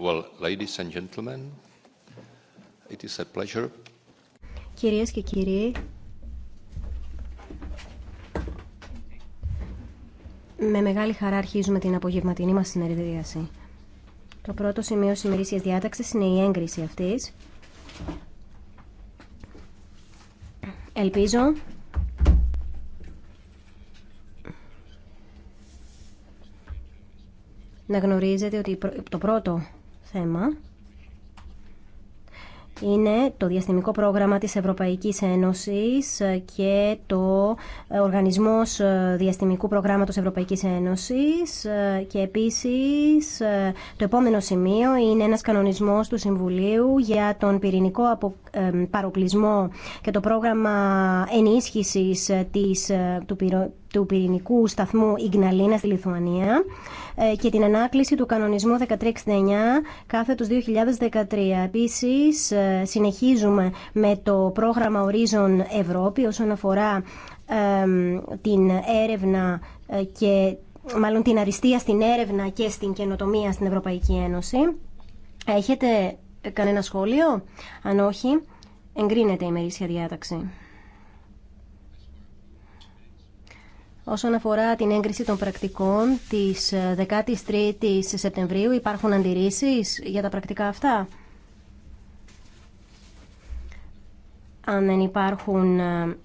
Well, ladies and gentlemen, it is a pleasure. Κυρίες και κύριοι, με μεγάλη χαρά αρχίζουμε την απογευματινή μας συνεδρίαση. Το πρώτο σημείο σημερίσιας διάταξης είναι η έγκριση αυτής. Ελπίζω να γνωρίζετε ότι το πρώτο θέμα είναι το Διαστημικό Πρόγραμμα της Ευρωπαϊκής Ένωσης και το Οργανισμός Διαστημικού Προγράμματος Ευρωπαϊκής Ένωσης και επίσης το επόμενο σημείο είναι ένας κανονισμός του Συμβουλίου για τον πυρηνικό παροπλισμό και το πρόγραμμα ενίσχυσης της, ε, του του πυρηνικού σταθμού Ιγναλίνα στη Λιθουανία ε, και την ανάκληση του κανονισμού 1369 του 2013. Επίσης, ε, συνεχίζουμε με το πρόγραμμα Ορίζον Ευρώπη όσον αφορά την έρευνα ε, και μάλλον την αριστεία στην έρευνα και στην καινοτομία στην Ευρωπαϊκή Ένωση. Έχετε κανένα σχόλιο? Αν όχι, εγκρίνεται η μερίσια διάταξη. Όσον αφορά την έγκριση των πρακτικών της 13ης ε, Σεπτεμβρίου, υπάρχουν αντιρρήσεις για τα πρακτικά αυτά. Αν δεν υπάρχουν ε,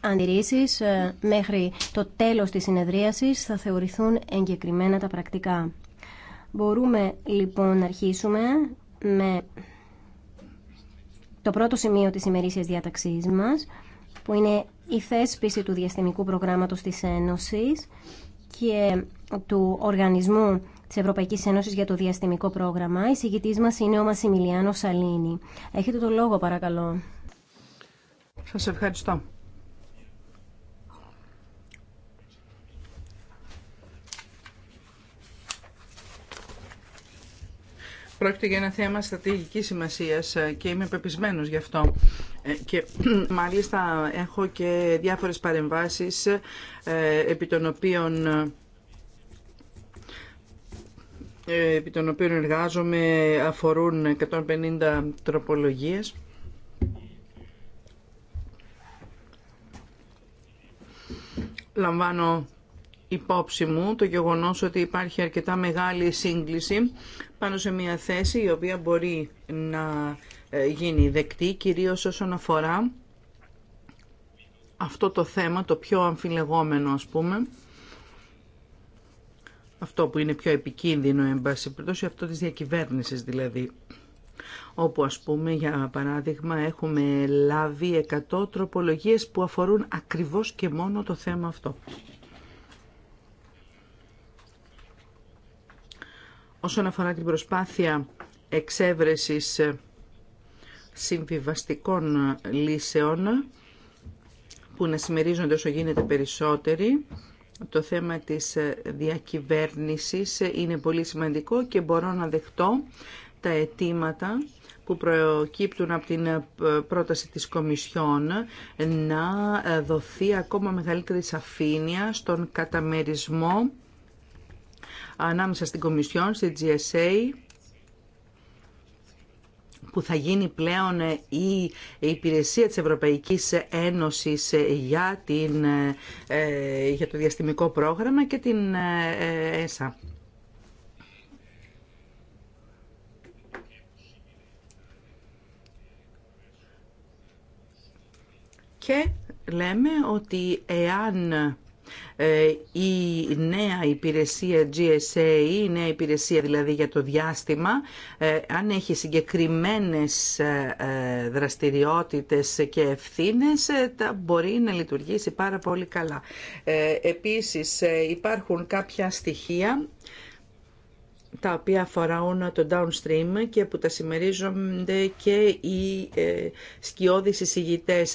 αντιρρήσεις, ε, μέχρι το τέλος της συνεδρίασης θα θεωρηθούν εγκεκριμένα τα πρακτικά. Μπορούμε λοιπόν να αρχίσουμε με το πρώτο σημείο της ημερήσιας διάταξής μας, που είναι η θέσπιση του διαστημικού προγράμματος της Ένωσης και του Οργανισμού της Ευρωπαϊκής Ένωσης για το Διαστημικό Πρόγραμμα. Η συγκητής μας είναι ο Μασιμιλιάνο Σαλίνη. Έχετε το λόγο παρακαλώ. Σας ευχαριστώ. πρόκειται για ένα θέμα στρατηγική σημασία ε, και είμαι πεπισμένο γι' αυτό. Ε, και μάλιστα έχω και διάφορες παρεμβάσεις ε, επί των οποίων επί των οποίων εργάζομαι αφορούν 150 τροπολογίες. Λαμβάνω υπόψη μου το γεγονός ότι υπάρχει αρκετά μεγάλη σύγκληση πάνω σε μια θέση η οποία μπορεί να ε, γίνει δεκτή κυρίως όσον αφορά αυτό το θέμα το πιο αμφιλεγόμενο ας πούμε αυτό που είναι πιο επικίνδυνο εν πάση περιπτώσει αυτό της διακυβέρνησης δηλαδή όπου ας πούμε για παράδειγμα έχουμε λάβει 100 τροπολογίες που αφορούν ακριβώς και μόνο το θέμα αυτό. όσον αφορά την προσπάθεια εξέβρεσης συμβιβαστικών λύσεων που να συμμερίζονται όσο γίνεται περισσότεροι. Το θέμα της διακυβέρνησης είναι πολύ σημαντικό και μπορώ να δεχτώ τα αιτήματα που προκύπτουν από την πρόταση της Κομισιόν να δοθεί ακόμα μεγαλύτερη σαφήνεια στον καταμερισμό ανάμεσα στην Κομισιόν, στη GSA που θα γίνει πλέον ε, η υπηρεσία της Ευρωπαϊκής Ένωσης ε, για, την, ε, για το διαστημικό πρόγραμμα και την ΕΣΑ. Και λέμε ότι εάν ε, η νέα υπηρεσία GSA, η νέα υπηρεσία δηλαδή για το διάστημα, ε, αν έχει συγκεκριμένες ε, δραστηριότητες και ευθύνες, τα μπορεί να λειτουργήσει πάρα πολύ καλά. Επίσης υπάρχουν κάποια στοιχεία τα οποία αφορούν το downstream και που τα συμμερίζονται και οι ε, σκιώδεις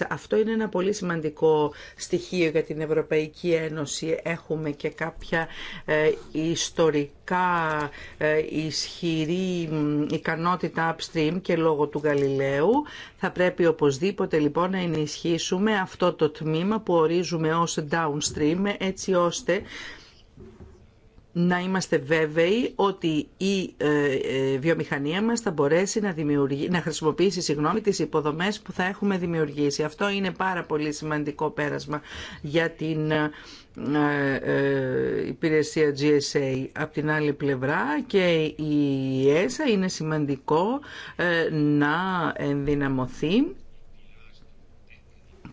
Αυτό είναι ένα πολύ σημαντικό στοιχείο για την Ευρωπαϊκή Ένωση. Έχουμε και κάποια ε, ιστορικά ε, ισχυρή ικανότητα upstream και λόγω του Γαλιλαίου. Θα πρέπει οπωσδήποτε λοιπόν να ενισχύσουμε αυτό το τμήμα που ορίζουμε ως downstream έτσι ώστε να είμαστε βέβαιοι ότι η ε, ε, βιομηχανία μας θα μπορέσει να, να χρησιμοποιήσει συγγνώμη, τις υποδομές που θα έχουμε δημιουργήσει. Αυτό είναι πάρα πολύ σημαντικό πέρασμα για την ε, υπηρεσία GSA. Απ' την άλλη πλευρά και η ΕΣΑ είναι σημαντικό να ενδυναμωθεί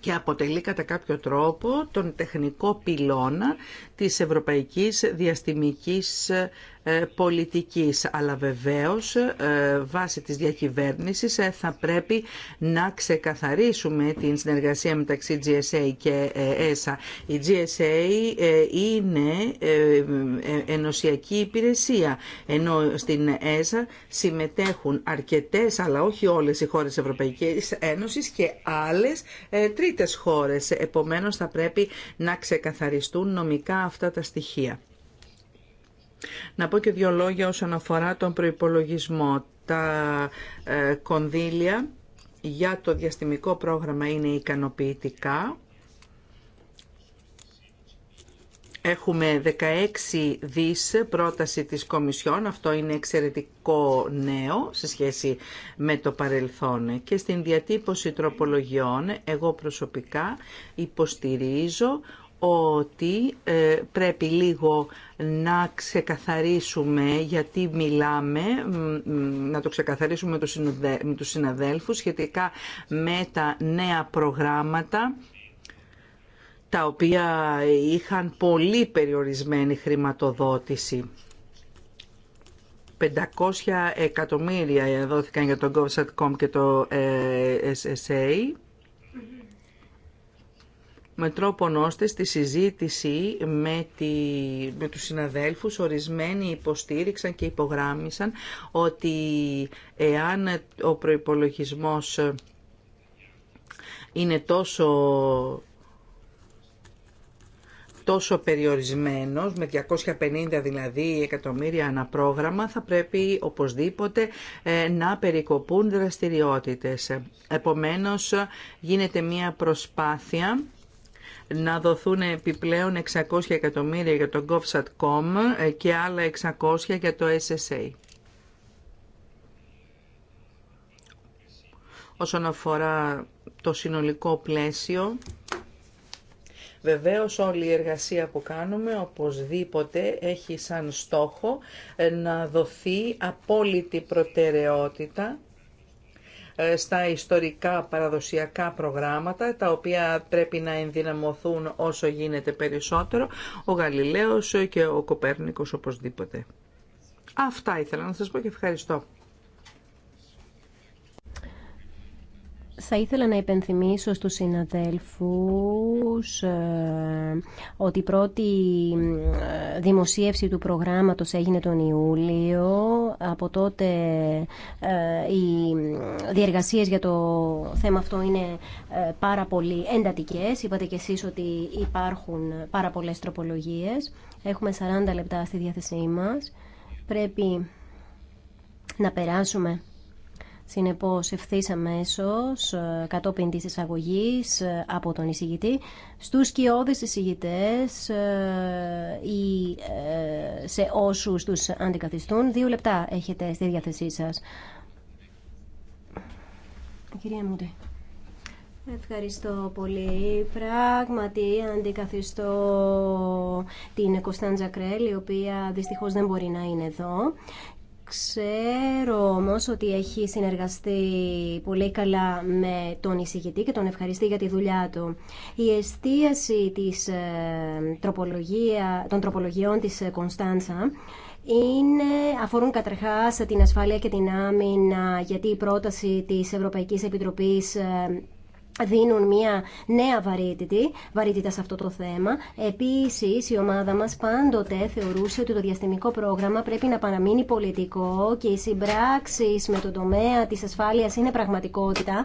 και αποτελεί κατά κάποιο τρόπο τον τεχνικό πυλώνα της ευρωπαϊκής διαστημικής ε, πολιτικής. Αλλά βεβαίως ε, βάσει της διακυβέρνησης ε, θα πρέπει να ξεκαθαρίσουμε την συνεργασία μεταξύ GSA και ESA. Η GSA είναι ενωσιακή υπηρεσία ενώ στην ΕΣΑ συμμετέχουν αρκετές αλλά όχι όλες οι χώρες Ευρωπαϊκής Ένωσης και άλλες τρίτες χώρες. Επομένως θα πρέπει να ξεκαθαριστούν νομικά αυτά τα στοιχεία. Να πω και δύο λόγια όσον αφορά τον προϋπολογισμό. Τα ε, κονδύλια για το διαστημικό πρόγραμμα είναι ικανοποιητικά. Έχουμε 16 δις πρόταση της Κομισιόν, αυτό είναι εξαιρετικό νέο σε σχέση με το παρελθόν. Και στην διατύπωση τροπολογιών, εγώ προσωπικά υποστηρίζω ότι ε, πρέπει λίγο να ξεκαθαρίσουμε γιατί μιλάμε, να το ξεκαθαρίσουμε με τους, συναδέλφους σχετικά με τα νέα προγράμματα τα οποία είχαν πολύ περιορισμένη χρηματοδότηση. 500 εκατομμύρια δόθηκαν για το GovSatcom και το ε, ε, SSA με τρόπον ώστε στη συζήτηση με, τη, με τους συναδέλφους ορισμένοι υποστήριξαν και υπογράμμισαν ότι εάν ο προϋπολογισμός είναι τόσο τόσο περιορισμένος, με 250 δηλαδή εκατομμύρια ένα πρόγραμμα, θα πρέπει οπωσδήποτε ε, να περικοπούν δραστηριότητες. Επομένως, γίνεται μία προσπάθεια να δοθούν επιπλέον 600 εκατομμύρια για το GovSatcom και άλλα 600 για το SSA. Όσον αφορά το συνολικό πλαίσιο, Βεβαίως όλη η εργασία που κάνουμε οπωσδήποτε έχει σαν στόχο να δοθεί απόλυτη προτεραιότητα ε, στα ιστορικά παραδοσιακά προγράμματα, τα οποία πρέπει να ενδυναμωθούν όσο γίνεται περισσότερο, ο Γαλιλαίος και ο Κοπέρνικος οπωσδήποτε. Αυτά ήθελα να σας πω και ευχαριστώ. Θα ήθελα να υπενθυμίσω στους συναδέλφους ε, ότι η πρώτη ε, δημοσίευση του προγράμματος έγινε τον Ιούλιο. Από τότε ε, οι διεργασίες για το θέμα αυτό είναι πάρα πολύ εντατικές. Είπατε κι εσείς ότι υπάρχουν πάρα πολλές τροπολογίες. Έχουμε 40 λεπτά στη διάθεσή μας. Πρέπει να περάσουμε Συνεπώς ευθύ αμέσω ε, κατόπιν της εισαγωγή ε, από τον εισηγητή στους σκιώδεις εισηγητές ή ε, σε όσους τους αντικαθιστούν. Δύο λεπτά έχετε στη διάθεσή σας. Κυρία Μουντε. Ευχαριστώ πολύ. Πράγματι αντικαθιστώ την Κωνσταντζα Κρέλ, η οποία δυστυχώς δεν μπορεί να είναι εδώ Ξέρω όμω ότι έχει συνεργαστεί πολύ καλά με τον εισηγητή και τον ευχαριστεί για τη δουλειά του. Η εστίαση της, ε, τροπολογία, των τροπολογιών της ε, Κωνσταντσα είναι, αφορούν καταρχάς την ασφάλεια και την άμυνα γιατί η πρόταση της Ευρωπαϊκής Επιτροπής ε, δίνουν μια νέα βαρύτητη, βαρύτητα σε αυτό το θέμα. Επίση, η ομάδα μα πάντοτε θεωρούσε ότι το διαστημικό πρόγραμμα πρέπει να παραμείνει πολιτικό και οι συμπράξει με τον τομέα τη ασφάλεια είναι πραγματικότητα,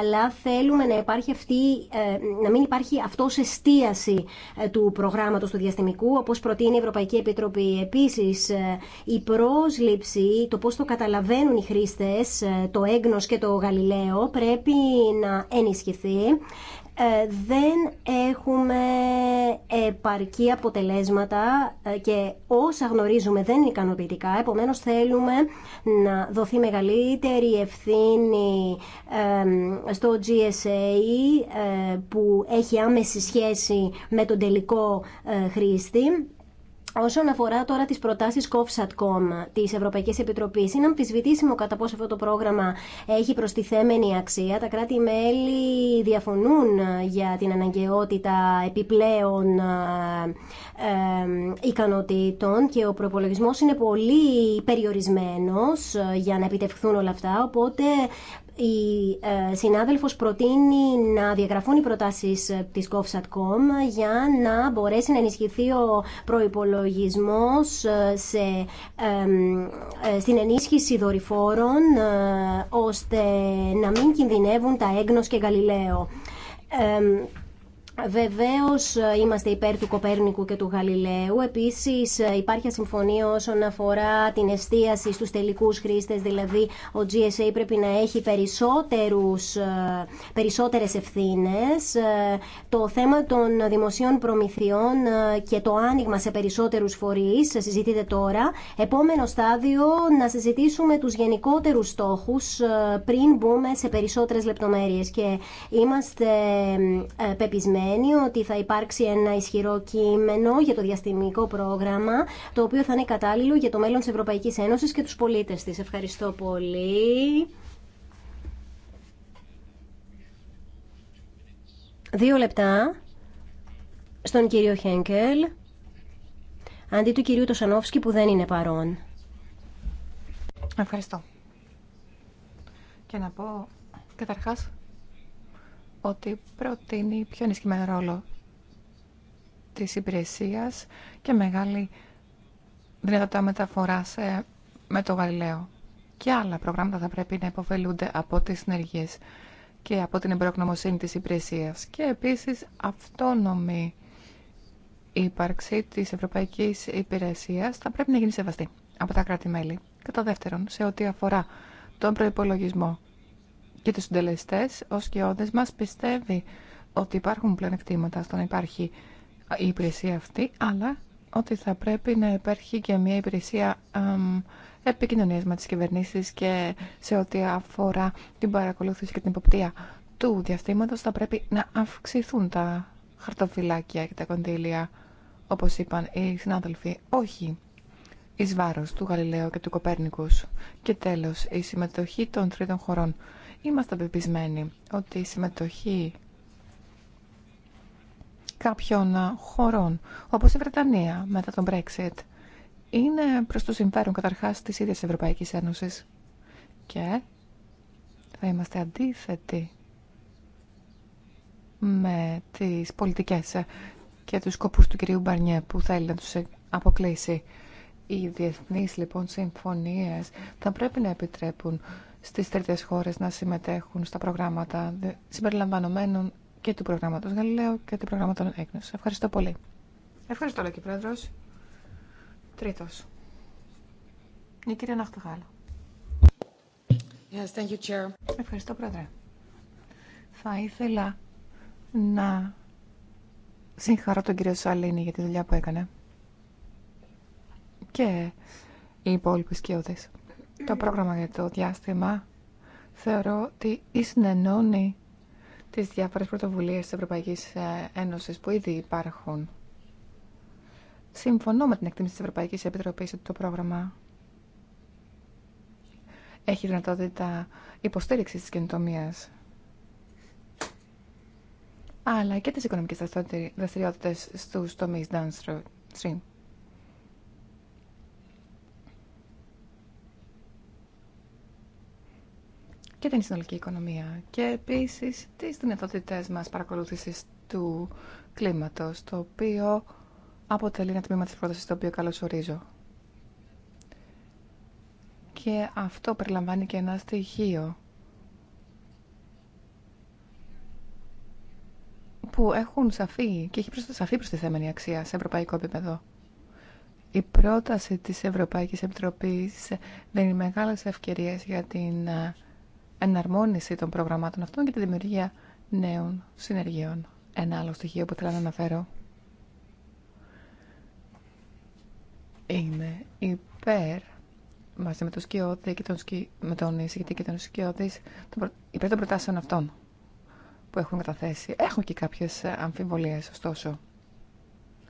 αλλά θέλουμε να, υπάρχει αυτή, ε, να μην υπάρχει αυτός εστίαση ε, του προγράμματο του διαστημικού, όπω προτείνει η Ευρωπαϊκή Επιτροπή. Επίσης, ε, η πρόσληψη, το πώ το καταλαβαίνουν οι χρήστε, το έγνο και το γαλιλαίο, πρέπει να ενισχύσει ε, δεν έχουμε επαρκή αποτελέσματα ε, και όσα γνωρίζουμε δεν είναι ικανοποιητικά. Επομένως θέλουμε να δοθεί μεγαλύτερη ευθύνη στο GSA ε, που έχει άμεση σχέση με τον τελικό χρήστη Όσον αφορά τώρα τις προτάσεις COFSATCOM της Ευρωπαϊκής Επιτροπής, είναι αμφισβητήσιμο κατά πόσο αυτό το πρόγραμμα έχει προστιθέμενη αξία. Τα κράτη-μέλη διαφωνούν για την αναγκαιότητα επιπλέον ε, ε, ικανοτήτων και ο προπολογισμό είναι πολύ περιορισμένος για να επιτευχθούν όλα αυτά, οπότε η ε, συνάδελφος προτείνει να διαγραφούν οι προτάσεις ε, της GovSatcom για να μπορέσει να ενισχυθεί ο προϋπολογισμός ε, σε, ε, στην ενίσχυση δορυφόρων ώστε να μην κινδυνεύουν τα έγνος και γαλιλαίο. Βεβαίως ε, είμαστε υπέρ του Κοπέρνικου και του Γαλιλαίου. Επίσης ε, υπάρχει ασυμφωνία όσον αφορά την εστίαση στους τελικούς χρήστες, δηλαδή ο GSA πρέπει να έχει περισσότερους, ε, περισσότερες ευθύνες. Το θέμα των δημοσίων προμηθειών και το άνοιγμα σε περισσότερους φορείς συζητείται τώρα. Επόμενο στάδιο να συζητήσουμε τους γενικότερους στόχους πριν μπούμε σε περισσότερες λεπτομέρειες και είμαστε πεπισμένοι σημαίνει ότι θα υπάρξει ένα ισχυρό κείμενο για το διαστημικό πρόγραμμα, το οποίο θα είναι κατάλληλο για το μέλλον της Ευρωπαϊκής Ένωσης και τους πολίτες της. Ευχαριστώ πολύ. Δύο λεπτά στον κύριο Χένκελ, αντί του κυρίου Τοσανόφσκι που δεν είναι παρόν. Ευχαριστώ. Και να πω καταρχάς ότι προτείνει πιο ενισχυμένο ρόλο της υπηρεσία και μεγάλη δυνατότητα μεταφοράς με το Γαλιλαίο. Και άλλα προγράμματα θα πρέπει να υποφελούνται από τις συνεργίες και από την εμπροκνομοσύνη της Υπηρεσία. Και επίσης αυτόνομη ύπαρξη της Ευρωπαϊκής Υπηρεσίας θα πρέπει να γίνει σεβαστή από τα κράτη-μέλη. Κατά δεύτερον, σε ό,τι αφορά τον προϋπολογισμό και τους συντελεστέ, ως και μας πιστεύει ότι υπάρχουν πλεονεκτήματα στο να υπάρχει η υπηρεσία αυτή, αλλά ότι θα πρέπει να υπάρχει και μια υπηρεσία επικοινωνίας με τις κυβερνήσεις και σε ό,τι αφορά την παρακολούθηση και την υποπτία του διαστήματος θα πρέπει να αυξηθούν τα χαρτοφυλάκια και τα κοντήλια, όπως είπαν οι συνάδελφοι, όχι εις βάρος του Γαλιλαίου και του Κοπέρνικους. Και τέλος, η συμμετοχή των τρίτων χωρών. Είμαστε πεπισμένοι ότι η συμμετοχή κάποιων χωρών, όπως η Βρετανία μετά τον Brexit, είναι προς το συμφέρον καταρχάς της ίδιας Ευρωπαϊκής Ένωσης. Και θα είμαστε αντίθετοι με τις πολιτικές και τους σκοπούς του κυρίου Μπαρνιέ που θέλει να τους αποκλείσει. Οι διεθνείς λοιπόν συμφωνίες θα πρέπει να επιτρέπουν στις τρίτες χώρες να συμμετέχουν στα προγράμματα συμπεριλαμβανομένων και του προγράμματος γαλλιλαίου και του προγράμματος Έγνωση. Ευχαριστώ πολύ. Ευχαριστώ, λοιπόν Πρόεδρος. Τρίτος. Η κυρία Ναχτογάλα. Yes, thank you, Ευχαριστώ, Πρόεδρε. Θα ήθελα να συγχαρώ τον κύριο Σαλίνη για τη δουλειά που έκανε. Και οι υπόλοιποι το πρόγραμμα για το διάστημα θεωρώ ότι συνενώνει τις διάφορες πρωτοβουλίες της Ευρωπαϊκής ε, Ένωσης που ήδη υπάρχουν. Συμφωνώ με την εκτίμηση της Ευρωπαϊκής Επιτροπής ότι το πρόγραμμα έχει δυνατότητα υποστήριξη της καινοτομίας αλλά και τις οικονομικές δραστηριότητες στους τομείς downstream. και την συνολική οικονομία και επίσης τις δυνατότητές μας παρακολούθησης του κλίματος, το οποίο αποτελεί ένα τμήμα της πρόταση το οποίο καλωσορίζω. Και αυτό περιλαμβάνει και ένα στοιχείο που έχουν σαφή και έχει σαφή προστιθέμενη αξία σε ευρωπαϊκό επίπεδο. Η πρόταση της Ευρωπαϊκής Επιτροπής δίνει μεγάλες ευκαιρίες για την ε, εναρμόνιση των προγραμμάτων αυτών και τη δημιουργία νέων συνεργείων. Ένα άλλο στοιχείο που θέλω να αναφέρω είναι υπέρ μαζί με τον σκιώδη και τον, σκι... με τον εισηγητή και τον σκιώδη υπέρ των προτάσεων αυτών που έχουν καταθέσει. Έχω και κάποιες ε, αμφιβολίες ωστόσο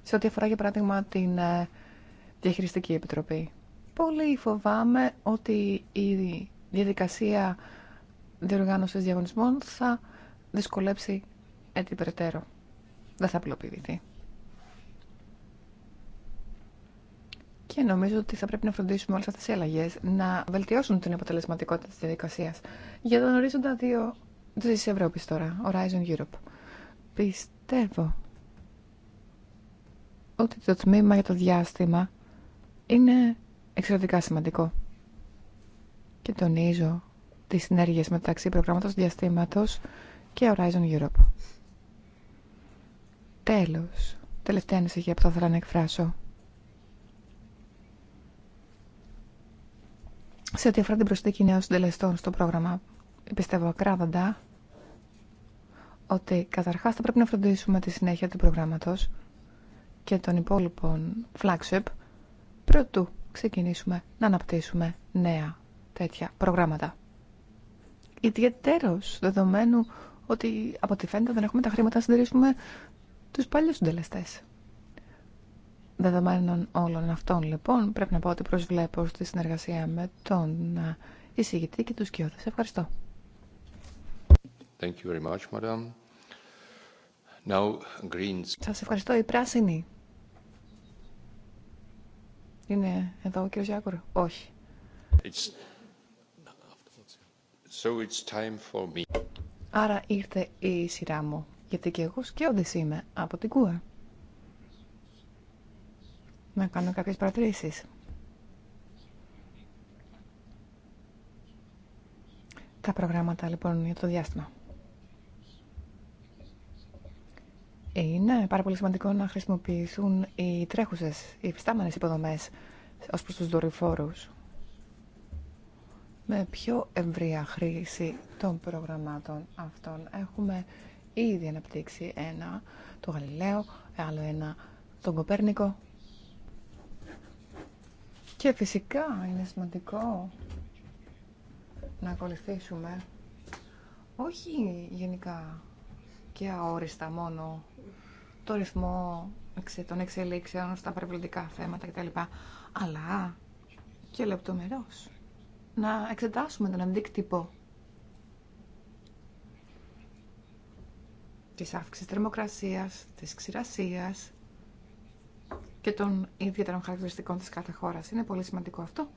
σε ό,τι αφορά για παράδειγμα την ε, Διαχειριστική Επιτροπή. Πολύ φοβάμαι ότι η διαδικασία διοργάνωση διαγωνισμών θα δυσκολέψει έτσι περαιτέρω. Δεν θα απλοποιηθεί. Και νομίζω ότι θα πρέπει να φροντίσουμε όλε αυτέ οι αλλαγέ να βελτιώσουν την αποτελεσματικότητα τη διαδικασία. Για τον ορίζοντα 2 τη Ευρώπη τώρα, Horizon Europe. Πιστεύω ότι το τμήμα για το διάστημα είναι εξαιρετικά σημαντικό. Και τονίζω τις συνέργειες μεταξύ προγράμματος διαστήματος και Horizon Europe. Τέλος, τελευταία ανησυχία που θα ήθελα να εκφράσω. Σε ό,τι αφορά την προσθήκη νέων συντελεστών στο πρόγραμμα, πιστεύω ακράδαντα ότι καταρχάς θα πρέπει να φροντίσουμε τη συνέχεια του προγράμματος και των υπόλοιπων flagship προτού ξεκινήσουμε να αναπτύσσουμε νέα τέτοια προγράμματα. Ιδιαίτερο δεδομένου ότι από τη φαίνεται δεν έχουμε τα χρήματα να συντηρήσουμε τους παλιούς συντελεστέ. Δεδομένων όλων αυτών λοιπόν πρέπει να πω ότι προσβλέπω στη συνεργασία με τον εισηγητή και τους κοιόδες. Ευχαριστώ. Thank Σας ευχαριστώ. Η πράσινη. Είναι εδώ ο κύριος Γιάκουρο. Όχι. Άρα ήρθε η σειρά μου, γιατί και εγώ σκιώδης είμαι από την ΚΟΥΑ. Να κάνω κάποιες παρατηρήσεις. Τα προγράμματα λοιπόν για το διάστημα. Είναι πάρα πολύ σημαντικό να χρησιμοποιηθούν οι τρέχουσες, οι υφιστάμενες υποδομές ως προς τους δορυφόρους με πιο εμβρία χρήση των προγραμμάτων αυτών. Έχουμε ήδη αναπτύξει ένα, το Γαλιλαίο, άλλο ένα, τον Κοπέρνικο. Και φυσικά είναι σημαντικό να ακολουθήσουμε όχι γενικά και αόριστα μόνο το ρυθμό των εξελίξεων στα περιβαλλοντικά θέματα κτλ. Αλλά και λεπτομερώς να εξετάσουμε τον αντίκτυπο της αύξησης θερμοκρασίας, της ξηρασίας και των ιδιαίτερων χαρακτηριστικών της κάθε χώρας. Είναι πολύ σημαντικό αυτό.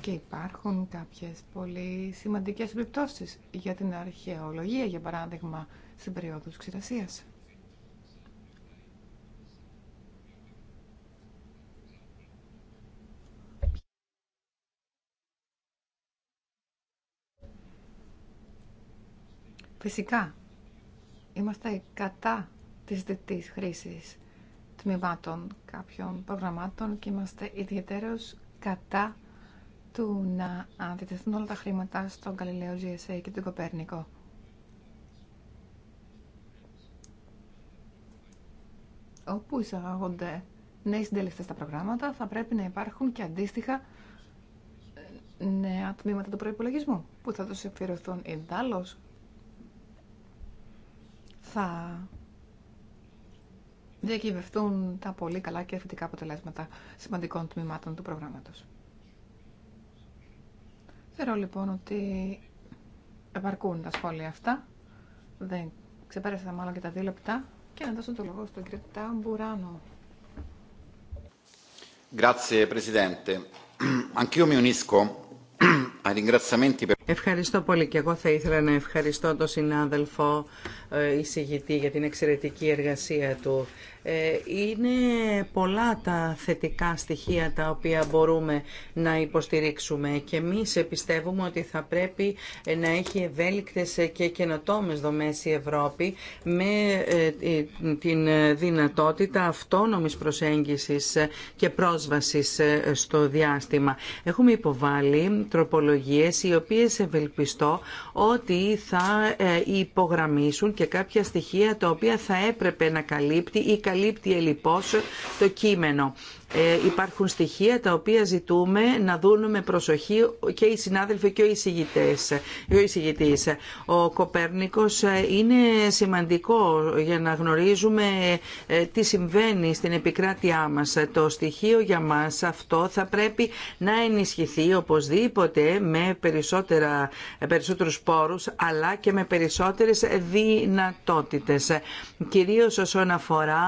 Και υπάρχουν κάποιες πολύ σημαντικές επιπτώσεις για την αρχαιολογία, για παράδειγμα, στην περίοδο της ξηρασίας. Φυσικά, είμαστε κατά της διτής χρήσης τμήματων κάποιων προγραμμάτων και είμαστε ιδιαίτερως κατά του να αντιτεθούν όλα τα χρήματα στον Καλλιλέο GSA και τον Κοπέρνικο. Όπου εισαγάγονται νέοι συντελεστές στα προγράμματα, θα πρέπει να υπάρχουν και αντίστοιχα ε, νέα τμήματα του προϋπολογισμού, που θα τους εκπληρωθούν ιδάλλως θα διακυβευτούν τα πολύ καλά και θετικά αποτελέσματα σημαντικών τμήματων του προγράμματος. Θεωρώ λοιπόν ότι επαρκούν τα σχόλια αυτά. Δεν ξεπέρασα μάλλον και τα δύο λεπτά και να δώσω το λόγο στον κύριο Ταμπουράνο. Grazie Presidente. Anch'io mi unisco ai ringraziamenti per... Ευχαριστώ πολύ και εγώ θα ήθελα να ευχαριστώ τον συνάδελφο ε, εισηγητή για την εξαιρετική εργασία του. Ε, είναι πολλά τα θετικά στοιχεία τα οποία μπορούμε να υποστηρίξουμε και εμείς πιστεύουμε ότι θα πρέπει να έχει ευέλικτες και καινοτόμες δομές η Ευρώπη με ε, την δυνατότητα αυτόνομης προσέγγισης και πρόσβασης στο διάστημα. Έχουμε υποβάλει τροπολογίες οι οποίες ευελπιστώ ότι θα ε, υπογραμμίσουν και κάποια στοιχεία τα οποία θα έπρεπε να καλύπτει ή καλύπτει ελλιπώς το κείμενο. Ε, υπάρχουν στοιχεία τα οποία ζητούμε να δουν με προσοχή και οι συνάδελφοι και ο, εισηγητές, ο εισηγητής. Ο Κοπέρνικος ε, είναι σημαντικό για να γνωρίζουμε ε, τι συμβαίνει στην επικράτειά μας. Το στοιχείο για μας αυτό θα πρέπει να ενισχυθεί οπωσδήποτε με περισσότερα, ε, περισσότερους πόρους αλλά και με περισσότερες δυνατότητες. Κυρίως όσον αφορά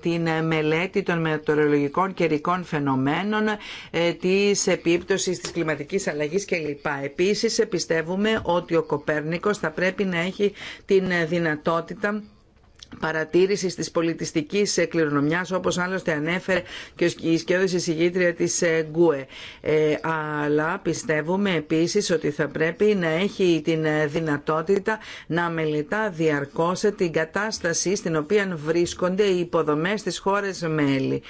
την μελέτη των μετεωρολογικών κερικών καιρικών φαινομένων, ε, της επίπτωσης της κλιματικής αλλαγής κλπ. Επίσης πιστεύουμε ότι ο Κοπέρνικος θα πρέπει να έχει την δυνατότητα παρατήρησης της πολιτιστική κληρονομιά, όπως άλλωστε ανέφερε και η σκέδωση συγγήτρια τη ε, ΓΚΟΕ. Ε, αλλά πιστεύουμε επίσης ότι θα πρέπει να έχει την δυνατότητα να μελετά διαρκώ την κατάσταση στην οποία βρίσκονται οι υποδομέ της χώρε μέλη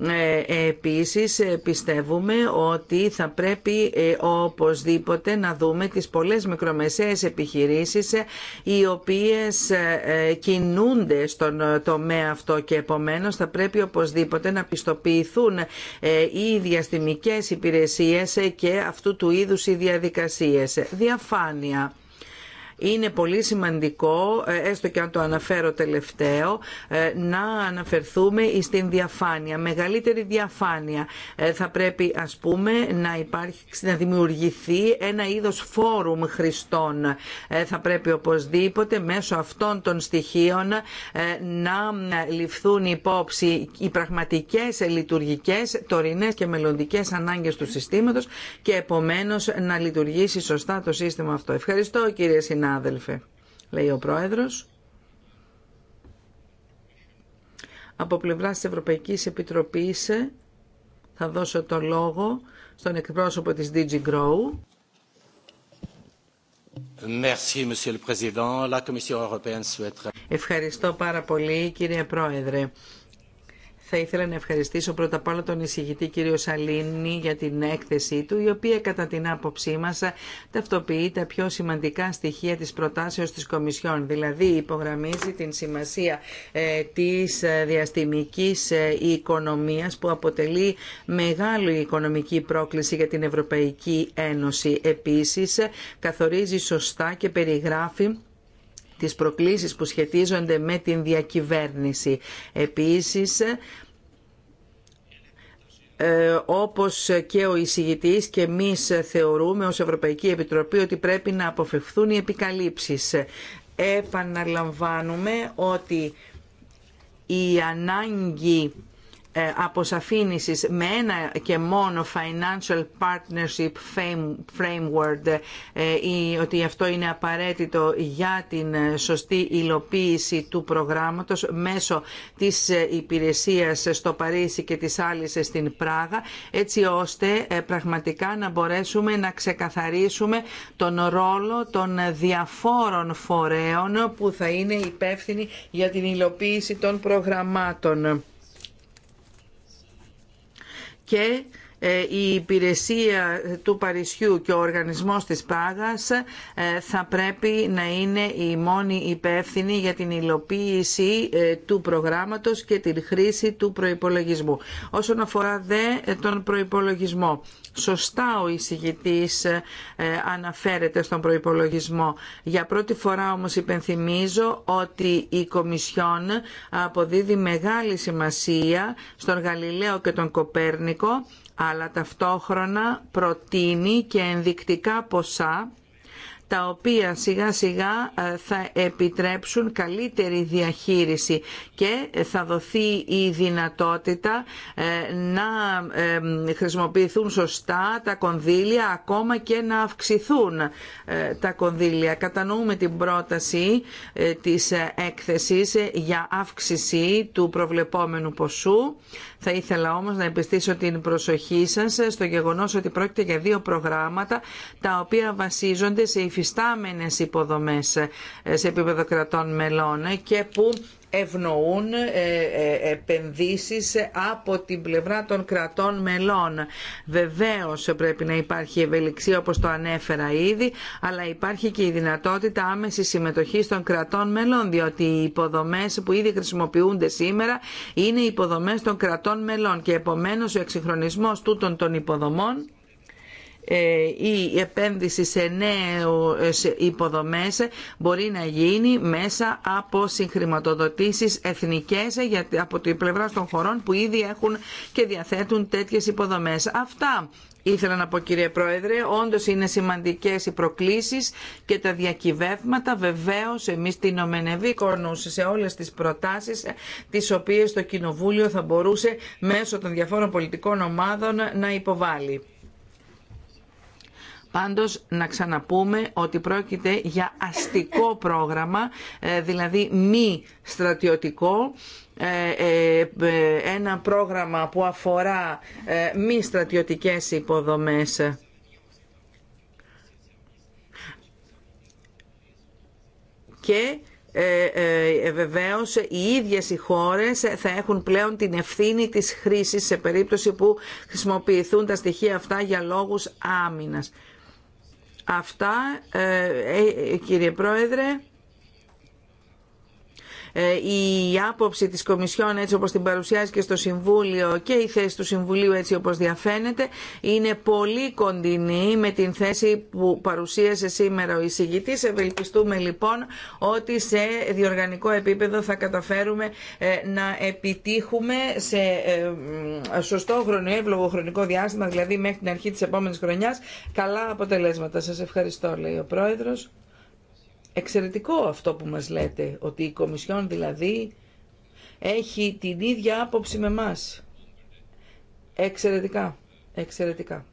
ε, επίσης ε, πιστεύουμε ότι θα πρέπει ε, οπωσδήποτε να δούμε τις πολλές μικρομεσαίες επιχειρήσεις οι οποίες κινούνται στον τομέα αυτό και επομένως θα πρέπει οπωσδήποτε να πιστοποιηθούν οι διαστημικές υπηρεσίες και αυτού του είδους οι διαδικασίες. Διαφάνεια. Είναι πολύ σημαντικό, ε, έστω και αν το αναφέρω τελευταίο, ε, να αναφερθούμε στην διαφάνεια. Μεγαλύτερη διαφάνεια. Ε, θα πρέπει, ας πούμε, να, υπάρχει, να δημιουργηθεί ένα είδος φόρουμ χρηστών. Θα πρέπει οπωσδήποτε μέσω αυτών των στοιχείων να ληφθούν υπόψη οι πραγματικές λειτουργικές, τωρινές και μελλοντικές ανάγκες του συστήματος και επομένως να λειτουργήσει σωστά το σύστημα αυτό. Ευχαριστώ κύριε Συνάδελφε συνάδελφε, λέει ο Πρόεδρος. Από πλευρά της Ευρωπαϊκής Επιτροπής θα δώσω το λόγο στον εκπρόσωπο της DigiGrow. Grow. Ευχαριστώ πάρα πολύ κύριε Πρόεδρε θα ήθελα να ευχαριστήσω πρώτα απ' όλα τον εισηγητή κύριο Σαλίνη για την έκθεσή του, η οποία κατά την άποψή μα ταυτοποιεί τα πιο σημαντικά στοιχεία της προτάσεως τη Κομισιόν. Δηλαδή υπογραμμίζει την σημασία ε, της διαστημικής ε, οικονομίας που αποτελεί μεγάλη οικονομική πρόκληση για την Ευρωπαϊκή Ένωση. Επίσης καθορίζει σωστά και περιγράφει τις προκλήσεις που σχετίζονται με την διακυβέρνηση. Επίσης, ε, όπως και ο εισηγητής και εμείς θεωρούμε ως Ευρωπαϊκή Επιτροπή ότι πρέπει να αποφευθούν οι επικαλύψεις. Επαναλαμβάνουμε ότι η ανάγκη ε, αποσαφήνισης με ένα και μόνο Financial Partnership Framework ε, ότι αυτό είναι απαραίτητο για την ε, σωστή υλοποίηση του προγράμματος μέσω της υπηρεσίας στο Παρίσι και της άλλης στην Πράγα έτσι ώστε πραγματικά να μπορέσουμε να ξεκαθαρίσουμε τον ρόλο των διαφόρων φορέων που θα είναι υπεύθυνοι για την υλοποίηση των προγραμμάτων και ε, η υπηρεσία του Παρισιού και ο οργανισμός της Πάγας ε, θα πρέπει να είναι η μόνη υπεύθυνη για την υλοποίηση ε, του προγράμματος και την χρήση του προϋπολογισμού. Όσον αφορά δε τον προϋπολογισμό, σωστά ο εισηγητής αναφέρεται στον προϋπολογισμό. Για πρώτη φορά όμως υπενθυμίζω ότι η Κομισιόν αποδίδει μεγάλη σημασία στον Γαλιλαίο και τον Κοπέρνικο αλλά ταυτόχρονα προτείνει και ενδεικτικά ποσά τα οποία σιγά σιγά ε, θα επιτρέψουν καλύτερη διαχείριση και θα δοθεί η δυνατότητα ε, να χρησιμοποιηθούν σωστά τα κονδύλια ακόμα και να αυξηθούν ε, τα κονδύλια. Κατανοούμε την πρόταση της έκθεσης για αύξηση του προβλεπόμενου ποσού θα ήθελα όμως να επιστήσω την προσοχή σας στο γεγονό ότι πρόκειται για δύο προγράμματα τα οποία βασίζονται σε υφιστάμενες υποδομές σε επίπεδο κρατών μελών και που ευνοούν ε, ε, επενδύσεις από την πλευρά των κρατών μελών. Βεβαίως πρέπει να υπάρχει ευελιξία όπως το ανέφερα ήδη, αλλά υπάρχει και η δυνατότητα άμεσης συμμετοχής των κρατών μελών, διότι οι υποδομές που ήδη χρησιμοποιούνται σήμερα είναι οι υποδομές των κρατών μελών και επομένως ο εξυγχρονισμός τούτων των υποδομών ε, η επένδυση σε νέες υποδομές μπορεί να γίνει μέσα από συγχρηματοδοτήσεις εθνικές από την πλευρά των χωρών που ήδη έχουν και διαθέτουν τέτοιες υποδομές. Αυτά ήθελα να πω κύριε Πρόεδρε. Όντως είναι σημαντικές οι προκλήσεις και τα διακυβεύματα. Βεβαίως εμείς την Ομενεβή σε όλες τις προτάσεις ε, τις οποίες το Κοινοβούλιο θα μπορούσε μέσω των διαφόρων πολιτικών ομάδων να υποβάλει. Πάντως να ξαναπούμε ότι πρόκειται για αστικό πρόγραμμα, ε, δηλαδή μη στρατιωτικό, ε, ε, ένα πρόγραμμα που αφορά μη στρατιωτικές υποδομές. Και βεβαίως οι ίδιες οι χώρες θα έχουν πλέον την ευθύνη της χρήσης σε περίπτωση που χρησιμοποιηθούν τα στοιχεία αυτά για λόγους άμυνας. Αυτά, ε, ε, ε, κύριε Πρόεδρε. Ε, η άποψη της Κομισιόν έτσι όπως την παρουσιάζει και στο Συμβούλιο και η θέση του Συμβουλίου έτσι όπως διαφαίνεται είναι πολύ κοντινή με την θέση που παρουσίασε σήμερα ο εισηγητής. Ευελπιστούμε λοιπόν ότι σε διοργανικό επίπεδο θα καταφέρουμε ε, να επιτύχουμε σε ε, σωστό χρονοεύλογο χρονικό διάστημα, δηλαδή μέχρι την αρχή της επόμενης χρονιάς, καλά αποτελέσματα. Σας ευχαριστώ, λέει ο Πρόεδρος. Εξαιρετικό αυτό που μας λέτε, ότι η Κομισιόν δηλαδή έχει την ίδια άποψη με μας. Εξαιρετικά, εξαιρετικά.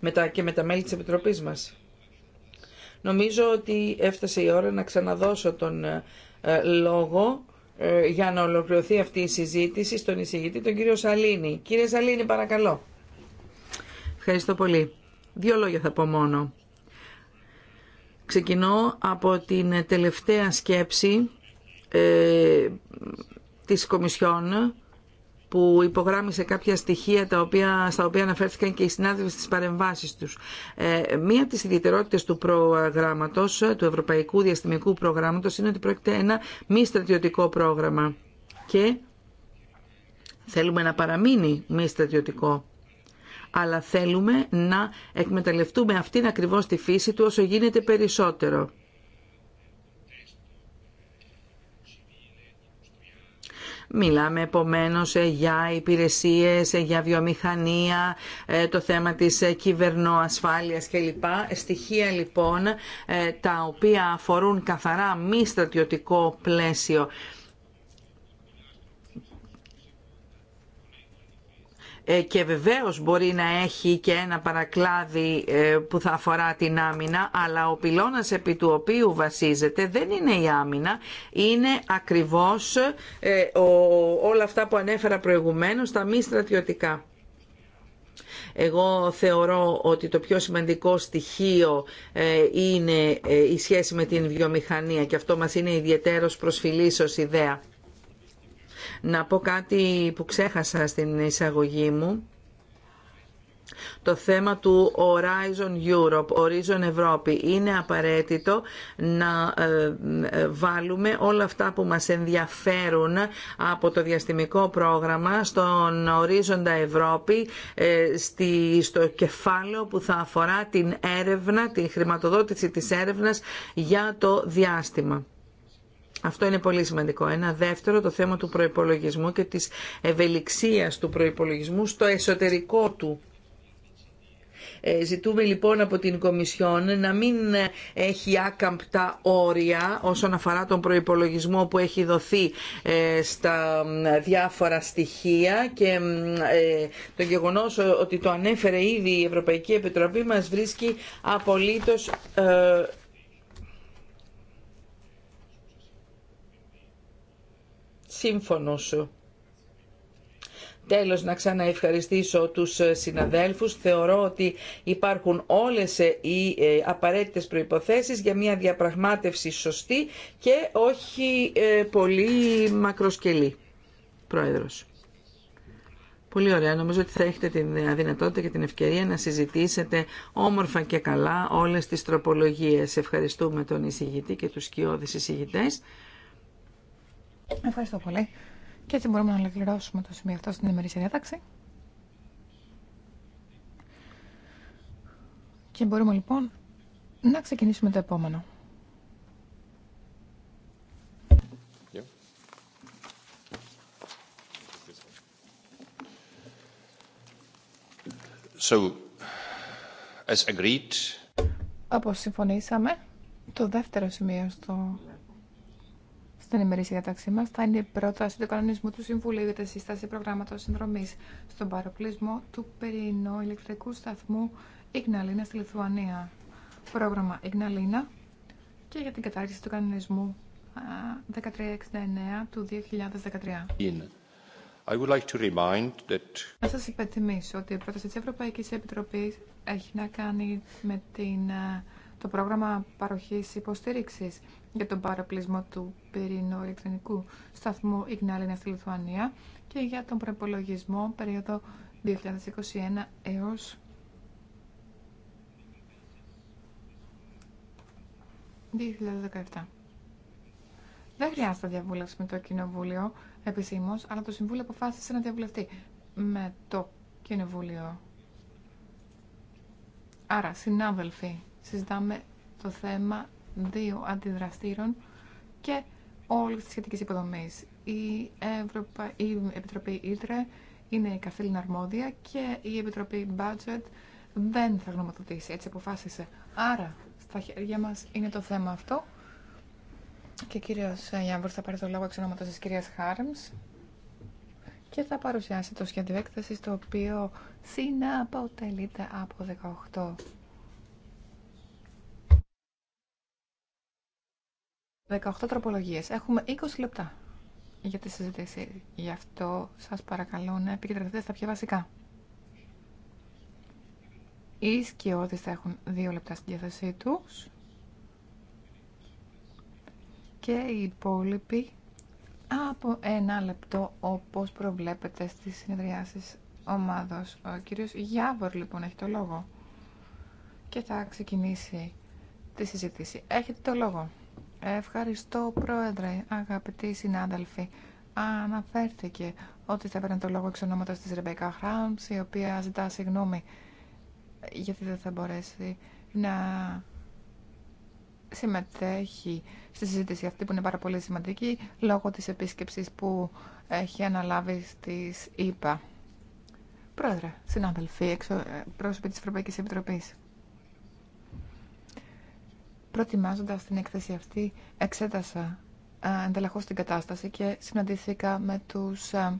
Μετά και με τα μέλη της Επιτροπής μας. Νομίζω ότι έφτασε η ώρα να ξαναδώσω τον ε, ε, λόγο ε, για να ολοκληρωθεί αυτή η συζήτηση στον εισηγητή, τον κύριο Σαλίνη. Κύριε Σαλίνη, παρακαλώ. Ευχαριστώ πολύ. Δύο λόγια θα πω μόνο. Ξεκινώ από την τελευταία σκέψη ε, της Κομισιόν που υπογράμμισε κάποια στοιχεία τα οποία, στα οποία αναφέρθηκαν και οι συνάδελφοι στις παρεμβάσεις τους. Ε, μία από τις ιδιαιτερότητες του προγράμματος, του Ευρωπαϊκού Διαστημικού Προγράμματος, είναι ότι πρόκειται ένα μη στρατιωτικό πρόγραμμα και θέλουμε να παραμείνει μη στρατιωτικό αλλά θέλουμε να εκμεταλλευτούμε αυτήν ακριβώς τη φύση του όσο γίνεται περισσότερο. Μιλάμε επομένως ε, για υπηρεσίες, ε, για βιομηχανία, ε, το θέμα της κυβερνοασφάλειας κλπ. Στοιχεία λοιπόν τα οποία αφορούν καθαρά μη στρατιωτικό πλαίσιο. Ε, και βεβαίως μπορεί να έχει και ένα παρακλάδι ε, που θα αφορά την άμυνα, αλλά ο πυλώνας επί του οποίου βασίζεται δεν είναι η άμυνα, είναι ακριβώς ε, όλα αυτά που ανέφερα προηγουμένως, τα μη στρατιωτικά. Εγώ θεωρώ ότι το πιο σημαντικό στοιχείο είναι η σχέση με την βιομηχανία και αυτό μας είναι ιδιαίτερος προσφυλής ως ιδέα. Να πω κάτι που ξέχασα στην εισαγωγή μου. Το θέμα του Horizon Europe, Horizon Ευρώπη, είναι απαραίτητο να ε, ε, βάλουμε όλα αυτά που μας ενδιαφέρουν από το διαστημικό πρόγραμμα στον ορίζοντα Ευρώπη, ε, στο κεφάλαιο που θα αφορά την έρευνα, τη χρηματοδότηση της έρευνας για το διάστημα. Αυτό είναι πολύ σημαντικό. Ένα δεύτερο, το θέμα του προϋπολογισμού και της ευελιξίας του προϋπολογισμού στο εσωτερικό του. Ε, ζητούμε λοιπόν από την Κομισιόν να μην ε, έχει άκαμπτα όρια όσον αφορά τον προϋπολογισμό που έχει δοθεί ε, στα διάφορα στοιχεία και το γεγονός ότι το ανέφερε ήδη η Ευρωπαϊκή Επιτροπή μας βρίσκει απολύτως σύμφωνος. Τέλος, να ξαναευχαριστήσω τους ε, συναδέλφους. Θεωρώ ότι υπάρχουν όλες ε, οι ε, απαραίτητες προϋποθέσεις για μια διαπραγμάτευση σωστή και όχι πολύ μακροσκελή. Πρόεδρος. Πολύ ωραία. Νομίζω ότι θα έχετε την δυνατότητα και την ευκαιρία να συζητήσετε όμορφα και καλά όλες τις τροπολογίες. Ευχαριστούμε τον εισηγητή και τους σκιώδεις εισηγητές. Ευχαριστώ πολύ. Και έτσι μπορούμε να ολοκληρώσουμε το σημείο αυτό στην ημερήσια διάταξη. Και μπορούμε λοιπόν να ξεκινήσουμε το επόμενο. So, as agreed... Όπως συμφωνήσαμε, το δεύτερο σημείο στο στην ημερήσια διατάξη μα θα είναι η πρόταση του κανονισμού του Συμβουλίου για τη σύσταση προγράμματο συνδρομή στον παροπλισμό του Περινόηλεκτρικού ηλεκτρικού σταθμού Ιγναλίνα στη Λιθουανία. Πρόγραμμα Ιγναλίνα και για την κατάρτιση του κανονισμού 1369 του 2013. Είναι. I would Να σας υπενθυμίσω ότι η πρόταση της Ευρωπαϊκής Επιτροπής έχει να κάνει με το πρόγραμμα παροχής υποστήριξης για τον παραπλήσμα του πυρηνού ηλεκτρονικού σταθμού Ιγνάλινα στη Λιθουανία και για τον προπολογισμό περίοδο 2021 έως 2017. Δεν χρειάζεται διαβούλευση με το Κοινοβούλιο επισήμω, αλλά το Συμβούλιο αποφάσισε να διαβουλευτεί με το Κοινοβούλιο. Άρα, συνάδελφοι, συζητάμε το θέμα δύο αντιδραστήρων και όλες τι σχετικέ υποδομέ. Η, η Επιτροπή Ήτρε είναι η καθήλυνα αρμόδια και η Επιτροπή Budget δεν θα γνωμοδοτήσει. Έτσι αποφάσισε. Άρα, στα χέρια μα είναι το θέμα αυτό. Και κύριο ε, Γιάνβουρ θα πάρει το λόγο εξ ονόματο τη κυρία Χάρμ και θα παρουσιάσει το σχέδιο έκθεση το οποίο συναποτελείται από 18 18 τροπολογίες. Έχουμε 20 λεπτά για τη συζήτηση. Γι' αυτό σας παρακαλώ να επικεντρωθείτε στα πιο βασικά. Οι σκιώδεις θα έχουν 2 λεπτά στη διάθεσή τους και οι υπόλοιποι από ένα λεπτό όπως προβλέπετε στις συνεδριάσεις ομάδος. Ο κύριος Γιάβορ λοιπόν έχει το λόγο και θα ξεκινήσει τη συζήτηση. Έχετε το λόγο. Ευχαριστώ, Πρόεδρε, αγαπητοί συνάδελφοι. Αναφέρθηκε ότι θα έπαιρνε το λόγο εξ ονόματος της Ρεμπέκα Χράμς, η οποία ζητά συγγνώμη γιατί δεν θα μπορέσει να συμμετέχει στη συζήτηση αυτή που είναι πάρα πολύ σημαντική λόγω της επίσκεψης που έχει αναλάβει στις ΕΠΑ. Πρόεδρε, συνάδελφοι, εξω, ε, πρόσωποι της Ευρωπαϊκής Επιτροπής. Προτιμάζοντας την έκθεση αυτή, εξέτασα ε, εντελεχώ την κατάσταση και συναντήθηκα με τους ε,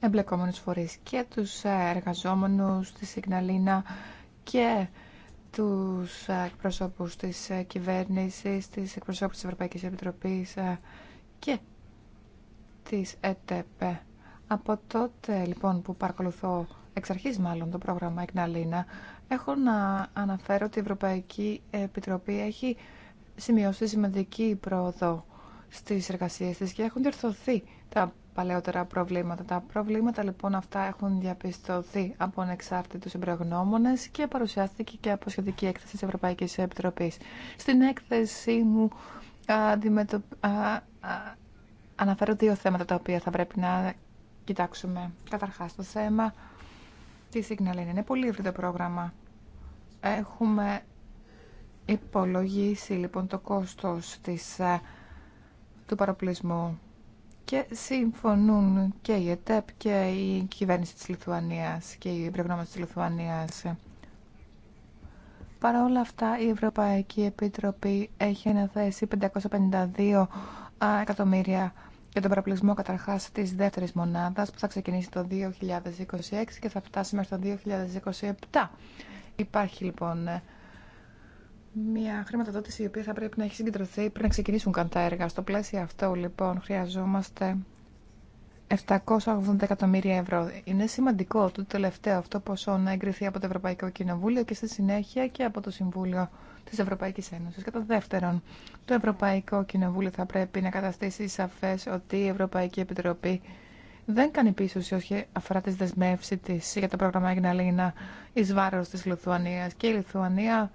εμπλεκόμενους φορείς και τους ε, εργαζόμενους της Σιγναλίνα και τους εκπροσώπους της κυβέρνησης, της εκπροσώπους της Ευρωπαϊκής Επιτροπής και της ΕΤΕΠ. Από τότε λοιπόν που παρακολουθώ εξ αρχής μάλλον το πρόγραμμα Εκναλίνα Έχω να αναφέρω ότι η Ευρωπαϊκή Επιτροπή έχει σημειώσει σημαντική πρόοδο στις εργασίες της και έχουν διορθωθεί τα παλαιότερα προβλήματα. Τα προβλήματα λοιπόν αυτά έχουν διαπιστωθεί από ανεξάρτητους εμπρογνώμονες και παρουσιάστηκε και από σχετική έκθεση της Ευρωπαϊκής Επιτροπής. Στην έκθεσή μου αναφέρω δύο θέματα τα οποία θα πρέπει να κοιτάξουμε. Καταρχάς το θέμα τι σύγκνα είναι. Είναι πολύ ευρύ πρόγραμμα Έχουμε υπολογίσει λοιπόν το κόστος της, ε, του παροπλισμού και συμφωνούν και η ΕΤΕΠ και η κυβέρνηση της Λιθουανίας και οι προγνώμη της Λιθουανίας. Παρά όλα αυτά, η Ευρωπαϊκή Επιτροπή έχει αναθέσει 552 εκατομμύρια για τον παραπλησμό καταρχάς της δεύτερης μονάδας που θα ξεκινήσει το 2026 και θα φτάσει μέχρι το 2027. Υπάρχει λοιπόν ε, μια χρηματοδότηση η οποία θα πρέπει να έχει συγκεντρωθεί πριν να ξεκινήσουν καν τα έργα. Στο πλαίσιο αυτό λοιπόν χρειαζόμαστε 780 εκατομμύρια ευρώ. Είναι σημαντικό το τελευταίο αυτό ποσό να εγκριθεί από το Ευρωπαϊκό Κοινοβούλιο και στη συνέχεια και από το Συμβούλιο της Ευρωπαϊκής Ένωσης. Κατά δεύτερον, το Ευρωπαϊκό Κοινοβούλιο θα πρέπει να καταστήσει σαφές ότι η Ευρωπαϊκή Επιτροπή δεν κάνει πίσω σε όχι αφορά τη δεσμεύσεις της για το πρόγραμμα Αγναλίνα εις βάρος της Λιθουανίας. Και η Λιθουανία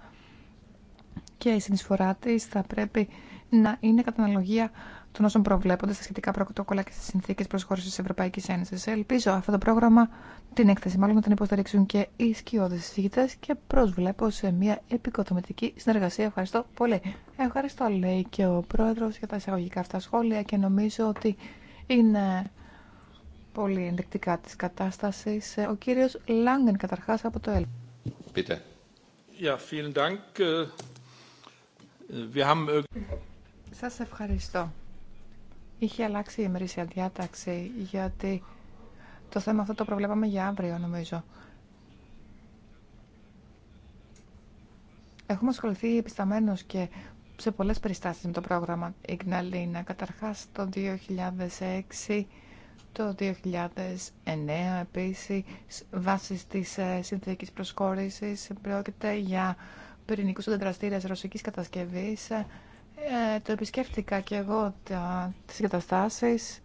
και η συνεισφορά τη θα πρέπει να είναι κατά αναλογία των όσων προβλέπονται στα σχετικά πρωτόκολλα και στι συνθήκε προσχώρηση τη Ευρωπαϊκή Ένωση. Ελπίζω αυτό το πρόγραμμα, την έκθεση μάλλον, να την υποστηρίξουν και οι σκιώδει συζητητέ και προσβλέπω σε μια επικοδομητική συνεργασία. Ευχαριστώ πολύ. Ευχαριστώ, λέει και ο πρόεδρο, για τα εισαγωγικά αυτά σχόλια και νομίζω ότι είναι πολύ ενδεικτικά της κατάστασης. Ο κύριος Λάγκεν καταρχάς από το ΕΛ. Πείτε. Σας ευχαριστώ. Είχε αλλάξει η ημερήσια διάταξη γιατί το θέμα αυτό το προβλέπαμε για αύριο νομίζω. Έχουμε ασχοληθεί επισταμένως και σε πολλές περιστάσεις με το πρόγραμμα Ιγναλίνα. Καταρχάς το 2006 το 2009 επίσης βάσει της ε, συνθήκης προσχώρησης πρόκειται για πυρηνικούς αντιδραστήρες ρωσικής κατασκευής. Ε, το επισκέφτηκα και εγώ τα, τις εγκαταστάσεις.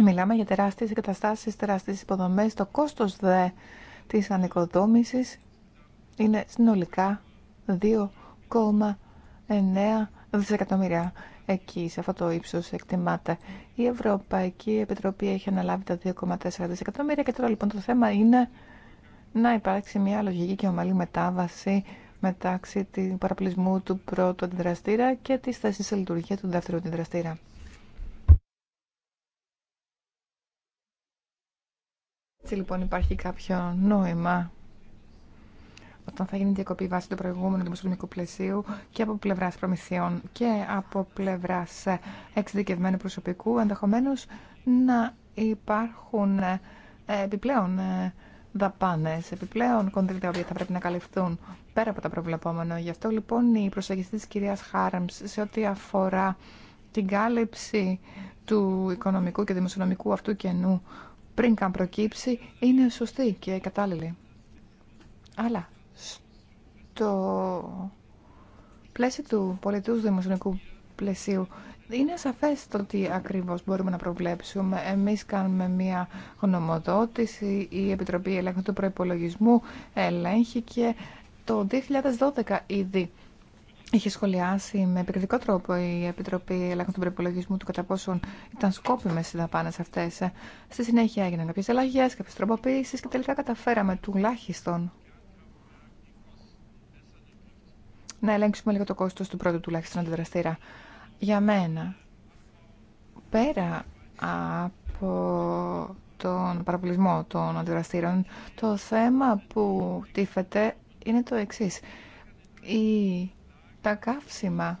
Μιλάμε για τεράστιες εγκαταστάσεις, τεράστιες υποδομές. Το κόστος δε της ανοικοδόμησης είναι συνολικά 2,9 δισεκατομμύρια εκεί, σε αυτό το ύψος εκτιμάται. Η Ευρωπαϊκή Επιτροπή έχει αναλάβει τα 2,4 δισεκατομμύρια και τώρα λοιπόν το θέμα είναι να υπάρξει μια λογική και ομαλή μετάβαση μεταξύ του παραπλησμού του πρώτου αντιδραστήρα και της θέση σε λειτουργία του δεύτερου αντιδραστήρα. Έτσι λοιπόν υπάρχει κάποιο νόημα όταν θα γίνει διακοπή βάσει του προηγούμενου δημοσιονομικού πλαισίου και από πλευρά προμηθειών και από πλευρά εξειδικευμένου προσωπικού, ενδεχομένω να υπάρχουν ε, επιπλέον ε, δαπάνε, επιπλέον κονδύλια που θα πρέπει να καλυφθούν πέρα από τα προβλεπόμενα. Γι' αυτό λοιπόν η προσέγγιση τη κυρία Χάρεμ σε ό,τι αφορά την κάλυψη του οικονομικού και δημοσιονομικού αυτού κενού πριν καν προκύψει είναι σωστή και κατάλληλη. Αλλά στο πλαίσιο του πολιτού δημοσιονομικού πλαισίου είναι σαφές το τι ακριβώς μπορούμε να προβλέψουμε. Εμείς κάνουμε μία γνωμοδότηση, η Επιτροπή Ελέγχου του Προϋπολογισμού ελέγχει και το 2012 ήδη είχε σχολιάσει με επικριτικό τρόπο η Επιτροπή Ελέγχου του Προϋπολογισμού του κατά πόσον ήταν σκόπιμες οι δαπάνε αυτέ. Στη συνέχεια έγιναν κάποιες ελλαγές, κάποιε τροποποιήσει και τελικά καταφέραμε τουλάχιστον να ελέγξουμε λίγο το κόστος του πρώτου τουλάχιστον αντιδραστήρα. Για μένα, πέρα από τον παραπολισμό των αντιδραστήρων, το θέμα που τύφεται είναι το εξής. Η... Τα καύσιμα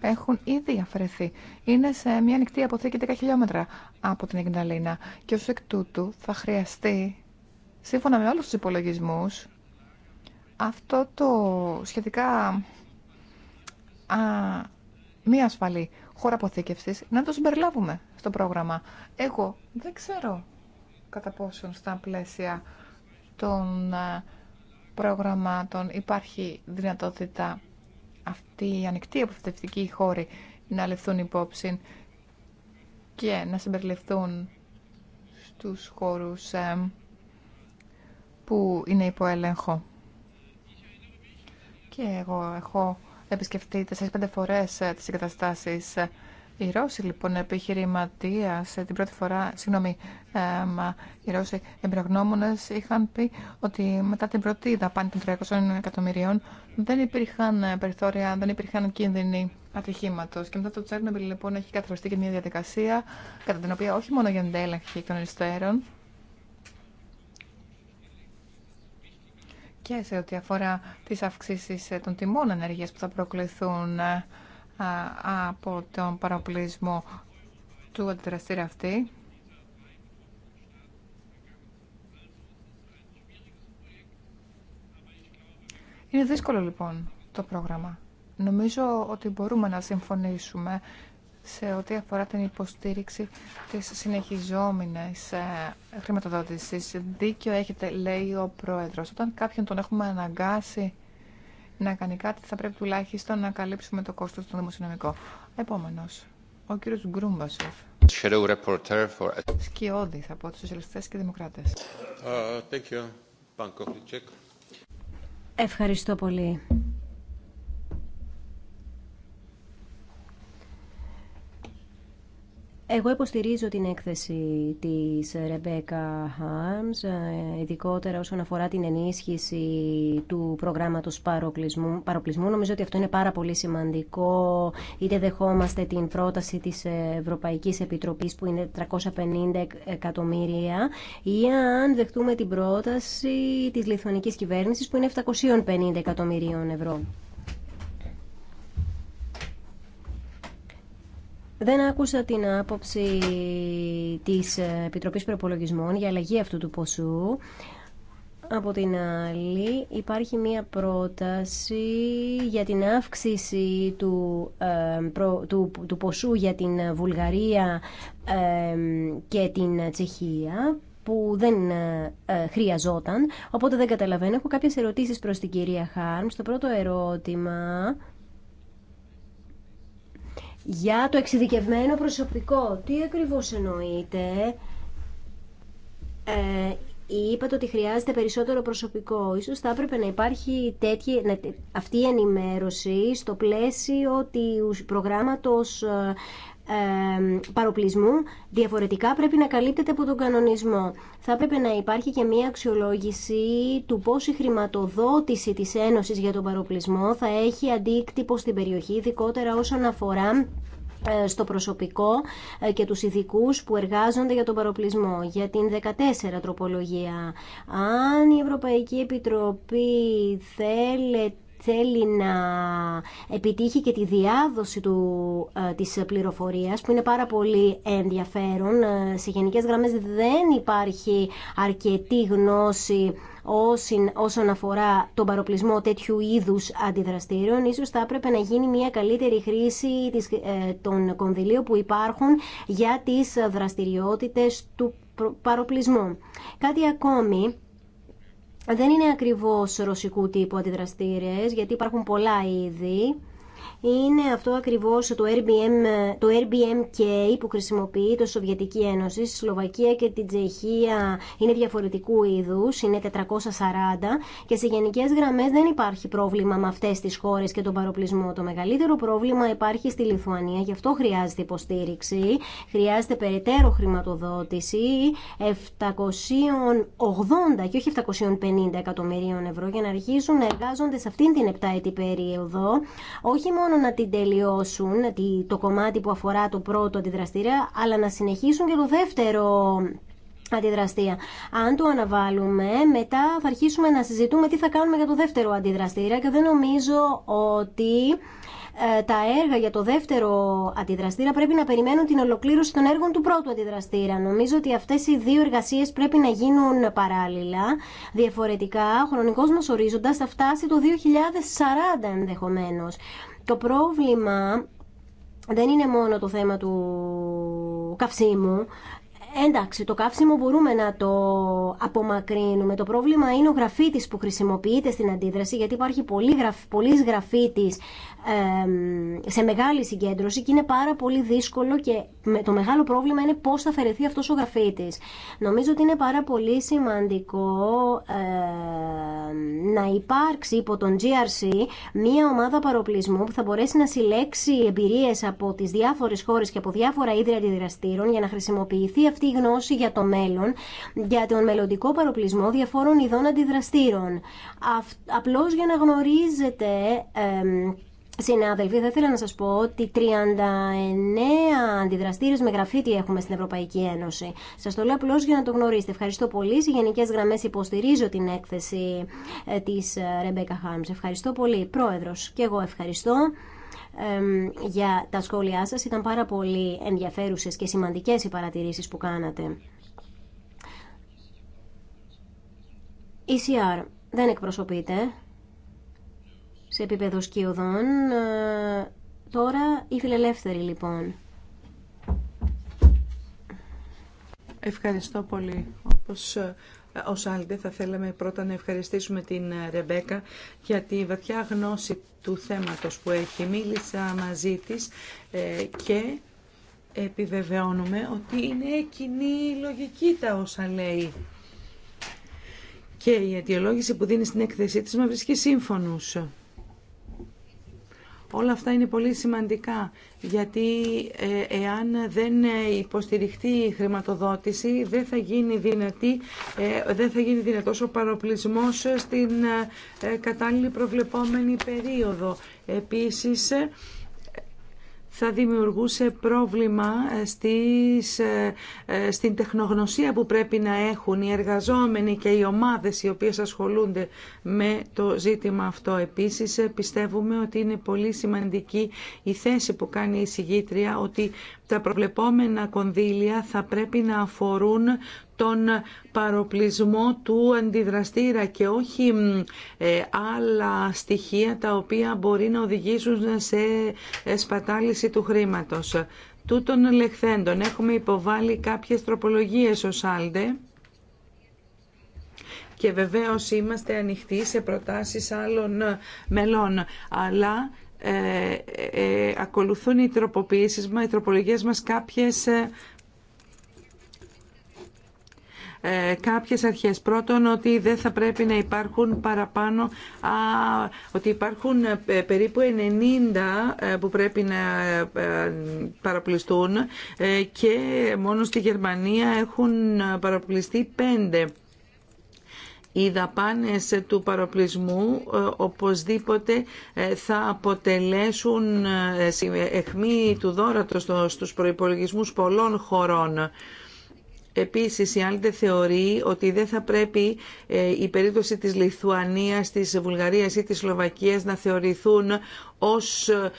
έχουν ήδη αφαιρεθεί. Είναι σε μια ανοιχτή αποθήκη 10 χιλιόμετρα από την Ιγναλίνα και ως εκ τούτου θα χρειαστεί, σύμφωνα με όλους τους υπολογισμούς, αυτό το σχετικά α, μη ασφαλή χώρα αποθήκευση να το συμπεριλάβουμε στο πρόγραμμα. Εγώ δεν ξέρω κατά πόσον στα πλαίσια των προγραμμάτων υπάρχει δυνατότητα αυτή η ανοιχτή αποθετευτική χώρη να ληφθούν υπόψη και να συμπεριληφθούν στους χώρους ε, που είναι υπό και εγώ έχω επισκεφτεί 4-5 φορές ε, τις εγκαταστάσεις οι ε, Ρώσοι λοιπόν επιχειρηματία ε, την πρώτη φορά, συγγνώμη, ε, μα, οι Ρώσοι εμπειρογνώμονε είχαν πει ότι μετά την πρώτη δαπάνη των 300 εκατομμυρίων δεν υπήρχαν περιθώρια, δεν υπήρχαν κίνδυνοι ατυχήματο. Και μετά το Τσέρνομπιλ λοιπόν έχει καθοριστεί και μια διαδικασία κατά την οποία όχι μόνο γίνονται έλεγχοι εκ των υστέρων, και σε ό,τι αφορά τις αυξήσεις ε, των τιμών ενέργειας που θα προκληθούν ε, από τον παραπλήσμο του αντιδραστήρα αυτή. Είναι δύσκολο λοιπόν το πρόγραμμα. Νομίζω ότι μπορούμε να συμφωνήσουμε σε ό,τι αφορά την υποστήριξη της συνεχιζόμενης ε, χρηματοδότησης. Δίκιο έχετε, λέει ο Πρόεδρος. Όταν κάποιον τον έχουμε αναγκάσει να κάνει κάτι, θα πρέπει τουλάχιστον να καλύψουμε το κόστος του δημοσιονομικό. Επόμενος, ο κύριος Γκρούμπασεφ. Σκιώδης από τους Σοσιαλιστές και Δημοκράτες. Uh, Ευχαριστώ πολύ. Εγώ υποστηρίζω την έκθεση της Ρεμπέκα Χάμς, ε, ειδικότερα όσον αφορά την ενίσχυση του προγράμματος παροπλισμού. παροπλισμού. Νομίζω ότι αυτό είναι πάρα πολύ σημαντικό, είτε δεχόμαστε την πρόταση της Ευρωπαϊκής Επιτροπής που είναι 350 εκατομμύρια, ή αν δεχτούμε την πρόταση της Λιθουανικής Κυβέρνησης που είναι 750 εκατομμυρίων ευρώ. Δεν άκουσα την άποψη της Επιτροπής Προπολογισμών για αλλαγή αυτού του ποσού. Από την άλλη υπάρχει μία πρόταση για την αύξηση του, ε, ποσού για την Βουλγαρία ε, και την Τσεχία που δεν ε, χρειαζόταν. Οπότε δεν καταλαβαίνω. Έχω κάποιες ερωτήσεις προς την κυρία Χάρμ. Στο πρώτο ερώτημα για το εξειδικευμένο προσωπικό, τι ακριβώς προσωπικό. Ίσως θα έπρεπε να υπάρχει αυτή Ε, είπατε ότι χρειάζεται περισσότερο προσωπικό. Ίσως θα έπρεπε να υπάρχει αυτή η ενημέρωση στο πλαίσιο του προγράμματος ε, παροπλισμού διαφορετικά πρέπει να καλύπτεται από τον κανονισμό. Θα έπρεπε να υπάρχει και μία αξιολόγηση του πώς η χρηματοδότηση της Ένωσης για τον παροπλισμό θα έχει αντίκτυπο στην περιοχή, ειδικότερα όσον αφορά ε, στο προσωπικό ε, και τους ειδικού που εργάζονται για τον παροπλισμό. Για την 14 τροπολογία, αν η Ευρωπαϊκή Επιτροπή θέλετε θέλει να επιτύχει και τη διάδοση του, ε, της πληροφορίας που είναι πάρα πολύ ενδιαφέρον. Ε, σε γενικές γραμμές δεν υπάρχει αρκετή γνώση όσον αφορά τον παροπλισμό τέτοιου είδους αντιδραστήριων. Ίσως θα έπρεπε να γίνει μια καλύτερη χρήση ε, των κονδυλίων που υπάρχουν για τις δραστηριότητες του παροπλισμού. Κάτι ακόμη δεν είναι ακριβώς ρωσικού τύπου αντιδραστήρες, γιατί υπάρχουν πολλά είδη είναι αυτό ακριβώς το RBM, το RBMK που χρησιμοποιεί το Σοβιετική Ένωση στη Σλοβακία και την Τσεχία είναι διαφορετικού είδους, είναι 440 και σε γενικές γραμμές δεν υπάρχει πρόβλημα με αυτές τις χώρες και τον παροπλισμό. Το μεγαλύτερο πρόβλημα υπάρχει στη Λιθουανία, γι' αυτό χρειάζεται υποστήριξη, χρειάζεται περαιτέρω χρηματοδότηση 780 και όχι 750 εκατομμυρίων ευρώ για να αρχίσουν να εργάζονται σε αυτήν την επτάετη περίοδο, όχι μόνο μόνο να την τελειώσουν, το κομμάτι που αφορά το πρώτο αντιδραστήρα, αλλά να συνεχίσουν και το δεύτερο αντιδραστήρα. Αν το αναβάλουμε, μετά θα αρχίσουμε να συζητούμε τι θα κάνουμε για το δεύτερο αντιδραστήρα και δεν νομίζω ότι ε, τα έργα για το δεύτερο αντιδραστήρα πρέπει να περιμένουν την ολοκλήρωση των έργων του πρώτου αντιδραστήρα. Νομίζω ότι αυτέ οι δύο εργασίε πρέπει να γίνουν παράλληλα. Διαφορετικά, ο χρονικό μα ορίζοντα θα φτάσει το 2040 ενδεχομένω. Το πρόβλημα δεν είναι μόνο το θέμα του καυσίμου. Εντάξει, το καύσιμο μπορούμε να το απομακρύνουμε. Το πρόβλημα είναι ο γραφίτης που χρησιμοποιείται στην αντίδραση, γιατί υπάρχει πολλής γραφίτης σε μεγάλη συγκέντρωση και είναι πάρα πολύ δύσκολο και το μεγάλο πρόβλημα είναι πώς θα αφαιρεθεί αυτός ο γραφίτης. Νομίζω ότι είναι πάρα πολύ σημαντικό να υπάρξει υπό τον GRC μία ομάδα παροπλισμού που θα μπορέσει να συλλέξει εμπειρίες από τις διάφορες χώρες και από διάφορα ίδρια αντιδραστήρων για να χρησιμοποιηθεί αυτή η γνώση για το μέλλον, για τον μελλοντικό παροπλισμό διαφόρων ειδών αντιδραστήρων. Απλώς για να γνωρίζετε Συνάδελφοι, θα ήθελα να σας πω ότι 39 αντιδραστήρες με γραφίτι έχουμε στην Ευρωπαϊκή Ένωση. Σας το λέω απλώ για να το γνωρίσετε. Ευχαριστώ πολύ. Σε γενικές γραμμές υποστηρίζω την έκθεση ε, της ε, Ρεμπέκα Χάρμς. Ευχαριστώ πολύ. Πρόεδρος, και εγώ ευχαριστώ για τα σχόλιά σας. Ήταν πάρα πολύ ενδιαφέρουσες και σημαντικές οι παρατηρήσεις που κάνατε. ECR δεν εκπροσωπείται σε επίπεδο σκιωδών. Ε, τώρα η φιλελεύθερη λοιπόν. Ευχαριστώ πολύ. Όπως ε, ως άλλη θα θέλαμε πρώτα να ευχαριστήσουμε την ε, Ρεμπέκα για τη βαθιά γνώση του θέματος που έχει. Μίλησα μαζί της και επιβεβαιώνουμε ότι είναι κοινή λογική τα όσα λέει. Και η αιτιολόγηση που δίνει στην έκθεσή της με βρίσκει σύμφωνους. Όλα αυτά είναι πολύ σημαντικά γιατί ε, εάν δεν υποστηριχτεί η χρηματοδότηση δεν θα γίνει, δυνατή, ε, δεν θα γίνει δυνατός ο παροπλισμός στην ε, κατάλληλη προβλεπόμενη περίοδο. Επίσης θα δημιουργούσε πρόβλημα ε, στις, ε, ε, στην τεχνογνωσία που πρέπει να έχουν οι εργαζόμενοι και οι ομάδες οι οποίες ασχολούνται με το ζήτημα αυτό. Επίσης πιστεύουμε ότι είναι πολύ σημαντική η θέση που κάνει η συγγήτρια ότι τα προβλεπόμενα κονδύλια θα πρέπει να αφορούν τον παροπλισμό του αντιδραστήρα και όχι ε, άλλα στοιχεία τα οποία μπορεί να οδηγήσουν σε ε, σπατάληση του χρήματος. Τούτων λεχθέντων έχουμε υποβάλει κάποιες τροπολογίες ως άλντε και βεβαίως είμαστε ανοιχτοί σε προτάσεις άλλων ε, μελών, αλλά ε, ακολουθούν οι τροποποιήσεις τροπολογίες μας κάποιες ε, κάποιες αρχές. Πρώτον, ότι δεν θα πρέπει να υπάρχουν παραπάνω, α, ότι υπάρχουν ε, περίπου 90 ε, που πρέπει να παραπληστούν και μόνο στη Γερμανία έχουν παραπληστεί 5 οι δαπάνες του παροπλισμού οπωσδήποτε θα αποτελέσουν εχμή του δόρατος στους προϋπολογισμούς πολλών χωρών. Επίσης, η Άλντε θεωρεί ότι δεν θα πρέπει ε, η περίπτωση της Λιθουανίας, της Βουλγαρίας ή της Σλοβακίας να θεωρηθούν ως ε,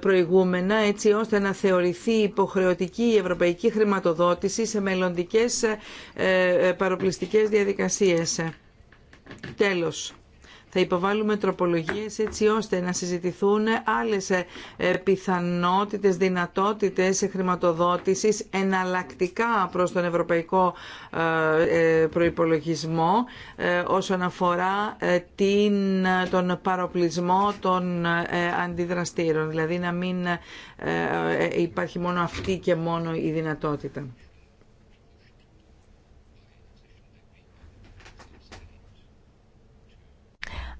προηγούμενα, έτσι ώστε να θεωρηθεί υποχρεωτική η ευρωπαϊκή χρηματοδότηση σε μελλοντικές ε, παροπλιστικές διαδικασίες. Τέλος. Θα υποβάλουμε τροπολογίες έτσι ώστε να συζητηθούν άλλες ε, πιθανότητες, δυνατότητες χρηματοδότησης εναλλακτικά προς τον ευρωπαϊκό ε, ε, προϋπολογισμό όσον αφορά την, τον παροπλισμό των αντιδραστήρων. Δηλαδή να μην υπάρχει μόνο αυτή και μόνο η δυνατότητα.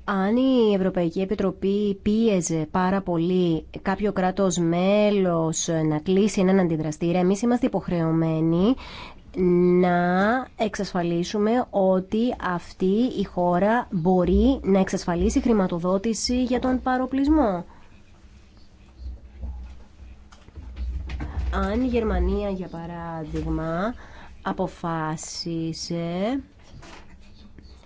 αν η Ευρωπαϊκή Επιτροπή πίεζε πάρα πολύ κάποιο κράτος μέλος να κλείσει έναν αντιδραστήρα, εμείς είμαστε υποχρεωμένοι να εξασφαλίσουμε ότι αυτή η χώρα μπορεί να εξασφαλίσει χρηματοδότηση για τον παροπλισμό. Αν η Γερμανία, για παράδειγμα, αποφάσισε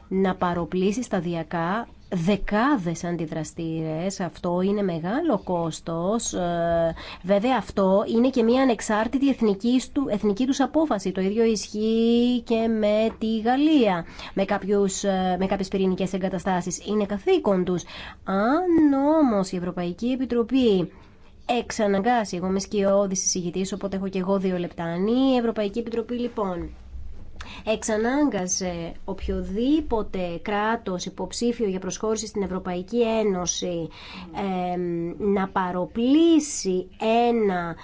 να παροπλήσει σταδιακά δεκάδες αντιδραστήρες. Αυτό είναι μεγάλο κόστος. Ε, βέβαια αυτό είναι και μια ανεξάρτητη εθνική, εθνική τους απόφαση. Το ίδιο ισχύει και με τη Γαλλία, με, κάποιους, ε, με κάποιες πυρηνικές εγκαταστάσεις. Είναι καθήκον τους. Αν όμως η Ευρωπαϊκή Επιτροπή εξαναγκάσει, εγώ είμαι σκιώδης εισηγητής, οπότε έχω και εγώ δύο λεπτά. Η Ευρωπαϊκή Επιτροπή λοιπόν εξανάγκασε οποιοδήποτε κράτος υποψήφιο για προσχώρηση στην Ευρωπαϊκή Ένωση να παροπλήσει ένα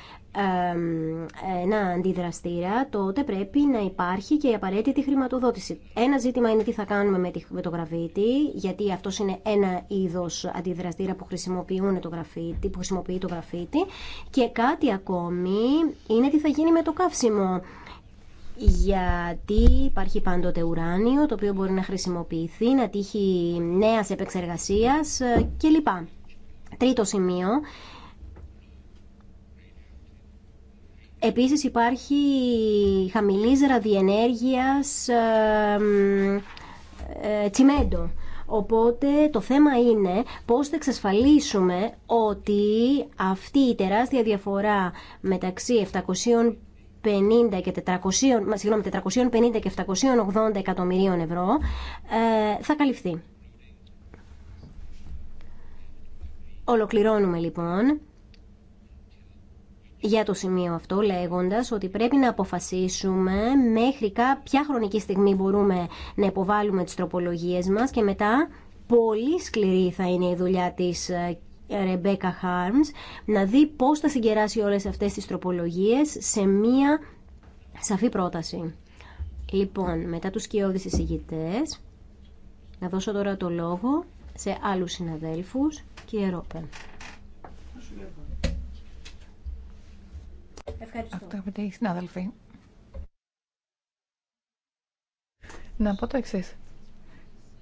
ένα αντιδραστήρα, τότε πρέπει να υπάρχει και η απαραίτητη χρηματοδότηση. Ένα ζήτημα είναι τι θα κάνουμε με το γραφίτι, γιατί αυτό είναι ένα είδο αντιδραστήρα που, χρησιμοποιούν το γραφίτι, που χρησιμοποιεί το γραφίτι. Και κάτι ακόμη είναι τι θα γίνει με το καύσιμο γιατί υπάρχει πάντοτε ουράνιο το οποίο μπορεί να χρησιμοποιηθεί, να τύχει νέα επεξεργασίας ε, κλπ. Τρίτο σημείο, Επίσης υπάρχει χαμηλής ραδιενέργειας ε, ε, τσιμέντο. Οπότε το θέμα είναι πώς θα εξασφαλίσουμε ότι αυτή η τεράστια διαφορά μεταξύ 700 και 400, συγγνώμη, 450 και 780 εκατομμυρίων ευρώ ε, θα καλυφθεί. Ολοκληρώνουμε λοιπόν για το σημείο αυτό λέγοντας ότι πρέπει να αποφασίσουμε μέχρι κάποια χρονική στιγμή μπορούμε να υποβάλουμε τις τροπολογίες μας και μετά πολύ σκληρή θα είναι η δουλειά της ε, Ρεμπέκα Χάρμς να δει πώς θα συγκεράσει όλες αυτές τις τροπολογίες σε μία σαφή πρόταση. Λοιπόν, μετά τους σκιώδεις εισηγητέ, να δώσω τώρα το λόγο σε άλλους συναδέλφους και ερώπε. Ευχαριστώ. Αγαπητοί συνάδελφοι, να πω το εξή.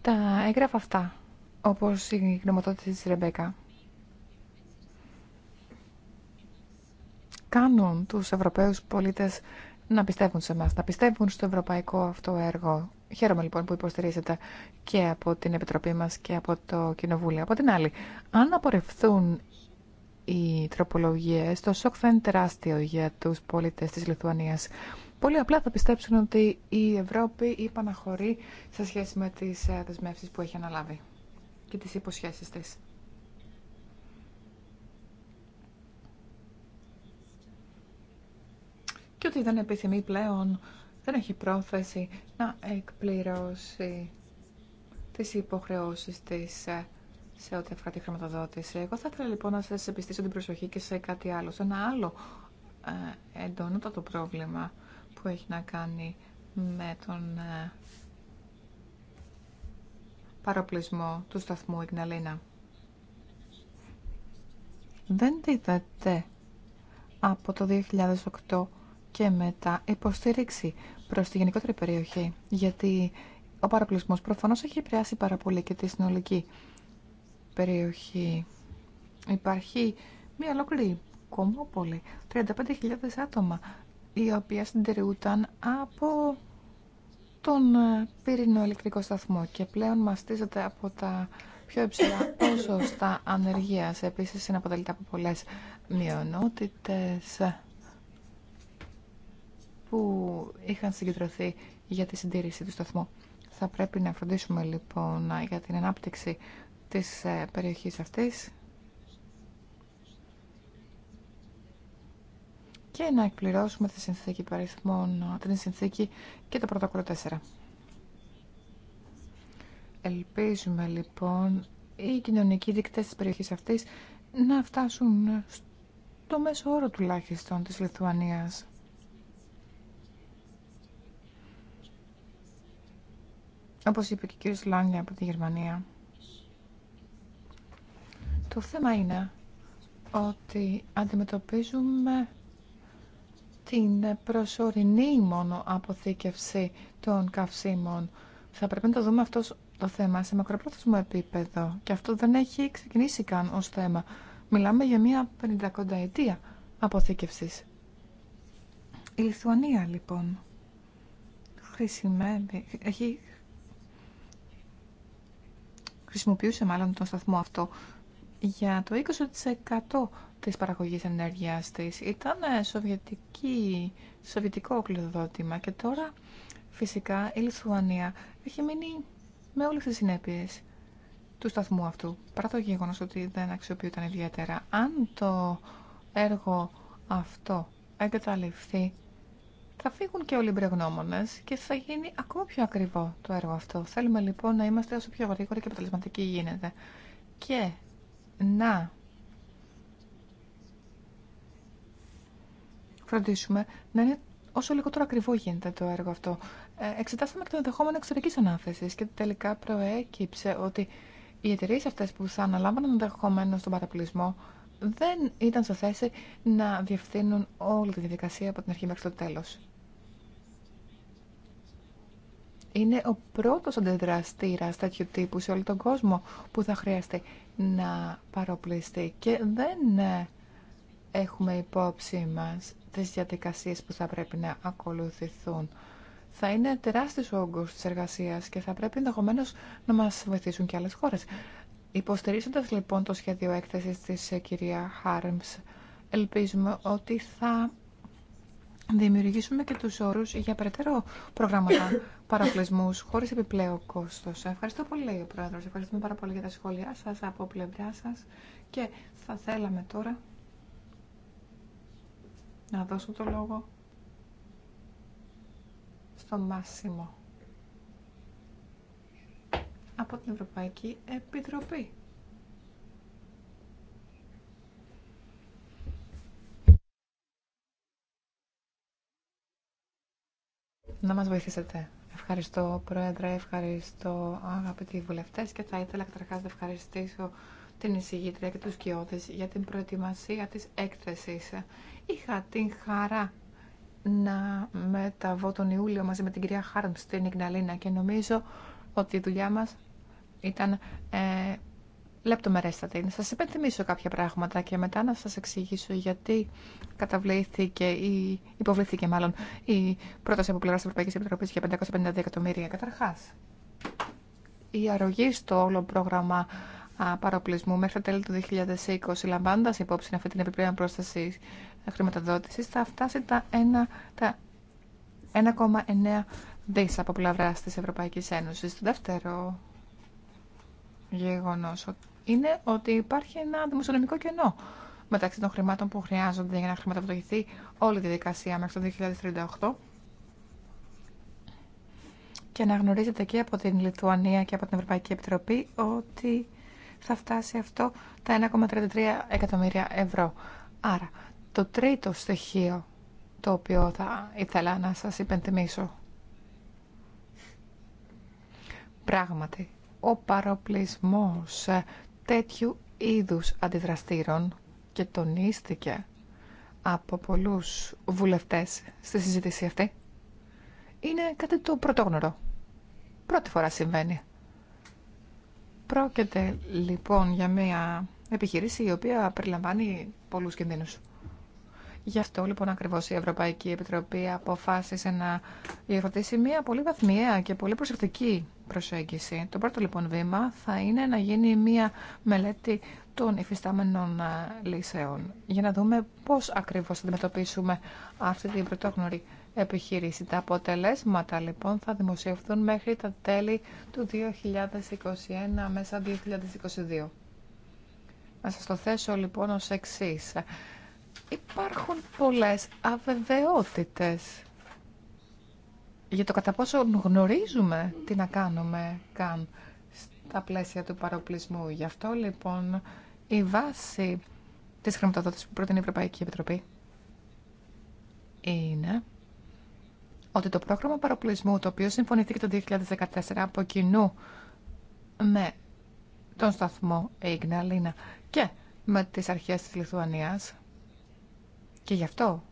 Τα έγγραφα αυτά, όπως η γνωμοδότηση της Ρεμπέκα, κάνουν τους Ευρωπαίους πολίτες να πιστεύουν σε μας, να πιστεύουν στο ευρωπαϊκό αυτό έργο. Χαίρομαι λοιπόν που υποστηρίζετε και από την Επιτροπή μας και από το Κοινοβούλιο. Από την άλλη, αν απορρευθούν οι τροπολογίες, το σοκ θα είναι τεράστιο για τους πολίτες της Λιθουανίας. Πολύ απλά θα πιστέψουν ότι η Ευρώπη υπαναχωρεί σε σχέση με τις ε, δεσμεύσεις που έχει αναλάβει και τις υποσχέσεις της. και ότι δεν επιθυμεί πλέον, δεν έχει πρόθεση να εκπληρώσει τις υποχρεώσεις της ε, σε ό,τι αφορά τη χρηματοδότηση. Εγώ θα ήθελα λοιπόν να σα επιστήσω την προσοχή και σε κάτι άλλο, σε ένα άλλο ε, εντονότατο πρόβλημα που έχει να κάνει με τον ε, παροπλισμό του σταθμού Ιγναλίνα. Δεν δίδεται από το 2008 και μετά υποστήριξη προς τη γενικότερη περιοχή, γιατί ο παραπλησμός προφανώς έχει επηρεάσει πάρα πολύ και τη συνολική περιοχή. Υπάρχει μια ολόκληρη κομμόπολη, 35.000 άτομα, οι οποία συντηρούνταν από τον ε, πυρηνο ηλεκτρικό σταθμό και πλέον μαστίζεται από τα πιο υψηλά ποσοστά ανεργίας. Επίσης, είναι αποτελείται από πολλές μειονότητες που είχαν συγκεντρωθεί για τη συντήρηση του σταθμού. Θα πρέπει να φροντίσουμε λοιπόν για την ανάπτυξη της ε, περιοχής αυτής και να εκπληρώσουμε τη συνθήκη παριθμών, την συνθήκη και το πρωτόκολλο 4. Ελπίζουμε λοιπόν οι κοινωνικοί δείκτες της περιοχής αυτής να φτάσουν στο μέσο όρο τουλάχιστον της Λιθουανίας. Όπως είπε και ο κύριος Λάνια από τη Γερμανία, το θέμα είναι ότι αντιμετωπίζουμε την προσωρινή μόνο αποθήκευση των καυσίμων. Θα πρέπει να το δούμε αυτό το θέμα σε μακροπρόθεσμο επίπεδο και αυτό δεν έχει ξεκινήσει καν ως θέμα. Μιλάμε για μια πεντακονταετία αποθήκευσης. Η Λιθουανία λοιπόν χρησιμεύει, χρησιμοποιούσε μάλλον τον σταθμό αυτό για το 20% της παραγωγής ενέργειας της. Ήταν ε, σοβιετική, σοβιετικό κλειδοδότημα και τώρα φυσικά η Λιθουανία έχει μείνει με όλες τις συνέπειες του σταθμού αυτού, παρά το γεγονός ότι δεν αξιοποιούταν ιδιαίτερα. Αν το έργο αυτό εγκαταλειφθεί, θα φύγουν και όλοι οι μπρεγνώμονε και θα γίνει ακόμα πιο ακριβό το έργο αυτό. Θέλουμε λοιπόν να είμαστε όσο πιο γρήγοροι και αποτελεσματικοί γίνεται. Και να φροντίσουμε να είναι όσο λιγότερο ακριβό γίνεται το έργο αυτό. Ε, εξετάσαμε και το ενδεχόμενο εξωτερική ανάθεση και τελικά προέκυψε ότι οι εταιρείε αυτέ που θα αναλάμβαναν ενδεχομένο στον παραπλησμό δεν ήταν σε θέση να διευθύνουν όλη τη διαδικασία από την αρχή μέχρι το τέλος είναι ο πρώτος αντιδραστήρας τέτοιου τύπου σε όλο τον κόσμο που θα χρειαστεί να παροπλιστεί και δεν ε, έχουμε υπόψη μας τις διαδικασίες που θα πρέπει να ακολουθηθούν. Θα είναι τεράστιος ο όγκος της εργασίας και θα πρέπει ενδεχομένω να μας βοηθήσουν και άλλες χώρες. Υποστηρίζοντας λοιπόν το σχέδιο έκθεση της ε, κυρία Χάρμς, ελπίζουμε ότι θα δημιουργήσουμε και τους όρους για περαιτέρω προγράμματα παροπλισμούς χωρίς επιπλέον κόστος. Ευχαριστώ πολύ, λέει ο Πρόεδρος. Ευχαριστούμε πάρα πολύ για τα σχόλιά σας, από πλευρά σα. και θα θέλαμε τώρα να δώσω το λόγο στο Μάσιμο από την Ευρωπαϊκή Επιτροπή. Να μας βοηθήσετε. Ευχαριστώ, Πρόεδρε, ευχαριστώ, αγαπητοί βουλευτές και θα ήθελα καταρχά να ευχαριστήσω την εισηγήτρια και τους κοιότε για την προετοιμασία της έκθεσης. Είχα την χαρά να μεταβώ τον Ιούλιο μαζί με την κυρία Χάρμ στην Ιγναλίνα και νομίζω ότι η δουλειά μα ήταν ε, λεπτομερέστατη. Να σας υπενθυμίσω κάποια πράγματα και μετά να σας εξηγήσω γιατί καταβλήθηκε ή υποβλήθηκε μάλλον η πρόταση από πλευράς της Ευρωπαϊκής Επιτροπής για 550 εκατομμύρια. Καταρχάς, η αρρωγή στο όλο πρόγραμμα παροπλισμού μέχρι τα τέλη του 2020, λαμβάνοντα υπόψη αυτή την επιπλέον πρόσταση ε, χρηματοδότηση, θα φτάσει τα 1,9 δι από πλευρά τη Ευρωπαϊκή Ένωση. Το δεύτερο γεγονό είναι ότι υπάρχει ένα δημοσιονομικό κενό μεταξύ των χρημάτων που χρειάζονται για να χρηματοδοτηθεί όλη τη δικασία μέχρι το 2038 και να γνωρίζετε και από την Λιθουανία και από την Ευρωπαϊκή Επιτροπή ότι θα φτάσει αυτό τα 1,33 εκατομμύρια ευρώ. Άρα, το τρίτο στοιχείο το οποίο θα ήθελα να σας υπενθυμίσω. Πράγματι, ο παροπλισμός τέτοιου είδους αντιδραστήρων και τονίστηκε από πολλούς βουλευτές στη συζήτηση αυτή είναι κάτι το πρωτόγνωρο. Πρώτη φορά συμβαίνει. Πρόκειται λοιπόν για μια επιχείρηση η οποία περιλαμβάνει πολλούς κινδύνους. Γι' αυτό λοιπόν ακριβώ η Ευρωπαϊκή Επιτροπή αποφάσισε να υιοθετήσει μια πολύ βαθμιαία και πολύ προσεκτική προσέγγιση. Το πρώτο λοιπόν βήμα θα είναι να γίνει μια μελέτη των υφιστάμενων ε, λύσεων για να δούμε πώ ακριβώ θα αντιμετωπίσουμε αυτή την πρωτόγνωρη επιχείρηση. Τα αποτελέσματα λοιπόν θα δημοσιευθούν μέχρι τα τέλη του 2021 μέσα 2022. Να σας το θέσω λοιπόν ως εξής υπάρχουν πολλές αβεβαιότητες για το κατά πόσο γνωρίζουμε τι να κάνουμε καν στα πλαίσια του παροπλισμού. Γι' αυτό λοιπόν η βάση της χρηματοδότησης που προτείνει η Ευρωπαϊκή Επιτροπή είναι ότι το πρόγραμμα παροπλισμού, το οποίο συμφωνηθήκε το 2014 από κοινού με τον σταθμό Ιγναλίνα και με τις αρχές της Λιθουανίας, και γι' αυτό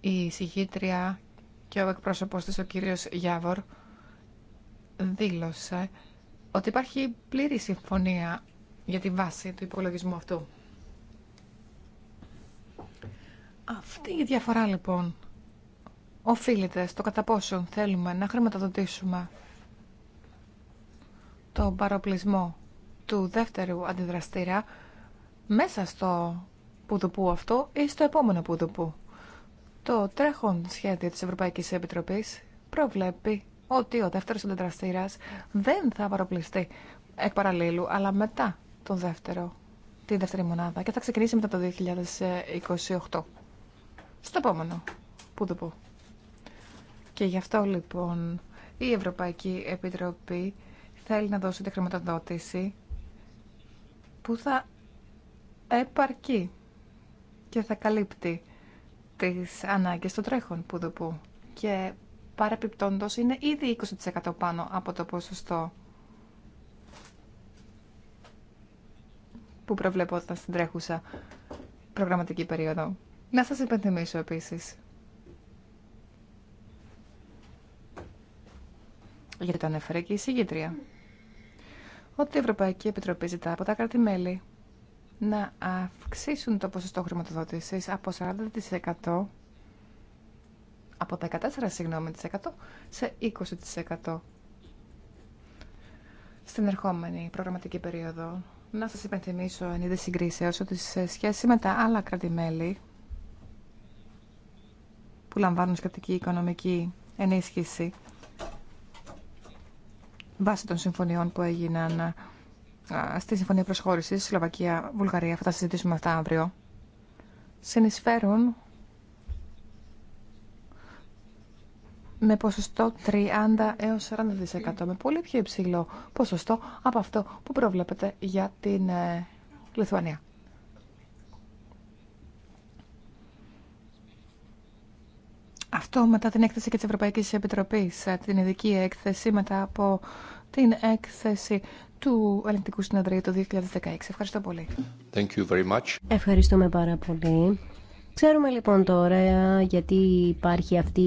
η συγχύτρια και ο εκπρόσωπος της, ο κύριος Γιάβορ, δήλωσε ότι υπάρχει πλήρη συμφωνία για τη βάση του υπολογισμού αυτού. Αυτή η διαφορά λοιπόν οφείλεται στο κατά πόσο θέλουμε να χρηματοδοτήσουμε τον παροπλισμό του δεύτερου αντιδραστήρα μέσα στο πού αυτό ή στο επόμενο που Το τρέχον σχέδιο της Ευρωπαϊκής Επιτροπής προβλέπει ότι ο δεύτερος αντιδραστήρας δεν θα παροπληστεί εκ παραλλήλου, αλλά μετά τον δεύτερο, την δεύτερη μονάδα και θα ξεκινήσει μετά το 2028. Στο επόμενο, πού το Και γι' αυτό λοιπόν η Ευρωπαϊκή Επιτροπή θέλει να δώσει τη χρηματοδότηση που θα επαρκεί και θα καλύπτει τις ανάγκες των τρέχων που Που Και παρεπιπτόντος είναι ήδη 20% πάνω από το ποσοστό που προβλεπόταν στην τρέχουσα προγραμματική περίοδο. Να σας υπενθυμίσω επίσης γιατί το ανέφερε και η συγκεντρία... ότι η Ευρωπαϊκή Επιτροπή ζητά από τα κράτη-μέλη να αυξήσουν το ποσοστό χρηματοδότησης από 40% από τα 14% συγγνώμη, σε 20% στην ερχόμενη προγραμματική περίοδο. Να σας υπενθυμίσω εν είδη συγκρίσεως ότι σε σχέση με τα άλλα που λαμβάνουν σχετική οικονομική ενίσχυση βάσει των συμφωνιών που έγιναν στη Συμφωνία Προσχώρησης, Σλοβακία, Βουλγαρία, θα τα συζητήσουμε αυτά αύριο, συνεισφέρουν με ποσοστό 30 έως 40% με πολύ πιο υψηλό ποσοστό από αυτό που προβλέπετε για την ε, Λιθουανία. Αυτό μετά την έκθεση και της Ευρωπαϊκής Επιτροπής, ε, την ειδική έκθεση μετά από την έκθεση του Ελληνικού Συνεδρίου το 2016. Ευχαριστώ πολύ. Thank you Ευχαριστούμε πάρα πολύ. Ξέρουμε λοιπόν τώρα γιατί υπάρχει αυτή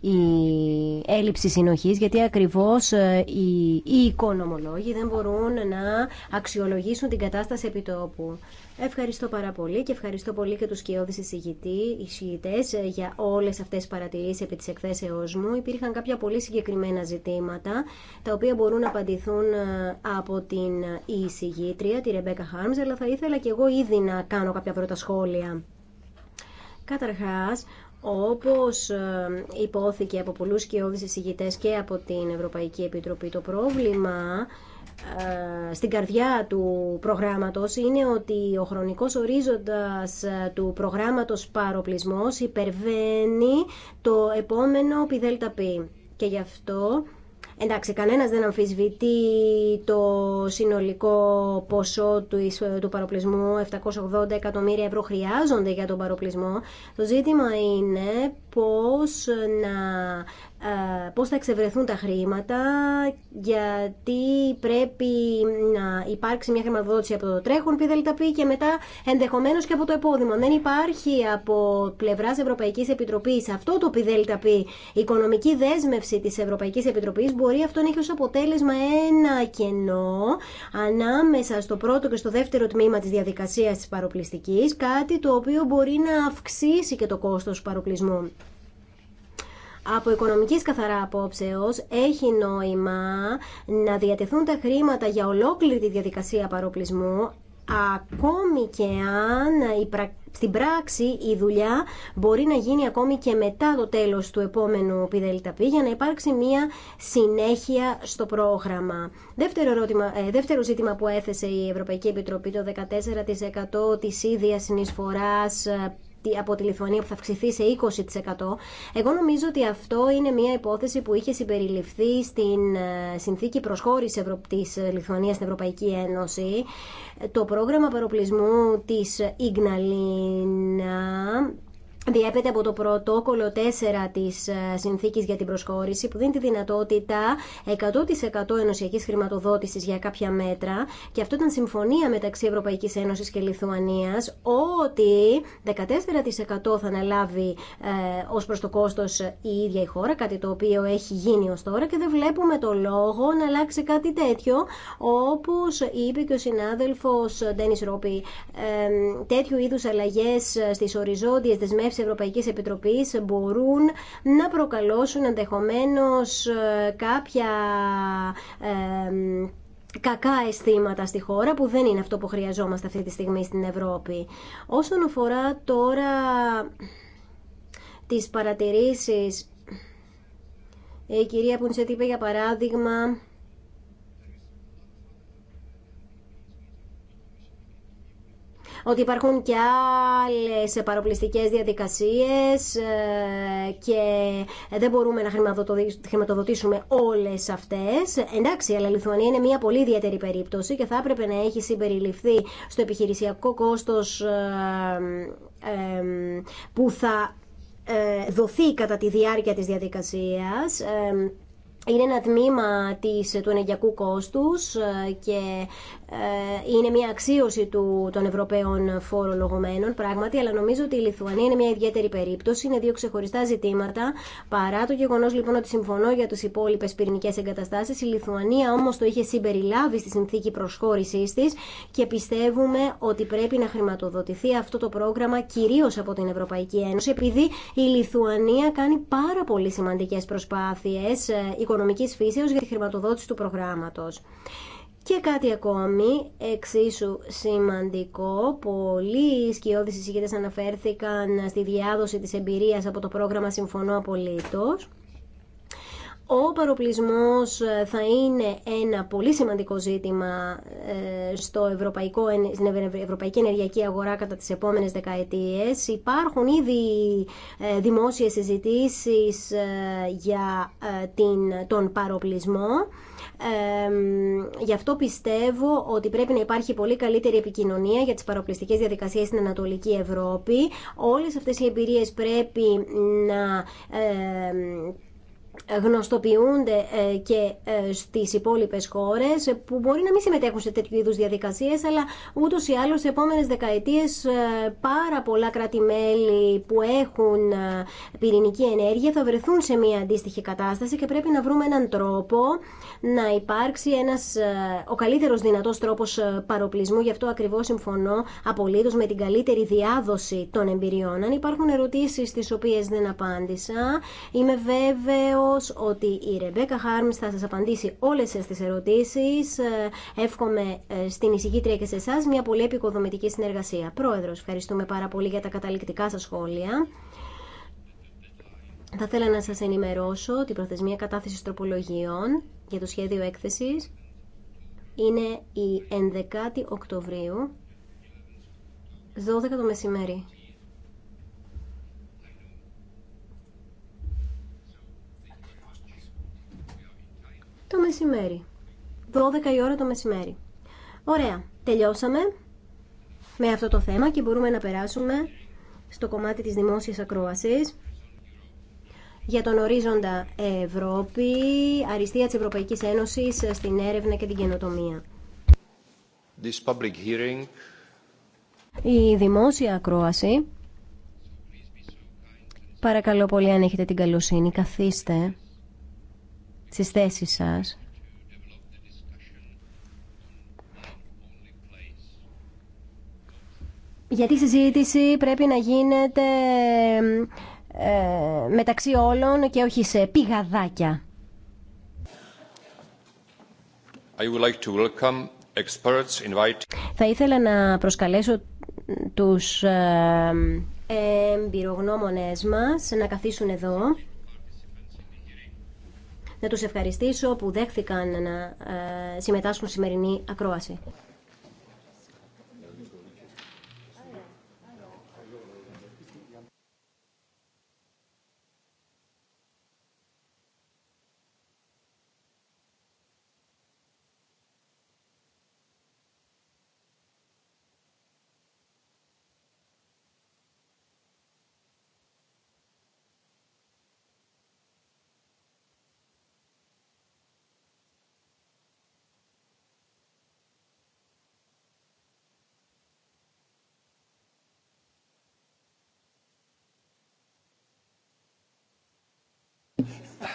η έλλειψη συνοχής γιατί ακριβώς ε, οι, οι οικονομολόγοι δεν μπορούν να αξιολογήσουν την κατάσταση επιτόπου. Ευχαριστώ πάρα πολύ και ευχαριστώ πολύ και τους κοιόδης εισηγητές ε, για όλες αυτές τις παρατηρήσεις επί της εκθέσεώς μου. Υπήρχαν κάποια πολύ συγκεκριμένα ζητήματα τα οποία μπορούν να απαντηθούν ε, από την εισηγήτρια, τη Ρεμπέκα Χάρμς, αλλά θα ήθελα και εγώ ήδη να κάνω κάποια πρώτα σχόλια. Καταρχάς, όπως ε, υπόθηκε από πολλούς και ηγητές και από την Ευρωπαϊκή Επιτροπή, το πρόβλημα ε, στην καρδιά του προγράμματος είναι ότι ο χρονικός ορίζοντας ε, του προγράμματος παροπλισμός υπερβαίνει το επόμενο πι. Και γι' αυτό Εντάξει, κανένας δεν αμφισβητεί το συνολικό ποσό του, του παροπλισμού, 780 εκατομμύρια ευρώ χρειάζονται για τον παροπλισμό. Το ζήτημα είναι πώς να πώς θα εξευρεθούν τα χρήματα γιατί πρέπει να υπάρξει μια χρηματοδότηση από το τρέχον πι και μετά ενδεχομένως και από το επόδημο. Δεν υπάρχει από πλευράς Ευρωπαϊκής Επιτροπής αυτό το πι η οικονομική δέσμευση της Ευρωπαϊκής Επιτροπής μπορεί αυτό να έχει ως αποτέλεσμα ένα κενό ανάμεσα στο πρώτο και στο δεύτερο τμήμα της διαδικασίας της παροπλιστικής κάτι το οποίο μπορεί να αυξήσει και το κόστος παροπλισμού από οικονομικής καθαρά απόψεω έχει νόημα να διατεθούν τα χρήματα για ολόκληρη τη διαδικασία παροπλισμού ακόμη και αν η στην πράξη η δουλειά μπορεί να γίνει ακόμη και μετά το τέλος του επόμενου ΠΔΕΛΤΑΠΗ για να υπάρξει μια συνέχεια στο πρόγραμμα. Δεύτερο, ερώτημα, ε, δεύτερο ζήτημα που έθεσε η Ευρωπαϊκή Επιτροπή το 14% της ίδιας συνεισφοράς ε, από τη Λιθουανία που θα αυξηθεί σε 20%. Εγώ νομίζω ότι αυτό είναι μια υπόθεση που είχε συμπεριληφθεί στην ε, συνθήκη προσχώρηση τη Λιθουανίας στην Ευρωπαϊκή Ένωση. Το πρόγραμμα παροπλισμού τη Ιγναλίνα διέπεται από το πρωτόκολλο 4 της ε, Συνθήκης για την Προσχώρηση που δίνει τη δυνατότητα 100% ενωσιακής χρηματοδότησης για κάποια μέτρα και αυτό ήταν συμφωνία μεταξύ Ευρωπαϊκής Ένωσης και Λιθουανίας ότι 14% θα αναλάβει ε, ως προς το κόστος η ίδια η χώρα, κάτι το οποίο έχει γίνει ως τώρα και δεν βλέπουμε το λόγο να αλλάξει κάτι τέτοιο όπως είπε και ο συνάδελφος Ντένις Ρόπι ε, τέτοιου είδους αλλαγές ε, στις οριζόντιες δεσμεύσεις της Ευρωπαϊκής Επιτροπής μπορούν να προκαλώσουν ενδεχομένω ε, κάποια ε, κακά αισθήματα στη χώρα που δεν είναι αυτό που χρειαζόμαστε αυτή τη στιγμή στην Ευρώπη. Όσον αφορά τώρα τις παρατηρήσεις, η κυρία Πουνσέτη είπε για παράδειγμα ότι υπάρχουν και άλλες παροπλιστικές διαδικασίες ε, και δεν μπορούμε να χρηματοδοτήσουμε όλες αυτές. Εντάξει, αλλά η Λιθουανία είναι μια πολύ ιδιαίτερη περίπτωση και θα έπρεπε να έχει συμπεριληφθεί στο επιχειρησιακό κόστος ε, που θα ε, δοθεί κατά τη διάρκεια της διαδικασίας είναι ένα τμήμα της, του ενεργειακού κόστους ε, και ε, είναι μια αξίωση του, των Ευρωπαίων φορολογωμένων πράγματι, αλλά νομίζω ότι η Λιθουανία είναι μια ιδιαίτερη περίπτωση, είναι δύο ξεχωριστά ζητήματα. Παρά το γεγονός λοιπόν ότι συμφωνώ για τις υπόλοιπε πυρηνικές εγκαταστάσεις, η Λιθουανία όμως το είχε συμπεριλάβει στη συνθήκη προσχώρησής της και πιστεύουμε ότι πρέπει να χρηματοδοτηθεί αυτό το πρόγραμμα κυρίως από την Ευρωπαϊκή Ένωση, επειδή η Λιθουανία κάνει πάρα πολύ σημαντικές προσπάθειες ε, οικονομικής φύσεως για τη χρηματοδότηση του προγράμματος. Και κάτι ακόμη, εξίσου σημαντικό, πολλοί σκιώδεις εισηγητές αναφέρθηκαν στη διάδοση της εμπειρίας από το πρόγραμμα Συμφωνώ Απολύτως. Ο παροπλισμός ε, θα είναι ένα πολύ σημαντικό ζήτημα ε, στο ευρωπαϊκό, στην ευρωπαϊκή ενεργειακή αγορά κατά τις επόμενες δεκαετίες. Υπάρχουν ήδη ε, δημόσιες συζητήσεις για την, τον παροπλισμό. γι' αυτό πιστεύω ότι πρέπει να υπάρχει πολύ καλύτερη επικοινωνία για τις παροπλιστικές διαδικασίες στην Ανατολική Ευρώπη. Όλες αυτές οι εμπειρίες πρέπει να γνωστοποιούνται ε, και ε, στις υπόλοιπες χώρες ε, που μπορεί να μην συμμετέχουν σε τέτοιου είδους διαδικασίες αλλά ούτως ή άλλως σε επόμενες δεκαετίες πάρα πολλά κράτη-μέλη που έχουν πυρηνική ενέργεια θα βρεθούν σε μια αντίστοιχη κατάσταση και πρέπει να βρούμε έναν τρόπο να υπάρξει ένας ο καλύτερος δυνατός τρόπος παροπλισμού γι' αυτό ακριβώς συμφωνώ απολύτως με την καλύτερη διάδοση των εμπειριών αν υπάρχουν ερωτήσεις τις οποίες δεν απάντησα είμαι βέβαιο ότι η Ρεμπέκα Χάρμς θα σας απαντήσει όλες σας τις ερωτήσεις. Ε, εύχομαι ε, στην εισηγήτρια και σε εσά μια πολύ επικοδομητική συνεργασία. Πρόεδρος, ευχαριστούμε πάρα πολύ για τα καταληκτικά σας σχόλια. Θα ήθελα να σας ενημερώσω ότι η προθεσμία κατάθεσης τροπολογιών για το σχέδιο έκθεσης είναι η 11η Οκτωβρίου, 12 το μεσημέρι. το μεσημέρι. 12 η ώρα το μεσημέρι. Ωραία, τελειώσαμε με αυτό το θέμα και μπορούμε να περάσουμε στο κομμάτι της δημόσιας ακρόασης για τον ορίζοντα Ευρώπη, αριστεία της Ευρωπαϊκής Ένωσης στην έρευνα και την καινοτομία. This public hearing... Η δημόσια ακρόαση. Παρακαλώ πολύ αν έχετε την καλοσύνη, καθίστε στις θέσεις σας γιατί η συζήτηση πρέπει να γίνεται ε, μεταξύ όλων και όχι σε πηγαδάκια. Θα ήθελα να προσκαλέσω τους ε, εμπειρογνώμονές μας να καθίσουν εδώ να τους ευχαριστήσω που δέχθηκαν να ε, συμμετάσχουν σημερινή ακρόαση.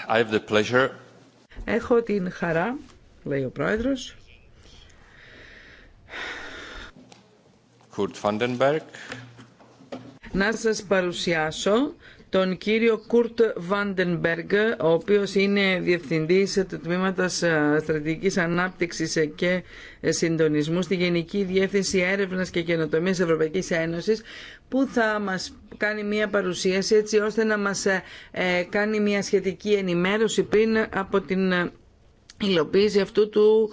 I have the pleasure. Έχω την χαρά, λέει ο πρόεδρος. Kurt Vandenberg. Να σας παρουσιάσω τον κύριο Κούρτ Βάντενμπεργκ, ο οποίος είναι Διευθυντής του Τμήματος ε, Στρατηγικής Ανάπτυξης και Συντονισμού στη Γενική Διεύθυνση Έρευνας και Καινοτομίας Ευρωπαϊκής Ένωσης, που θα μας κάνει μια παρουσίαση έτσι ώστε να μας ε, ε, κάνει μια σχετική ενημέρωση πριν από την υλοποίηση αυτού του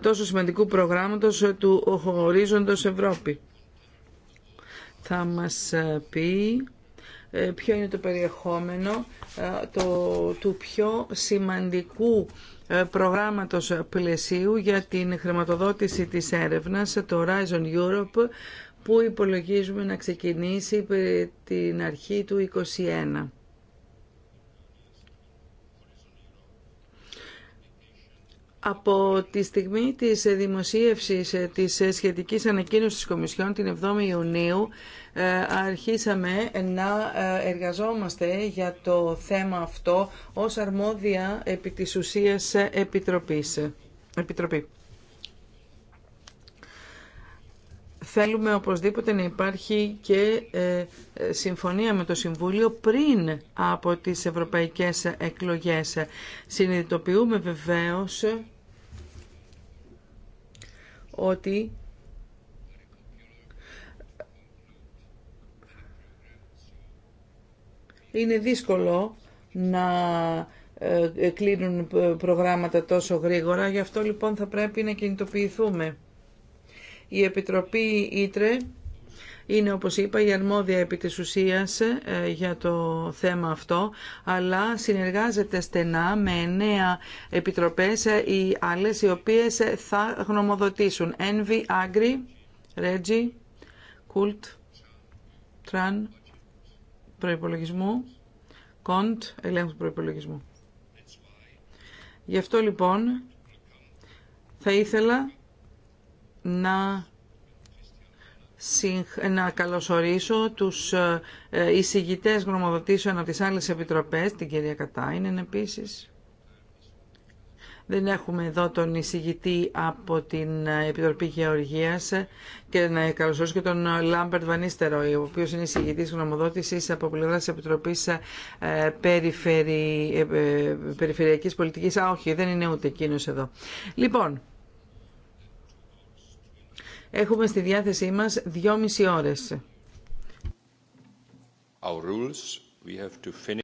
τόσο σημαντικού προγράμματος του Ορίζοντος Ευρώπη. Θα μας πει ε, ποιο είναι το περιεχόμενο ε, το, του πιο σημαντικού ε, προγράμματος πλαισίου για την χρηματοδότηση της έρευνας, το Horizon Europe, που υπολογίζουμε να ξεκινήσει την αρχή του 2021. Από τη στιγμή της δημοσίευσης της σχετικής ανακοίνωσης της Κομισιόν την 7η Ιουνίου αρχίσαμε να ε, εργαζόμαστε για το θέμα αυτό ως αρμόδια επί της ουσίας ε, επιτροπής. Επιτροπή. Θέλουμε οπωσδήποτε να υπάρχει και ε, συμφωνία με το Συμβούλιο πριν από τις ευρωπαϊκές εκλογές. Συνειδητοποιούμε βεβαίως ότι είναι δύσκολο να ε, ε, κλείνουν προγράμματα τόσο γρήγορα. Γι' αυτό λοιπόν θα πρέπει να κινητοποιηθούμε. Η Επιτροπή Ήτρε είναι όπως είπα η αρμόδια επί της ουσίας ε, για το θέμα αυτό αλλά συνεργάζεται στενά με εννέα επιτροπές οι άλλες οι οποίες θα γνωμοδοτήσουν Envy, Agri, Regi, Cult, Tran προϋπολογισμού, κοντ, ελέγχου του προϋπολογισμού. Γι' αυτό λοιπόν θα ήθελα να, να καλωσορίσω τους ε, εισηγητές γνωμοδοτήσεων από τις άλλες επιτροπές, την κυρία Κατάινεν επίσης, δεν έχουμε εδώ τον εισηγητή από την Επιτροπή Γεωργίας και να καλωσορίσω και τον Λάμπερτ Βανίστερο, ο οποίος είναι εισηγητή γνωμοδότηση από πλευρά Επιτροπής ε, Περιφερει... Ε, Περιφερειακής Πολιτικής. Α, όχι, δεν είναι ούτε εκείνο εδώ. Λοιπόν, έχουμε στη διάθεσή μας δυόμιση ώρες. Our rules, we have to finish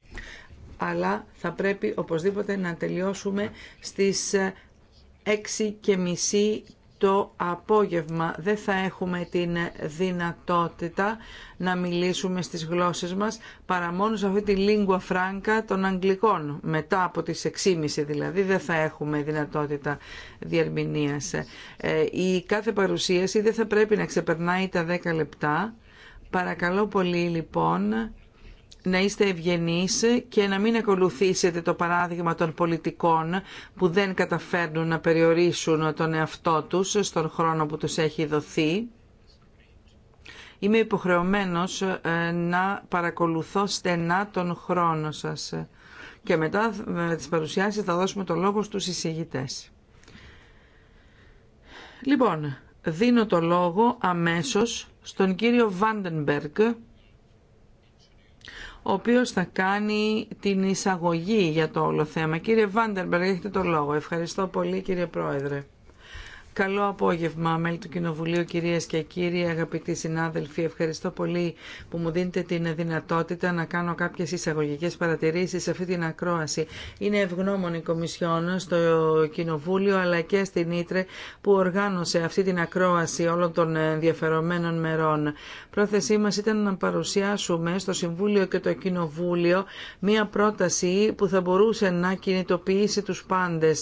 αλλά θα πρέπει οπωσδήποτε να τελειώσουμε στις 6 ε, και το απόγευμα. Δεν θα έχουμε την δυνατότητα να μιλήσουμε στις γλώσσες μας παρά μόνο σε αυτή τη lingua franca των Αγγλικών. Μετά από τις 6.30 δηλαδή δεν θα έχουμε δυνατότητα διερμηνίας. Ε, η κάθε παρουσίαση δεν θα πρέπει να ξεπερνάει τα 10 λεπτά. Παρακαλώ πολύ λοιπόν να είστε ευγενείς και να μην ακολουθήσετε το παράδειγμα των πολιτικών που δεν καταφέρνουν να περιορίσουν τον εαυτό τους στον χρόνο που τους έχει δοθεί. Είμαι υποχρεωμένος ε, να παρακολουθώ στενά τον χρόνο σας και μετά με τις παρουσιάσεις θα δώσουμε το λόγο στους εισηγητές. Λοιπόν, δίνω το λόγο αμέσως στον κύριο Βάντενμπεργκ, ο οποίος θα κάνει την εισαγωγή για το όλο θέμα. Κύριε Βάντερμπεργκ, έχετε το λόγο. Ευχαριστώ πολύ κύριε Πρόεδρε. Καλό απόγευμα, μέλη του Κοινοβουλίου, κυρίε και κύριοι, αγαπητοί συνάδελφοι. Ευχαριστώ πολύ που μου δίνετε την δυνατότητα να κάνω κάποιε εισαγωγικέ παρατηρήσει σε αυτή την ακρόαση. Είναι ευγνώμων η Κομισιόν στο Κοινοβούλιο αλλά και στην Ήτρε που οργάνωσε αυτή την ακρόαση όλων των ενδιαφερομένων μερών. Πρόθεσή μα ήταν να παρουσιάσουμε στο Συμβούλιο και το Κοινοβούλιο μία πρόταση που θα μπορούσε να κινητοποιήσει του πάντε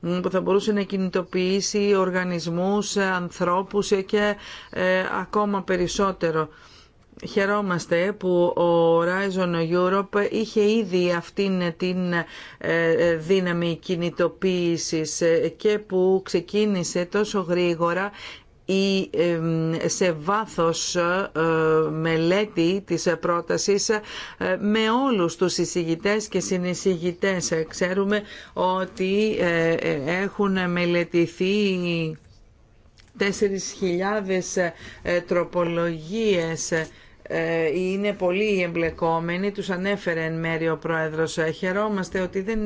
που θα μπορούσε να κινητοποιήσει οργανισμούς, ανθρώπους και ε, ακόμα περισσότερο. Χαιρόμαστε που ο Horizon Europe είχε ήδη αυτήν την ε, δύναμη κινητοποίησης και που ξεκίνησε τόσο γρήγορα η σε βάθος ε, μελέτη της πρότασης ε, με όλους τους εισηγητές και συνεισηγητές. Ε, ξέρουμε ότι έχουν μελετηθεί 4.000 τροπολογίες ε, είναι πολύ εμπλεκόμενοι, τους ανέφερε εν μέρη ο Πρόεδρος. Ε, χαιρόμαστε ότι δεν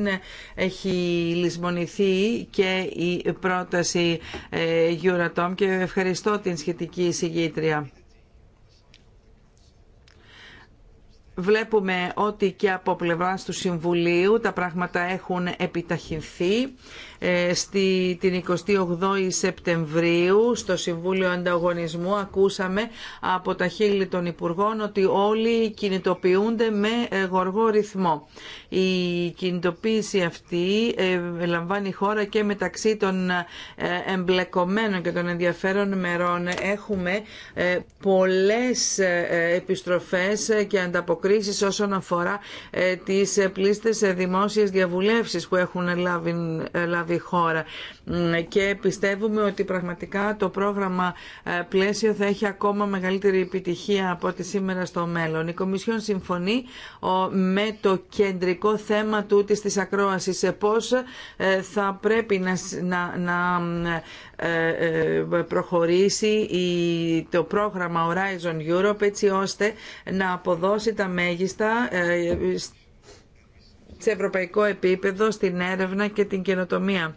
έχει λησμονηθεί και η πρόταση ε, Euratom και ευχαριστώ την σχετική εισηγήτρια. Βλέπουμε ότι και από πλευράς του Συμβουλίου τα πράγματα έχουν επιταχυνθεί ε, Στην 28η Σεπτεμβρίου στο Συμβούλιο Ανταγωνισμού ακούσαμε από τα χείλη των Υπουργών ότι όλοι κινητοποιούνται με γοργό ρυθμό. Η κινητοποίηση αυτή ε, λαμβάνει η χώρα και μεταξύ των υπουργων οτι ολοι κινητοποιουνται με γοργο ρυθμο η κινητοποιηση αυτη λαμβανει χωρα και μεταξυ των εμπλεκομενων και των ενδιαφέρων μερών. Έχουμε ε, πολλές επιστροφές και ανταποκρίσεις όσον αφορά τις πλήστες δημόσιες διαβουλεύσεις που έχουν λάβει χώρα και πιστεύουμε ότι πραγματικά το πρόγραμμα ε, πλαίσιο θα έχει ακόμα μεγαλύτερη επιτυχία από τη σήμερα στο μέλλον. Η Κομισιόν συμφωνεί με το κεντρικό θέμα του της ακρόασης πώς ε, θα πρέπει να, να, να ε, προχωρήσει το πρόγραμμα Horizon Europe έτσι ώστε να αποδώσει τα μέγιστα σε ευρωπαϊκό επίπεδο στην έρευνα και την καινοτομία.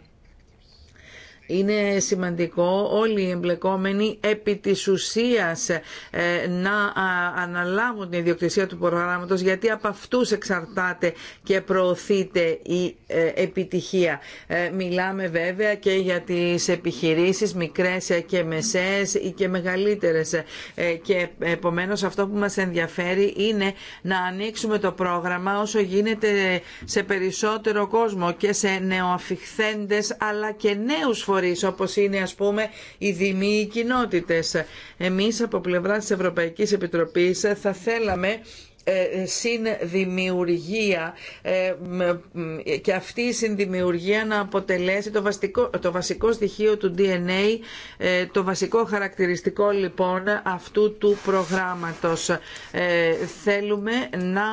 Είναι σημαντικό όλοι οι εμπλεκόμενοι επί της ουσίας ε, να αναλάβουν την ιδιοκτησία του προγράμματος γιατί από αυτούς εξαρτάται και προωθείται η ε, επιτυχία. Ε, μιλάμε βέβαια και για τις επιχειρήσεις μικρές και μεσές ή και μεγαλύτερες και επομένως αυτό που μας ενδιαφέρει είναι να ανοίξουμε το πρόγραμμα όσο γίνεται σε περισσότερο κόσμο και σε νεοαφιχθέντες αλλά και νέους φορείς όπως είναι ας πούμε οι δημοί οι κοινότητες. Εμείς από πλευρά της Ευρωπαϊκής Επιτροπής θα θέλαμε ε, ε, συνδημιουργία ε, και αυτή η συνδημιουργία να αποτελέσει το βασικό, το βασικό στοιχείο του DNA, το βασικό χαρακτηριστικό λοιπόν αυτού του προγράμματος. Θέλουμε να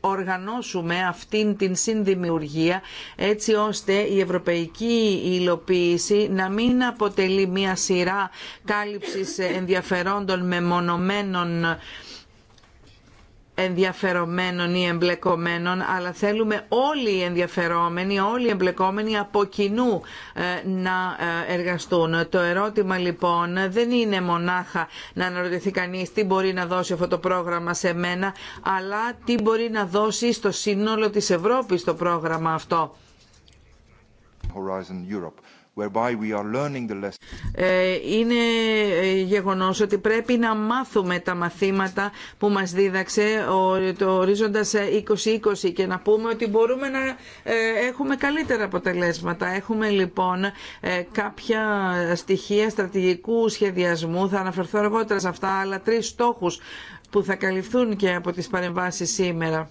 οργανώσουμε αυτήν την συνδημιουργία έτσι ώστε η ευρωπαϊκή υλοποίηση να μην αποτελεί μια σειρά κάλυψης ενδιαφερόντων μεμονωμένων ενδιαφερομένων ή εμπλεκομένων, αλλά θέλουμε όλοι οι ενδιαφερόμενοι, όλοι οι εμπλεκόμενοι από κοινού ε, να ε, εργαστούν. Το ερώτημα λοιπόν δεν είναι μονάχα να αναρωτηθεί κανείς τι μπορεί να δώσει αυτό το πρόγραμμα σε μένα, αλλά τι μπορεί να δώσει στο σύνολο της Ευρώπης το πρόγραμμα αυτό. Horizon Europe. Ε, είναι ε, γεγονός ότι πρέπει να μάθουμε τα μαθήματα που μας δίδαξε το ορίζοντας 2020 ε, και να πούμε ότι μπορούμε να έχουμε καλύτερα αποτελέσματα. Έχουμε λοιπόν κάποια στοιχεία στρατηγικού σχεδιασμού, θα αναφερθώ αργότερα σε αυτά, αλλά τρεις στόχους που θα καλυφθούν και από τις παρεμβάσεις σήμερα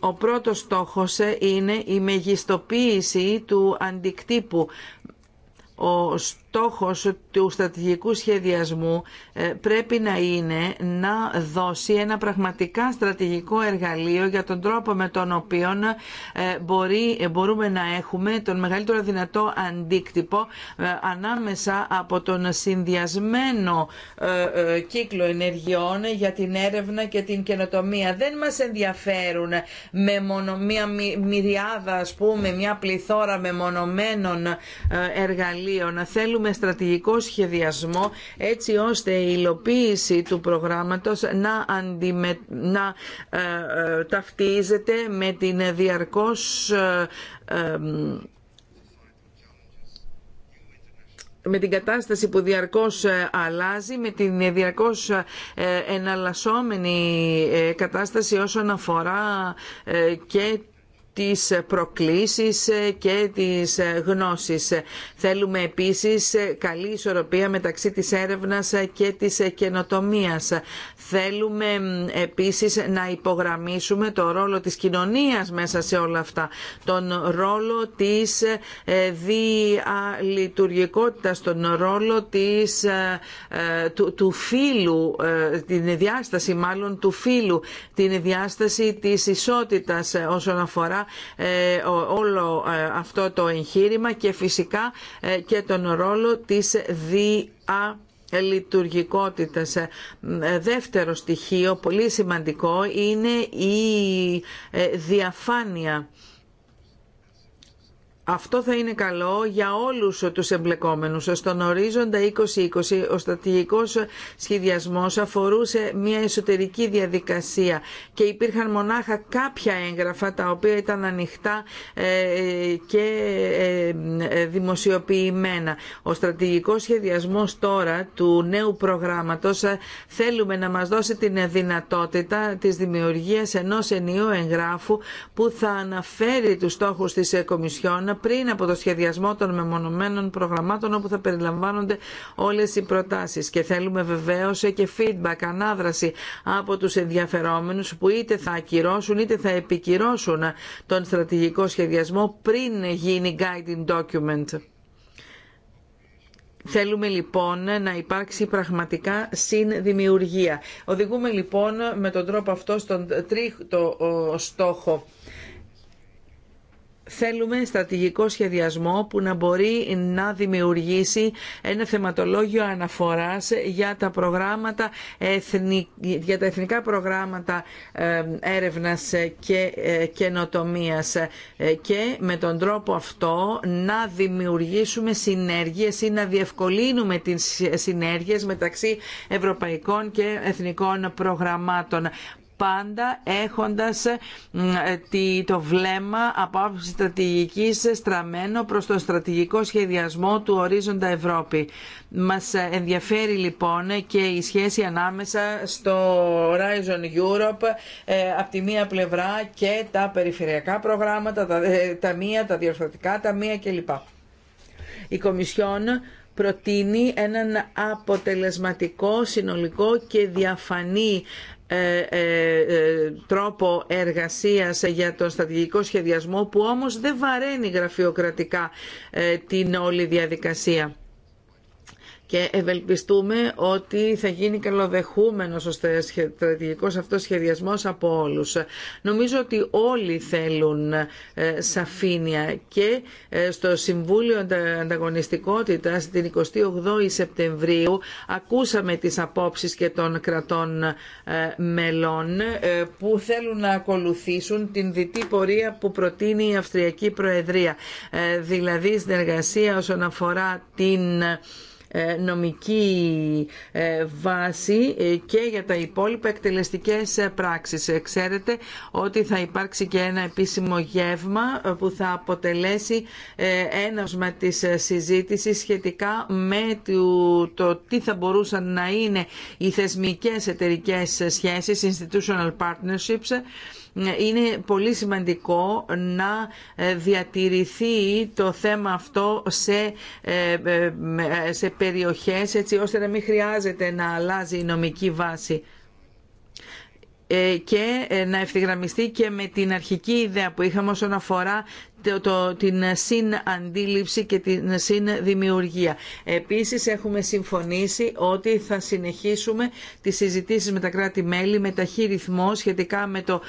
ο πρώτος στόχος είναι η μεγιστοποίηση του αντικτύπου στόχος του στρατηγικού σχεδιασμού ε, πρέπει να είναι να δώσει ένα πραγματικά στρατηγικό εργαλείο για τον τρόπο με τον οποίο ε, μπορεί, μπορούμε να έχουμε τον μεγαλύτερο δυνατό αντίκτυπο ε, ανάμεσα από τον συνδυασμένο κύκλο ενεργειών για την έρευνα και την καινοτομία. Δεν μας ενδιαφέρουν με μονο, μια μυριάδα, ας πούμε, μια πληθώρα μεμονωμένων εργαλείων. Θέλουμε με στρατηγικό σχεδιασμό έτσι ώστε η υλοποίηση του προγράμματος να, να ε, ε, ταυτίζεται με την διαρκώς ε, με την κατάσταση που διαρκώς αλλάζει, με την διαρκώς εναλλασσόμενη κατάσταση όσον αφορά και τις προκλήσεις ε, και τις ε, γνώσεις. Θέλουμε επίσης ε, καλή ισορροπία μεταξύ της έρευνας και της καινοτομίας. Θέλουμε επίσης να υπογραμμίσουμε το ρόλο της κοινωνίας μέσα σε όλα αυτά. Τον ρόλο της διαλειτουργικότητας, τον ρόλο της, του, του φύλου, την διάσταση μάλλον του φίλου την διάσταση της ισότητας όσον αφορά ε, όλο ε, αυτό το εγχείρημα και φυσικά ε, και τον ρόλο της δια Δεύτερο στοιχείο, πολύ σημαντικό, είναι η διαφάνεια αυτό θα είναι καλό για όλους τους εμπλεκόμενους. Στον ορίζοντα 2020 ο στρατηγικός σχεδιασμός αφορούσε μια εσωτερική διαδικασία και υπήρχαν μονάχα κάποια έγγραφα τα οποία ήταν ανοιχτά ε, και ε, δημοσιοποιημένα. Ο στρατηγικός σχεδιασμός τώρα του νέου προγράμματος ε, θέλουμε να μας δώσει την δυνατότητα της δημιουργίας ενός ενίου εγγράφου που θα αναφέρει τους στόχους της Κομισιόν πριν από το σχεδιασμό των μεμονωμένων προγραμμάτων όπου θα περιλαμβάνονται όλες οι προτάσεις και θέλουμε βεβαίως και feedback, ανάδραση από τους ενδιαφερόμενους που είτε θα ακυρώσουν είτε θα επικυρώσουν τον στρατηγικό σχεδιασμό πριν γίνει guiding document. Θέλουμε λοιπόν να υπάρξει πραγματικά συνδημιουργία. Οδηγούμε λοιπόν με τον τρόπο αυτό στον τρίτο στόχο Θέλουμε στρατηγικό σχεδιασμό που να μπορεί να δημιουργήσει ένα θεματολόγιο αναφοράς για τα, προγράμματα, για τα εθνικά προγράμματα ε, έρευνας και ε, καινοτομίας ε, και με τον τρόπο αυτό να δημιουργήσουμε συνέργειες ή να διευκολύνουμε τις συνέργειες μεταξύ ευρωπαϊκών και εθνικών προγραμμάτων πάντα έχοντας ε, το βλέμμα από άποψη στρατηγικής στραμμένο προς το στρατηγικό σχεδιασμό του ορίζοντα Ευρώπη. Μας ενδιαφέρει λοιπόν και η σχέση ανάμεσα στο Horizon Europe ε, από τη μία πλευρά και τα περιφερειακά προγράμματα, τα ε, ταμεία, τα διορθωτικά ταμεία κλπ. Η Κομισιόν προτείνει έναν αποτελεσματικό, συνολικό και διαφανή ε, ε, ε, τρόπο εργασίας για τον στρατηγικό σχεδιασμό που όμως δεν βαραίνει γραφειοκρατικά την όλη διαδικασία και ευελπιστούμε ότι θα γίνει καλοδεχούμενος ο στρατηγικός αυτός σχεδιασμός από όλους. Νομίζω ότι όλοι θέλουν ε, σαφήνεια και ε, στο Συμβούλιο Ανταγωνιστικότητας την 28η Σεπτεμβρίου ακούσαμε τις απόψεις και των κρατών ε, μελών που θέλουν να ακολουθήσουν την δυτή πορεία που προτείνει η Αυστριακή Προεδρία. Δηλαδή συνεργασία όσον αφορά την ε, νομική ε, βάση ε, και για τα υπόλοιπα εκτελεστικές πράξεις. Ξέρετε ότι θα υπάρξει και ένα επίσημο γεύμα που θα αποτελέσει με της συζήτησης σχετικά με το τι θα μπορούσαν να είναι οι θεσμικές εταιρικές σχέσεις, institutional partnerships, είναι πολύ σημαντικό να ε, διατηρηθεί το θέμα αυτό σε, ε, ε, σε περιοχές έτσι ώστε να μην χρειάζεται να αλλάζει η νομική βάση και να ευθυγραμμιστεί και με την αρχική ιδέα που είχαμε όσον αφορά το, την συναντήληψη και την συνδημιουργία. Επίσης έχουμε συμφωνήσει ότι θα συνεχίσουμε τις συζητήσεις με τα κράτη-μέλη με ταχύ ρυθμό σχετικά με το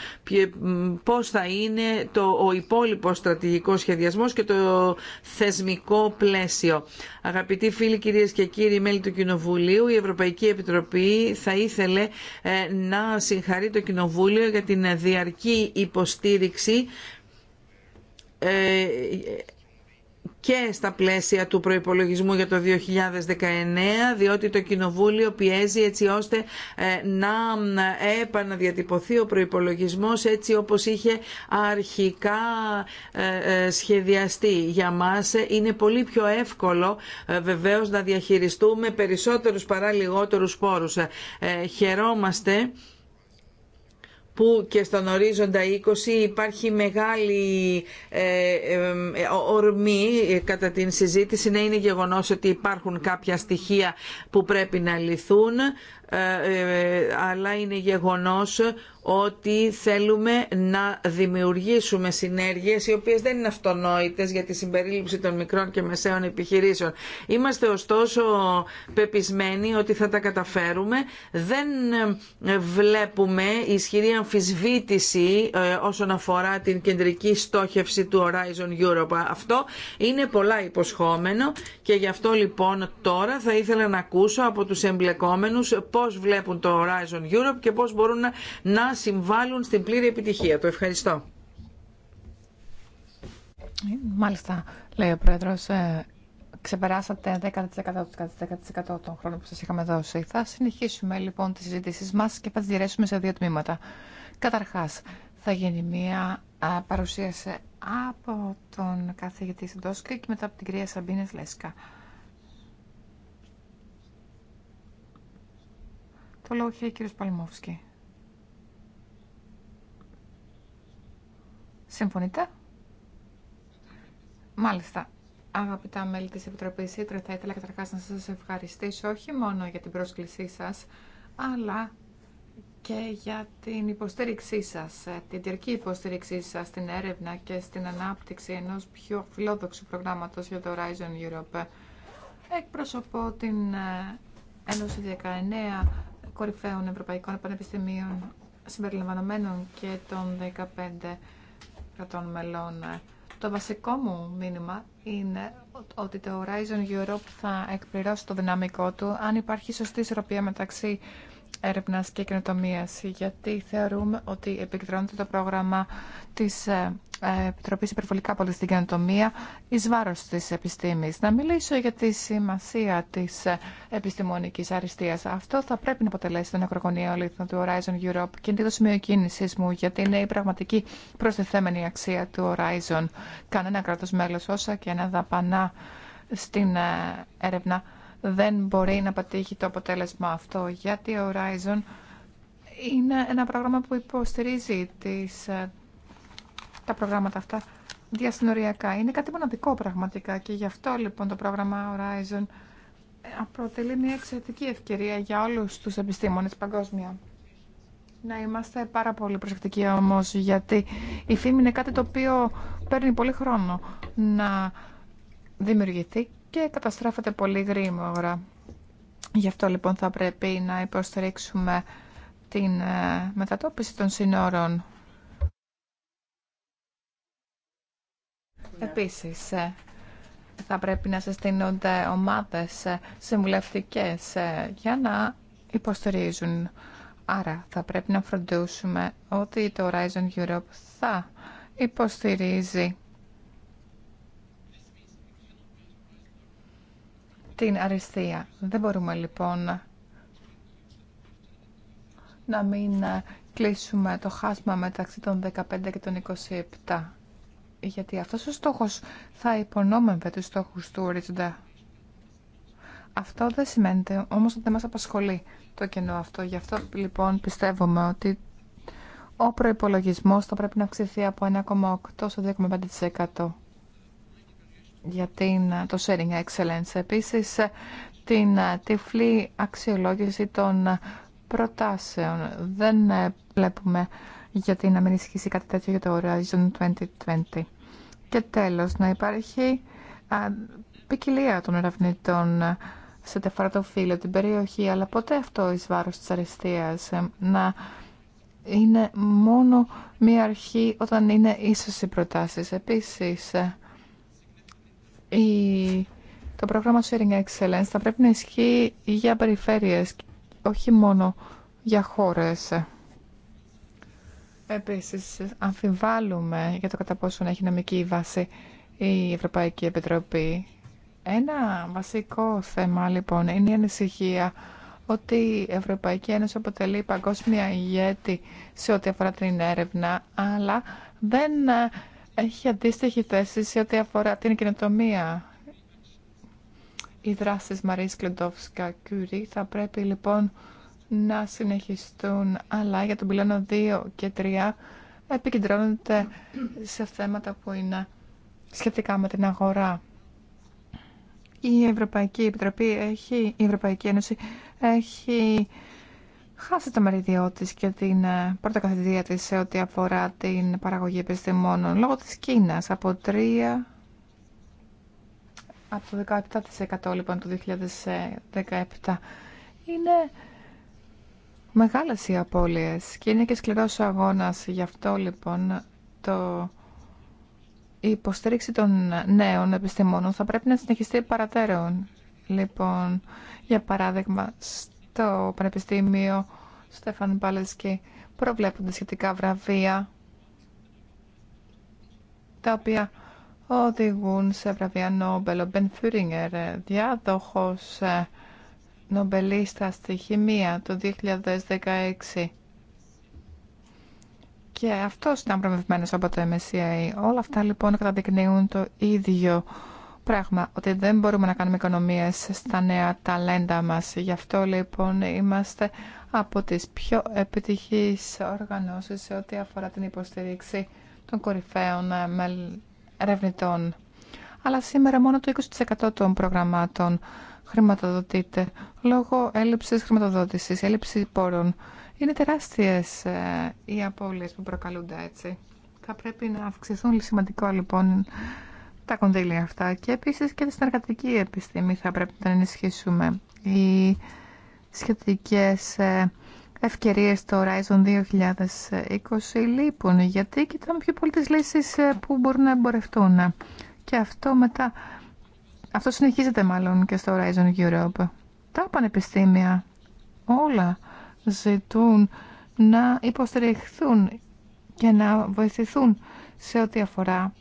πώς θα είναι το, ο υπόλοιπος στρατηγικός σχεδιασμός και το θεσμικό πλαίσιο. Αγαπητοί φίλοι, κυρίες και κύριοι μέλη του Κοινοβουλίου, η Ευρωπαϊκή Επιτροπή θα ήθελε ε, να συγχαρεί το Κοινοβούλιο για την διαρκή υποστήριξη ε, και στα πλαίσια του προϋπολογισμού για το 2019, διότι το Κοινοβούλιο πιέζει έτσι ώστε ε, να ε, επαναδιατυπωθεί ο προϋπολογισμός έτσι όπως είχε αρχικά σχεδιαστεί. Για μας είναι πολύ πιο εύκολο βεβαίως να διαχειριστούμε περισσότερους παρά λιγότερους πόρους. Χαιρόμαστε που και στον ορίζοντα 20 υπάρχει μεγάλη ε, ε, ορμή ε, κατά την συζήτηση. να είναι γεγονός ότι υπάρχουν κάποια στοιχεία που πρέπει να λυθούν ε, ε, αλλά είναι γεγονός ότι θέλουμε να δημιουργήσουμε συνέργειες οι οποίες δεν είναι αυτονόητες για τη συμπερίληψη των μικρών και μεσαίων επιχειρήσεων. Είμαστε ωστόσο πεπισμένοι ότι θα τα καταφέρουμε. Δεν ε, βλέπουμε ισχυρή αμφισβήτηση όσον αφορά την κεντρική στόχευση του Horizon Europe. Αυτό είναι πολλά υποσχόμενο και γι' αυτό λοιπόν τώρα θα ήθελα να ακούσω από τους εμπλεκόμενους πώς βλέπουν το Horizon Europe και πώς μπορούν να συμβάλλουν στην πλήρη επιτυχία Το Ευχαριστώ. Μάλιστα, λέει ο Πρόεδρος, ε, ξεπεράσατε 10% των χρόνων που σας είχαμε δώσει. Θα συνεχίσουμε λοιπόν τις συζητήσεις μας και θα τις σε δύο τμήματα. Καταρχάς, θα γίνει μία παρουσίαση από τον καθηγητή Σεντόσκη και μετά από την κυρία Σαμπίνες Λέσκα. Το λόγο έχει ο κύριος Παλμόφσκι. Συμφωνείτε? Μάλιστα. Αγαπητά μέλη της Επιτροπής Ήτρε, θα ήθελα καταρχάς να σας ευχαριστήσω όχι μόνο για την πρόσκλησή σας, αλλά και για την υποστήριξή σας, ε, την τερκή υποστήριξή σας στην έρευνα και στην ανάπτυξη ενός πιο φιλόδοξου προγράμματος για το Horizon Europe. Εκπροσωπώ την ε, Ένωση 19 κορυφαίων ευρωπαϊκών πανεπιστημίων συμπεριλαμβανομένων και των 15 κρατών μελών. Το βασικό μου μήνυμα είναι ότι το Horizon Europe θα εκπληρώσει το δυναμικό του αν υπάρχει σωστή ισορροπία μεταξύ Έρευνα και καινοτομία. γιατί θεωρούμε ότι επικεντρώνεται το πρόγραμμα της ε, ε, Επιτροπής υπερβολικά πολύ στην καινοτομία εις βάρος τη επιστήμης. Να μιλήσω για τη σημασία της ε, επιστημονικής αριστείας. Αυτό θα πρέπει να αποτελέσει τον ακρογωνιαίο λίθο του Horizon Europe και είναι το σημείο κίνησή μου, γιατί είναι η πραγματική προστιθέμενη αξία του Horizon. Κανένα κράτο μέλο όσα και ένα δαπανά στην έρευνα δεν μπορεί να πατύχει το αποτέλεσμα αυτό, γιατί ο Horizon είναι ένα πρόγραμμα που υποστηρίζει τις, ε, τα προγράμματα αυτά διασυνοριακά. Είναι κάτι μοναδικό πραγματικά και γι' αυτό λοιπόν το πρόγραμμα Horizon ε, αποτελεί μια εξαιρετική ευκαιρία για όλους τους επιστήμονες παγκόσμια. Να είμαστε πάρα πολύ προσεκτικοί όμως, γιατί η φήμη είναι κάτι το οποίο παίρνει πολύ χρόνο να δημιουργηθεί και καταστράφεται πολύ γρήγορα. Γι' αυτό λοιπόν θα πρέπει να υποστηρίξουμε την ε, μετατόπιση των συνόρων. Ναι. Επίσης, ε, θα πρέπει να συστήνονται ομάδες ε, συμβουλευτικές για να υποστηρίζουν. Άρα, θα πρέπει να φροντίσουμε ότι το Horizon Europe θα υποστηρίζει την αριστεία. Δεν μπορούμε λοιπόν να μην κλείσουμε το χάσμα μεταξύ των 15 και των 27. Γιατί αυτός ο στόχος θα υπονόμευε τους στόχους του ορίζοντα. Αυτό δεν σημαίνει όμως ότι δεν μας απασχολεί το κενό αυτό. Γι' αυτό λοιπόν πιστεύουμε ότι ο προϋπολογισμός θα πρέπει να αυξηθεί από 1,8% στο 2,5% για την, το Sharing Excellence. Επίσης, την ε, τυφλή αξιολόγηση των ε, προτάσεων. Δεν ε, βλέπουμε γιατί να μην ισχύσει κάτι τέτοιο για το Horizon 2020. Και τέλος, να υπάρχει ποικιλία των ερευνητών σε τεφαρά το φύλλο, την περιοχή, αλλά ποτέ αυτό εις βάρος της αριστείας. Να είναι μόνο μία αρχή όταν είναι ίσως οι προτάσεις. Επίσης, το πρόγραμμα Sharing Excellence θα πρέπει να ισχύει για περιφέρειες, όχι μόνο για χώρες. Επίσης, αμφιβάλλουμε για το κατά πόσο έχει νομική βάση η Ευρωπαϊκή Επιτροπή. Ένα βασικό θέμα, λοιπόν, είναι η ανησυχία ότι η Ευρωπαϊκή Ένωση αποτελεί παγκόσμια ηγέτη σε ό,τι αφορά την έρευνα, αλλά δεν έχει αντίστοιχη θέση σε ό,τι αφορά την κοινοτομία. Οι δράσεις Μαρίς Κλεντόφσκα Κιουρί θα πρέπει λοιπόν να συνεχιστούν, αλλά για τον πυλώνα 2 και 3 επικεντρώνονται σε θέματα που είναι σχετικά με την αγορά. Η Ευρωπαϊκή Επιτροπή έχει, η Ευρωπαϊκή Ένωση έχει χάσει το μεριδιό τη και την ε, πρώτη καθηγητρία τη σε ό,τι αφορά την παραγωγή επιστημόνων λόγω τη Κίνα από 3 από το 17% λοιπόν το 2017. Είναι μεγάλες οι απώλειες και είναι και σκληρός ο αγώνας. Γι' αυτό λοιπόν το... η υποστήριξη των νέων επιστημόνων θα πρέπει να συνεχιστεί παρατέρων. Λοιπόν, για παράδειγμα, στο Πανεπιστήμιο Στέφαν Παλεσκή προβλέπονται σχετικά βραβεία τα οποία οδηγούν σε βραβεία Νόμπελ. Ο Μπεν Φούριγκερ, διάδοχος ε, νομπελίστα στη χημεία το 2016 και αυτός ήταν προμευμένος από το MSCI. Όλα αυτά λοιπόν καταδεικνύουν το ίδιο πράγμα, ότι δεν μπορούμε να κάνουμε οικονομίες στα νέα ταλέντα μας. Γι' αυτό λοιπόν είμαστε από τις πιο επιτυχείς οργανώσεις σε ό,τι αφορά την υποστήριξη των κορυφαίων ε, ερευνητών. Αλλά σήμερα μόνο το 20% των προγραμμάτων χρηματοδοτείται λόγω έλλειψης χρηματοδότησης, έλλειψη πόρων. Είναι τεράστιες ε, οι απώλειες που προκαλούνται έτσι. Θα πρέπει να αυξηθούν σημαντικό λοιπόν τα κονδύλια αυτά και επίσης και τη συνεργατική επιστήμη θα πρέπει να ενισχύσουμε. Οι σχετικές ε, ευκαιρίες στο Horizon 2020 λείπουν γιατί κοιτάμε πιο πολλές λύσεις ε, που μπορούν να εμπορευτούν. Και αυτό μετά, αυτό συνεχίζεται μάλλον και στο Horizon Europe. Τα πανεπιστήμια όλα ζητούν να υποστηριχθούν και να βοηθηθούν σε ό,τι αφορά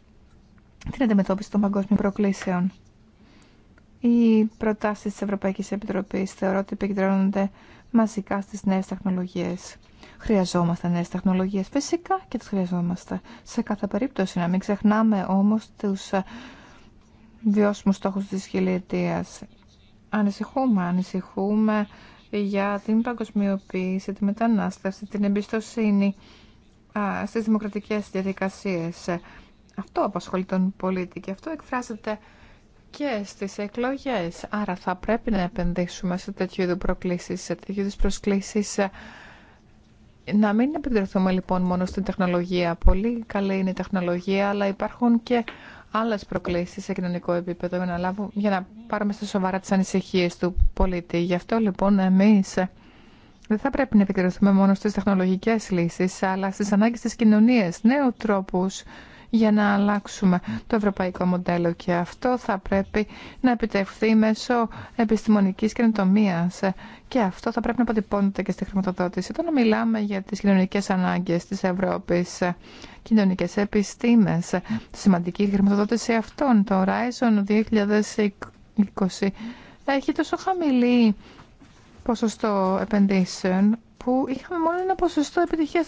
την αντιμετώπιση των παγκόσμιων προκλήσεων. Οι προτάσεις της Ευρωπαϊκής Επιτροπής θεωρώ ότι επικεντρώνονται μαζικά στις νέες τεχνολογίες. Χρειαζόμαστε νέες τεχνολογίες, φυσικά και τις χρειαζόμαστε. Σε κάθε περίπτωση, να μην ξεχνάμε όμως τους ε, βιώσιμού στόχους της χιλιετίας. Ανησυχούμε, ανησυχούμε για την παγκοσμιοποίηση, τη μετανάστευση, την εμπιστοσύνη στις δημοκρατικές διαδικασίες. Αυτό απασχολεί τον πολίτη και αυτό εκφράζεται και στις εκλογές. Άρα θα πρέπει να επενδύσουμε σε τέτοιου είδου προκλήσεις, σε τέτοιου είδου προσκλήσεις. Να μην επικεντρωθούμε λοιπόν μόνο στην τεχνολογία. Πολύ καλή είναι η τεχνολογία, αλλά υπάρχουν και άλλες προκλήσεις σε κοινωνικό επίπεδο για να, λάβουμε, για να πάρουμε στα σοβαρά τις ανησυχίες του πολίτη. Γι' αυτό λοιπόν εμείς δεν θα πρέπει να επικεντρωθούμε μόνο στις τεχνολογικές λύσεις, αλλά στις ανάγκες τη κοινωνία, νέου τρόπους για να αλλάξουμε το ευρωπαϊκό μοντέλο και αυτό θα πρέπει να επιτευχθεί μέσω επιστημονικής καινοτομία. και αυτό θα πρέπει να αποτυπώνεται και στη χρηματοδότηση. Όταν μιλάμε για τις κοινωνικές ανάγκες της Ευρώπης, κοινωνικές επιστήμες, σημαντική χρηματοδότηση αυτών, το Horizon 2020 έχει τόσο χαμηλή ποσοστό επενδύσεων που είχαμε μόνο ένα ποσοστό επιτυχίας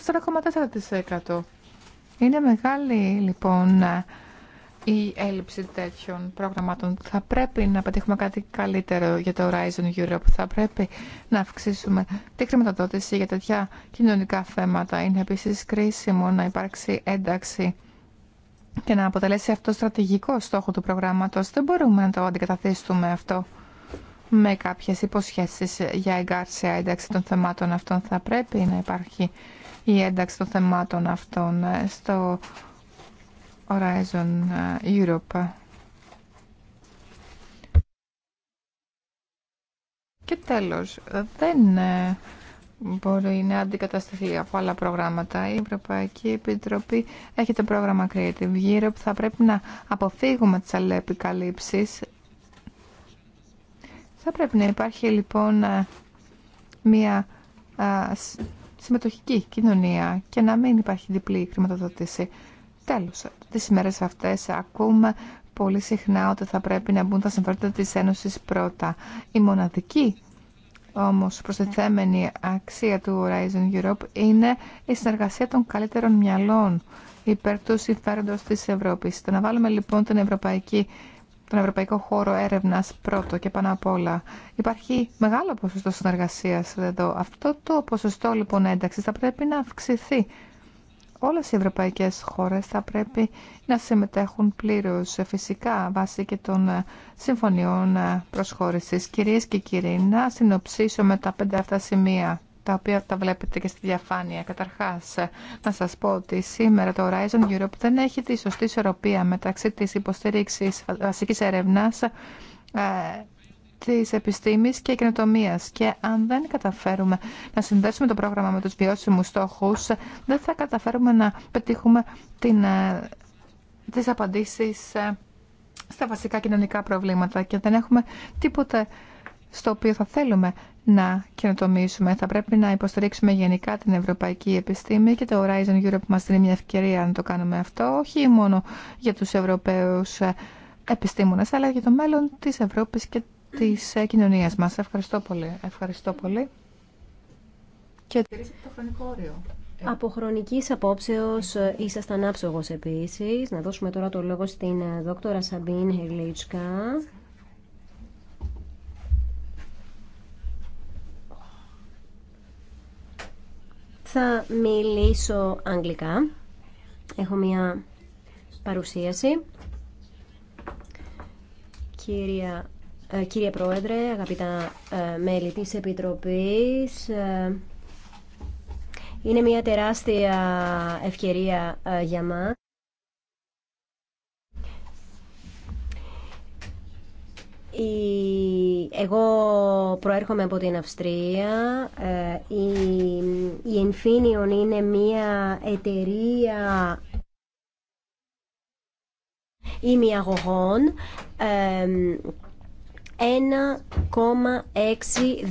4,4%. Είναι μεγάλη λοιπόν η έλλειψη τέτοιων προγραμμάτων. Θα πρέπει να πετύχουμε κάτι καλύτερο για το Horizon Europe. Θα πρέπει να αυξήσουμε τη χρηματοδότηση για τέτοια κοινωνικά θέματα. Είναι επίση κρίσιμο να υπάρξει ένταξη και να αποτελέσει αυτό στρατηγικό στόχο του προγράμματος. Δεν μπορούμε να το αντικαταθίσουμε αυτό με κάποιες υποσχέσεις για εγκάρσια ένταξη των θεμάτων αυτών. Θα πρέπει να υπάρχει η ένταξη των θεμάτων αυτών ε, στο Horizon ε, Europe. Και τέλος, δεν ε, μπορεί να αντικατασταθεί από άλλα προγράμματα. Η Ευρωπαϊκή Επιτροπή έχει το πρόγραμμα Creative Europe. Θα πρέπει να αποφύγουμε τις αλληλεπικαλύψεις. Θα πρέπει να υπάρχει λοιπόν μια συμμετοχική κοινωνία και να μην υπάρχει διπλή χρηματοδότηση. Τέλος, Τι ημέρε αυτέ ακούμε πολύ συχνά ότι θα πρέπει να μπουν τα συμφέροντα τη Ένωση πρώτα. Η μοναδική όμως προστιθέμενη αξία του Horizon Europe είναι η συνεργασία των καλύτερων μυαλών υπέρ του συμφέροντο της Ευρώπης. Το να βάλουμε λοιπόν την ευρωπαϊκή τον Ευρωπαϊκό Χώρο Έρευνα πρώτο και πάνω απ' όλα. Υπάρχει μεγάλο ποσοστό συνεργασίας εδώ. Αυτό το ποσοστό λοιπόν ένταξη θα πρέπει να αυξηθεί. Όλες οι ευρωπαϊκές χώρες θα πρέπει να συμμετέχουν πλήρως ε, φυσικά βάσει και των ε, συμφωνιών ε, προσχώρησης. Κυρίες και κύριοι, να συνοψίσω με τα πέντε αυτά σημεία τα οποία τα βλέπετε και στη διαφάνεια. Καταρχάς, να σας πω ότι σήμερα το Horizon Europe δεν έχει τη σωστή ισορροπία μεταξύ της υποστήριξης βασικής έρευνας ε, της επιστήμης και καινοτομία. Και αν δεν καταφέρουμε να συνδέσουμε το πρόγραμμα με τους βιώσιμους στόχους, δεν θα καταφέρουμε να πετύχουμε την, ε, τις απαντήσεις ε, στα βασικά κοινωνικά προβλήματα και δεν έχουμε τίποτε στο οποίο θα θέλουμε να καινοτομήσουμε. Θα πρέπει να υποστηρίξουμε γενικά την ευρωπαϊκή επιστήμη και το Horizon Europe μας δίνει μια ευκαιρία να το κάνουμε αυτό, όχι μόνο για τους Ευρωπαίους ε, επιστήμονες, αλλά για το μέλλον της Ευρώπης και της ε, κοινωνίας μας. Ευχαριστώ πολύ. Ευχαριστώ πολύ. Και το χρονικό όριο. Από χρονική απόψεω ε, ήσασταν άψογο επίση. Να δώσουμε τώρα το λόγο στην δόκτωρα Σαμπίν Χελίτσκα. Θα μιλήσω αγγλικά. Έχω μια παρουσίαση. Κυρία, ε, κύριε Πρόεδρε, αγαπητά ε, μέλη της Επιτροπής, ε, είναι μια τεράστια ευκαιρία για μας. Εγώ προέρχομαι από την Αυστρία. Ε, η, η Infineon είναι μια εταιρεία ημιαγωγών ε, 1,6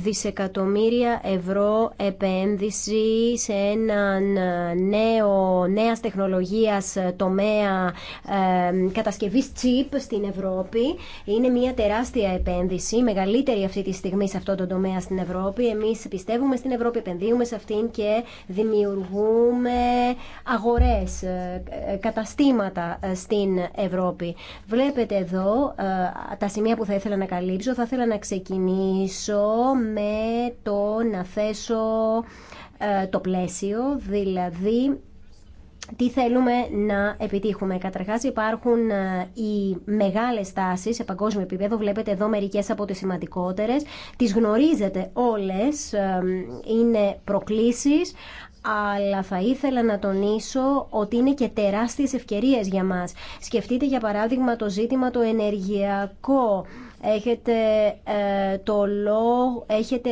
δισεκατομμύρια ευρώ επένδυση σε έναν ε, νέο, νέας τεχνολογίας ε, τομέα ε, κατασκευής chip στην Ευρώπη. Είναι μια τεράστια επένδυση, μεγαλύτερη αυτή τη στιγμή σε αυτό το τομέα στην Ευρώπη. Εμείς πιστεύουμε στην Ευρώπη, επενδύουμε σε αυτήν και δημιουργούμε αγορές, ε, καταστήματα στην Ευρώπη. Βλέπετε εδώ τα σημεία που θα ήθελα να καλύψω θα ήθελα να ξεκινήσω με το να θέσω ε, το πλαίσιο, δηλαδή τι θέλουμε να επιτύχουμε. Καταρχάς υπάρχουν ε, οι μεγάλες τάσεις σε παγκόσμιο επίπεδο. Βλέπετε εδώ μερικές από τις σημαντικότερες. Τις γνωρίζετε όλες, ε, Είναι προκλήσεις, αλλά θα ήθελα να τονίσω ότι είναι και τεράστιες ευκαιρίες για μας. Σκεφτείτε για παράδειγμα το ζήτημα το ενεργειακό έχετε, ε, το, λό, έχετε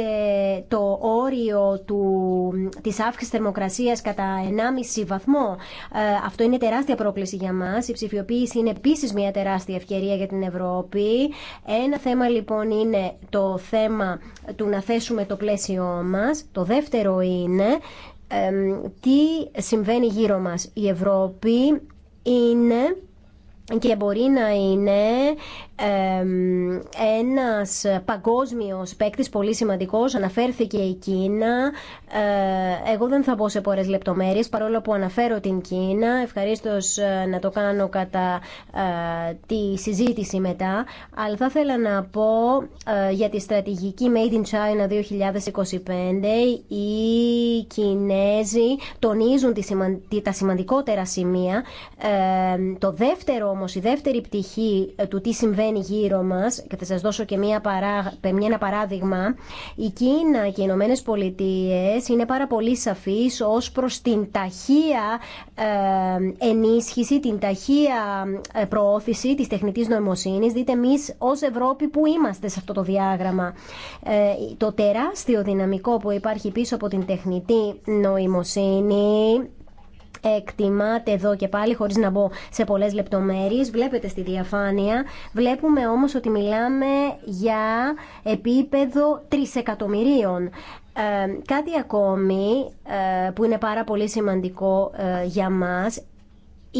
το όριο του, της αύξησης θερμοκρασίας κατά 1,5 βαθμό. Ε, αυτό είναι τεράστια πρόκληση για μας. Η ψηφιοποίηση είναι επίσης μια τεράστια ευκαιρία για την Ευρώπη. Ένα θέμα λοιπόν είναι το θέμα του να θέσουμε το πλαίσιο μας. Το δεύτερο είναι τι συμβαίνει γύρω μας. Η Ευρώπη είναι και μπορεί να είναι ένας παγκόσμιος παίκτη πολύ σημαντικός αναφέρθηκε η Κίνα ε, εγώ δεν θα μπω σε πολλές λεπτομέρειες παρόλο που αναφέρω την Κίνα ευχαρίστως ε, να το κάνω κατά ε, τη συζήτηση μετά αλλά θα ήθελα να πω για τη στρατηγική Made in China 2025 οι Κινέζοι τονίζουν τα σημαντικότερα σημεία το δεύτερο όμως η δεύτερη πτυχή του τι συμβαίνει συμβαίνει γύρω μας και θα σα δώσω και μία παρά, ένα παράδειγμα η Κίνα και οι Ηνωμένε Πολιτείε είναι πάρα πολύ σαφείς ως προς την ταχεία ε, ενίσχυση, την ταχεία ε, προώθηση τη τεχνητή νοημοσύνης δείτε εμεί ω Ευρώπη που είμαστε σε αυτό το διάγραμμα ε, το τεράστιο δυναμικό που υπάρχει πίσω από την τεχνητή νοημοσύνη εκτιμάται εδώ και πάλι χωρίς να μπω σε πολλές λεπτομέρειες βλέπετε στη διαφάνεια βλέπουμε όμως ότι μιλάμε για επίπεδο τρισεκατομμυρίων ε, κάτι ακόμη ε, που είναι πάρα πολύ σημαντικό ε, για μας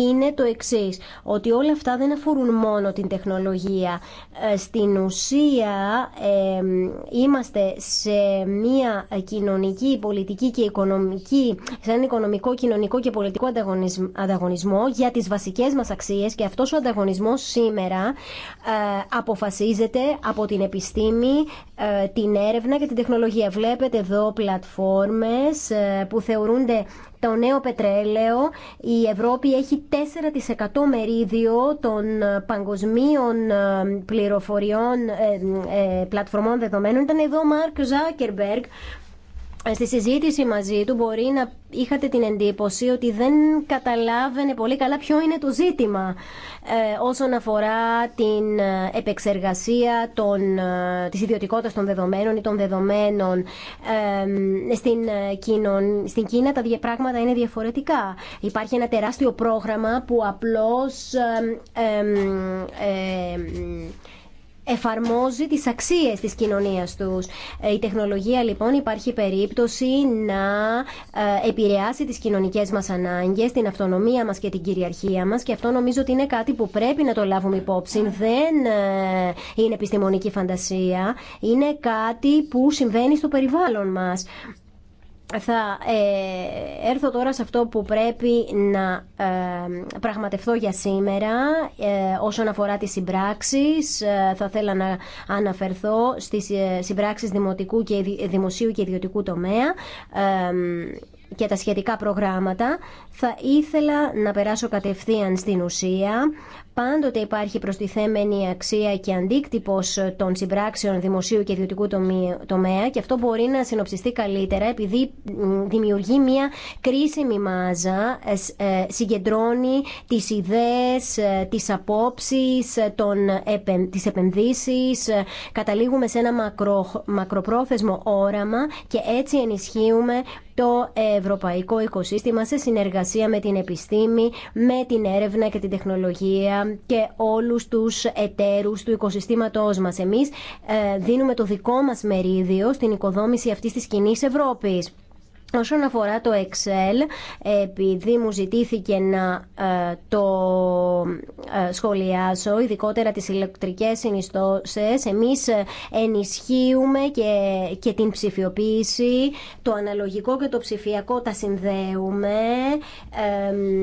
είναι το εξής, ότι όλα αυτά δεν αφορούν μόνο την τεχνολογία. Ε, στην ουσία είμαστε σε μια κοινωνική, πολιτική και οικονομική, σε έναν οικονομικό, κοινωνικό και πολιτικό ανταγωνισμό για τις βασικές μας αξίες και αυτός ο ανταγωνισμός σήμερα ε, αποφασίζεται από την επιστήμη, ε, την έρευνα και την τεχνολογία. Βλέπετε εδώ πλατφόρμες που θεωρούνται το νέο πετρέλαιο. Η Ευρώπη έχει 4% μερίδιο των ε, παγκοσμίων ε, πληροφοριών ε, πλατφορμών δεδομένων. Ήταν εδώ ο Μάρκ Ζάκερμπεργκ ε, στη συζήτηση μαζί του μπορεί να είχατε την εντύπωση ότι δεν καταλάβαινε πολύ καλά ποιο είναι το ζήτημα ε, όσον αφορά την ε, επεξεργασία των, της ιδιωτικότητας των δεδομένων ή των δεδομένων στην, κοινό στην Κίνα τα πράγματα είναι διαφορετικά. Υπάρχει ένα τεράστιο πρόγραμμα που απλώς εφαρμόζει τις αξίες της κοινωνίας τους. Ε, η τεχνολογία λοιπόν υπάρχει περίπτωση να ε, επηρεάσει τις κοινωνικές μας ανάγκες, την αυτονομία μας και την κυριαρχία μας και αυτό νομίζω ότι είναι κάτι που πρέπει να το λάβουμε υπόψη. Δεν ε, είναι επιστημονική φαντασία, είναι κάτι που συμβαίνει στο περιβάλλον μας θα ε, έρθω τώρα σε αυτό που πρέπει να ε, πραγματευτώ για σήμερα ε, όσον αφορά τις συμπράξεις. Ε, θα ήθελα να αναφερθώ στις ε, συμπράξεις δημοτικού και, δημοσίου και ιδιωτικού τομέα και τα σχετικά προγράμματα. Θα ήθελα να περάσω κατευθείαν στην ουσία πάντοτε υπάρχει προστιθέμενη αξία και αντίκτυπος των συμπράξεων δημοσίου και ιδιωτικού τομέα και αυτό μπορεί να συνοψιστεί καλύτερα επειδή δημιουργεί μια κρίσιμη μάζα, ε, συγκεντρώνει τις ιδέες, ε, τις απόψεις, ε, των τις επενδύσεις, καταλήγουμε σε ένα μακρο, μακροπρόθεσμο όραμα και έτσι ενισχύουμε το ευρωπαϊκό οικοσύστημα σε συνεργασία με την επιστήμη, με την έρευνα και την τεχνολογία και όλους τους εταίρους του οικοσυστήματός μας. Εμείς ε, δίνουμε το δικό μας μερίδιο στην οικοδόμηση αυτής της κοινή Ευρώπης. Όσον αφορά το Excel, επειδή μου ζητήθηκε να ε, το ε, σχολιάσω, ειδικότερα τις ηλεκτρικές συνιστώσεις, εμείς ενισχύουμε και, και την ψηφιοποίηση, το αναλογικό και το ψηφιακό τα συνδέουμε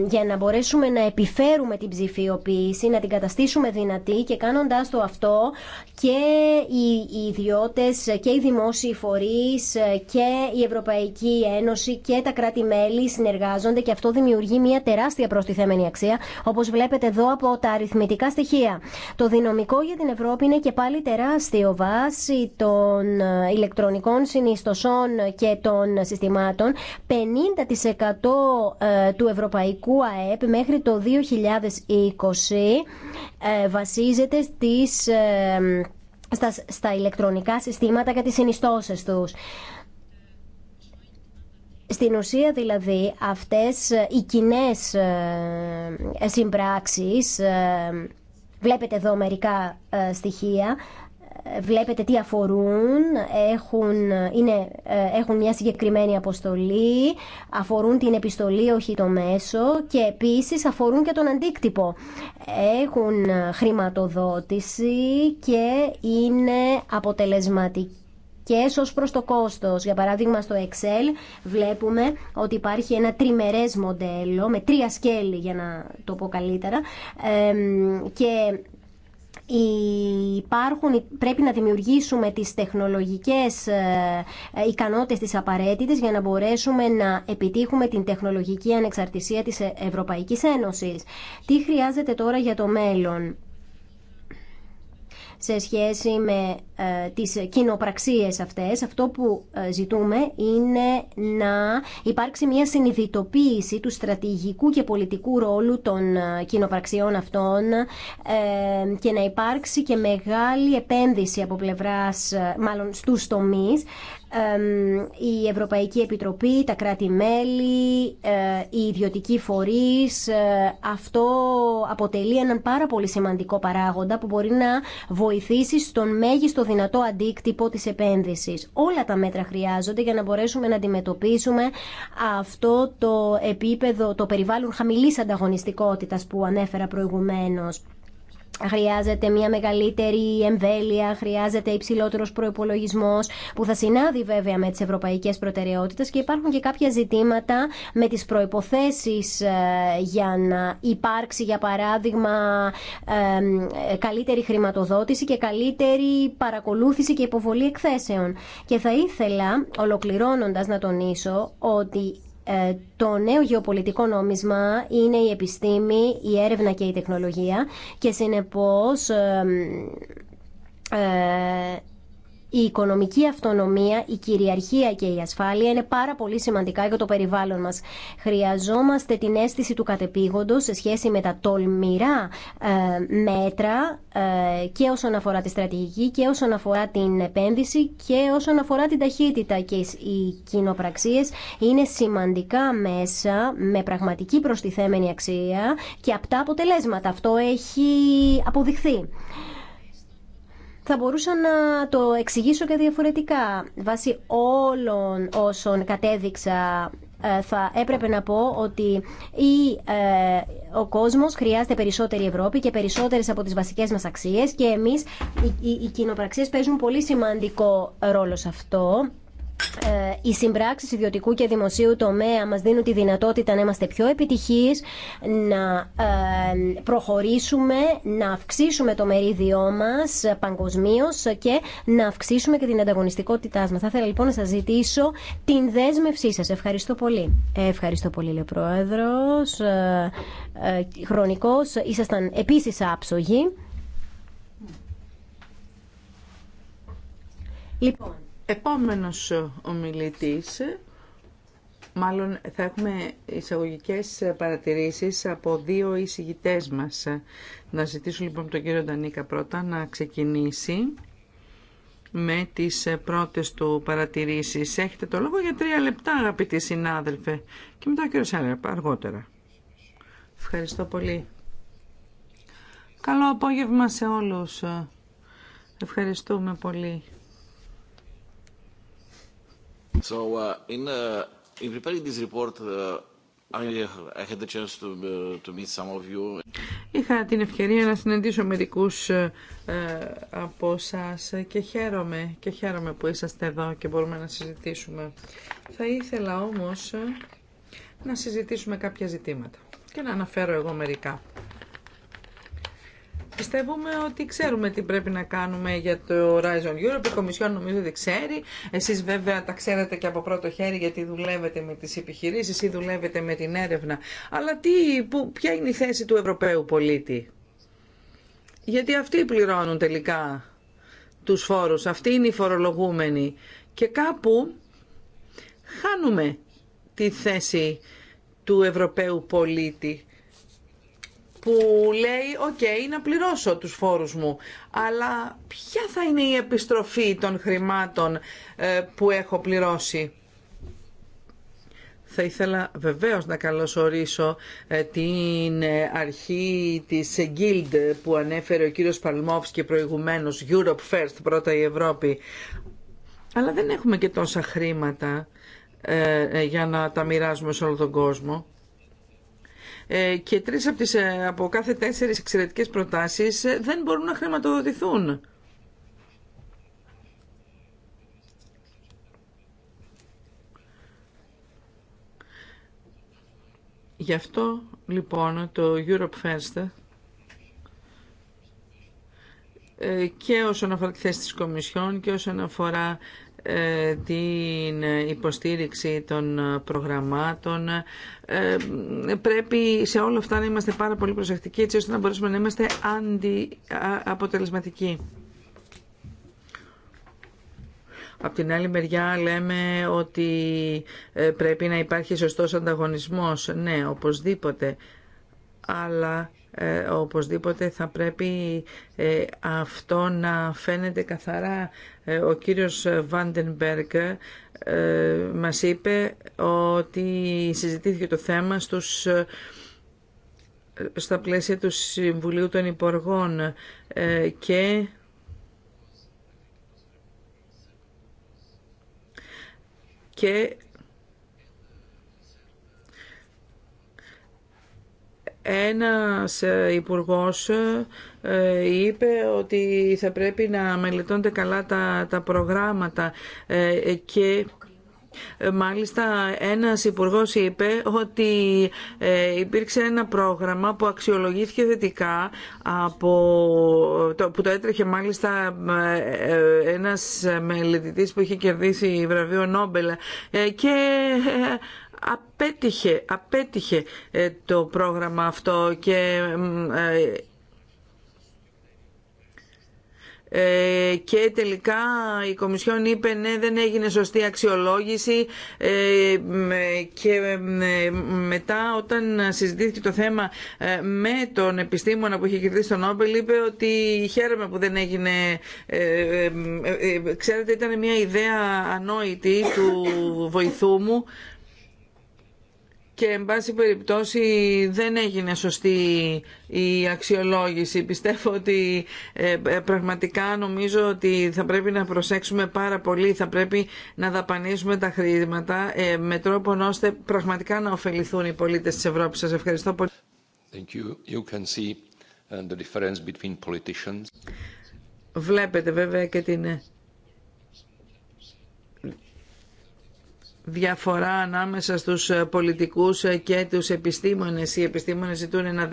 για να μπορέσουμε να επιφέρουμε την ψηφιοποίηση, να την καταστήσουμε δυνατή και κάνοντας το αυτό και οι ιδιώτες και οι δημόσιοι φορείς και η Ευρωπαϊκή Ένωση και τα κράτη-μέλη συνεργάζονται και αυτό δημιουργεί μια τεράστια προστιθέμενη αξία, όπω βλέπετε εδώ από τα αριθμητικά στοιχεία. Το δυναμικό για την Ευρώπη είναι και πάλι τεράστιο βάσει των ε, ηλεκτρονικών συνιστοσών και των συστημάτων. 50% ε, του ευρωπαϊκού ΑΕΠ μέχρι το 2020 ε, βασίζεται στις στα, στα ηλεκτρονικά συστήματα και τις συνιστώσεις τους. Στην ουσία δηλαδή αυτές ε, οι κοινέ ε, συμπράξεις, ε, βλέπετε εδώ μερικά στοιχεία, βλέπετε τι αφορούν, έχουν, είναι, έχουν μια συγκεκριμένη αποστολή, αφορούν την επιστολή όχι το μέσο και επίσης αφορούν και τον αντίκτυπο. Έχουν χρηματοδότηση και είναι αποτελεσματική και ως προς το κόστος. Για παράδειγμα στο Excel βλέπουμε ότι υπάρχει ένα τριμερές μοντέλο με τρία σκέλη για να το πω καλύτερα και υπάρχουν, πρέπει να δημιουργήσουμε τις τεχνολογικές ε, ικανότητες τις απαραίτητες για να μπορέσουμε να επιτύχουμε την τεχνολογική ανεξαρτησία της Ευρωπαϊκής Ένωσης. Τι χρειάζεται τώρα για το μέλλον σε σχέση με ε, τις κοινοπραξίες αυτές. Αυτό που ε, ζητούμε είναι να υπάρξει μια συνειδητοποίηση του στρατηγικού και πολιτικού ρόλου των ε, κοινοπραξιών αυτών και να υπάρξει και μεγάλη επένδυση από πλευράς, μάλλον στους τομείς, η Ευρωπαϊκή Επιτροπή, τα κράτη-μέλη, ε, οι ιδιωτικοί φορείς. Ε, αυτό αποτελεί έναν πάρα πολύ σημαντικό παράγοντα που μπορεί να βοηθήσει στον μέγιστο δυνατό αντίκτυπο της επένδυσης. Όλα τα μέτρα χρειάζονται για να μπορέσουμε να αντιμετωπίσουμε αυτό το επίπεδο, το περιβάλλον χαμηλής ανταγωνιστικότητας που ανέφερα προηγουμένως. Χρειάζεται μια μεγαλύτερη εμβέλεια, χρειάζεται υψηλότερο προπολογισμό που θα συνάδει βέβαια με τις ευρωπαϊκές προτεραιότητες και υπάρχουν και κάποια ζητήματα με τις προϋποθέσεις ε, για να υπάρξει για παράδειγμα ε, καλύτερη χρηματοδότηση και καλύτερη παρακολούθηση και υποβολή εκθέσεων. Και θα ήθελα ολοκληρώνοντα να τονίσω ότι ε, το νέο γεωπολιτικό νόμισμα είναι η επιστήμη, η έρευνα και η τεχνολογία και συνεπώς ε, η οικονομική αυτονομία, η κυριαρχία και η ασφάλεια είναι πάρα πολύ σημαντικά για το περιβάλλον μας. Χρειαζόμαστε την αίσθηση του κατεπήγοντος σε σχέση με τα τολμηρά ε, μέτρα ε, και όσον αφορά τη στρατηγική και όσον αφορά την επένδυση και όσον αφορά την ταχύτητα. Και οι κοινοπραξίες είναι σημαντικά μέσα με πραγματική προστιθέμενη αξία και απτά αποτελέσματα. Αυτό έχει αποδειχθεί θα μπορούσα να το εξηγήσω και διαφορετικά. Βάσει όλων όσων κατέδειξα ε, θα έπρεπε να πω ότι η, ε, ο κόσμος χρειάζεται περισσότερη Ευρώπη και περισσότερες από τις βασικές μας αξίες και εμείς οι, οι, οι κοινοπραξίες παίζουν πολύ σημαντικό ρόλο σε αυτό. Ε, οι συμπράξεις ιδιωτικού και δημοσίου τομέα μας δίνουν τη δυνατότητα να είμαστε πιο επιτυχείς, να ε, προχωρήσουμε, να αυξήσουμε το μερίδιό μας παγκοσμίω και να αυξήσουμε και την ανταγωνιστικότητά μας. Θα ήθελα λοιπόν να σας ζητήσω την δέσμευσή σας. Ευχαριστώ πολύ. Ε, ευχαριστώ πολύ, λέει ο Πρόεδρος. χρονικός, ήσασταν επίσης άψογοι. Λοιπόν, Επόμενος ομιλητής, μάλλον θα έχουμε εισαγωγικές παρατηρήσεις από δύο εισηγητές μας. Να ζητήσω λοιπόν τον κύριο Ντανίκα πρώτα να ξεκινήσει με τις πρώτες του παρατηρήσεις. Έχετε το λόγο για τρία λεπτά αγαπητοί συνάδελφε και μετά ο κύριος Σάρεπα αργότερα. Ευχαριστώ πολύ. Καλό απόγευμα σε όλους. Ευχαριστούμε πολύ So, uh, in, uh, in preparing this report, uh, I, I had the chance to, to meet some of you. Είχα την ευκαιρία να συναντήσω μερικούς ε, ε, από εσά και χαίρομαι, και χαίρομαι που είσαστε εδώ και μπορούμε να συζητήσουμε. Θα ήθελα όμως ε, να συζητήσουμε κάποια ζητήματα και να αναφέρω εγώ μερικά. Πιστεύουμε ότι ξέρουμε τι πρέπει να κάνουμε για το Horizon Europe. Η Κομισιόν νομίζω δεν ξέρει. Εσείς βέβαια τα ξέρετε και από πρώτο χέρι γιατί δουλεύετε με τις επιχειρήσεις ή δουλεύετε με την έρευνα. Αλλά τι, ποια είναι η θέση του Ευρωπαίου πολίτη. Γιατί αυτοί πληρώνουν τελικά τους φόρους. Αυτοί είναι οι φορολογούμενοι. Και κάπου χάνουμε τη θέση του Ευρωπαίου πολίτη που λέει «ΟΚ, να πληρώσω τους φόρους μου, αλλά ποια θα είναι η επιστροφή των χρημάτων ε, που έχω πληρώσει» θα ήθελα βεβαίως να καλωσορίσω ε, την ε, αρχή της Guild που ανέφερε ο κύριος Παλμόφς και προηγουμένως Europe First, πρώτα η Ευρώπη. Αλλά δεν έχουμε και τόσα χρήματα για να τα μοιράζουμε σε όλο τον κόσμο. Ε, και τρεις από, τις, ε, από κάθε τέσσερις εξαιρετικές προτάσεις ε, δεν μπορούν να χρηματοδοτηθούν. Γι' αυτό λοιπόν το Europe First και όσον αφορά τη θέση της Κομισιόν και όσον αφορά ε, την υποστήριξη των προγραμμάτων. Ε, πρέπει σε όλα αυτά να είμαστε πάρα πολύ προσεκτικοί έτσι ώστε να μπορέσουμε να είμαστε αντιαποτελεσματικοί. Απ' την άλλη μεριά λέμε ότι ε, πρέπει να υπάρχει σωστός ανταγωνισμός. Ναι, οπωσδήποτε. Αλλά ε, οπωσδήποτε θα πρέπει ε, αυτό να φαίνεται καθαρά. Ε, ο κύριος Βάντενμπεργκ μας είπε ότι συζητήθηκε το θέμα στους στα πλαίσια του Συμβουλίου των Υπουργών και ένας ε, υπουργός ε, είπε ότι θα πρέπει να μελετώνται καλά τα, τα προγράμματα ε, και Μάλιστα ένας υπουργός είπε ότι υπήρξε ένα πρόγραμμα που αξιολογήθηκε θετικά από που το έτρεχε μάλιστα ένας μελετητής που είχε κερδίσει βραβείο Νόμπελ και απέτυχε, απέτυχε ε, το πρόγραμμα αυτό και ε, ε, και τελικά η Κομισιόν είπε ναι δεν έγινε σωστή αξιολόγηση και μετά όταν συζητήθηκε το θέμα με τον επιστήμονα που είχε κερδίσει τον Νόμπελ είπε ότι χαίρομαι που δεν έγινε ξέρετε ήταν μια ιδέα ανόητη του βοηθού μου και εν πάση περιπτώσει δεν έγινε σωστή η αξιολόγηση. Πιστεύω ότι ε, ε, πραγματικά νομίζω ότι θα πρέπει να προσέξουμε πάρα πολύ, θα πρέπει να δαπανίσουμε τα χρήματα ε, με τρόπο ώστε πραγματικά να ωφεληθούν οι πολίτες της Ευρώπης. Σας ευχαριστώ πολύ. Thank you. You can see uh, the Βλέπετε βέβαια και την διαφορά ανάμεσα στους ε, πολιτικούς ε, και τους επιστήμονες. Οι επιστήμονες ζητούν ένα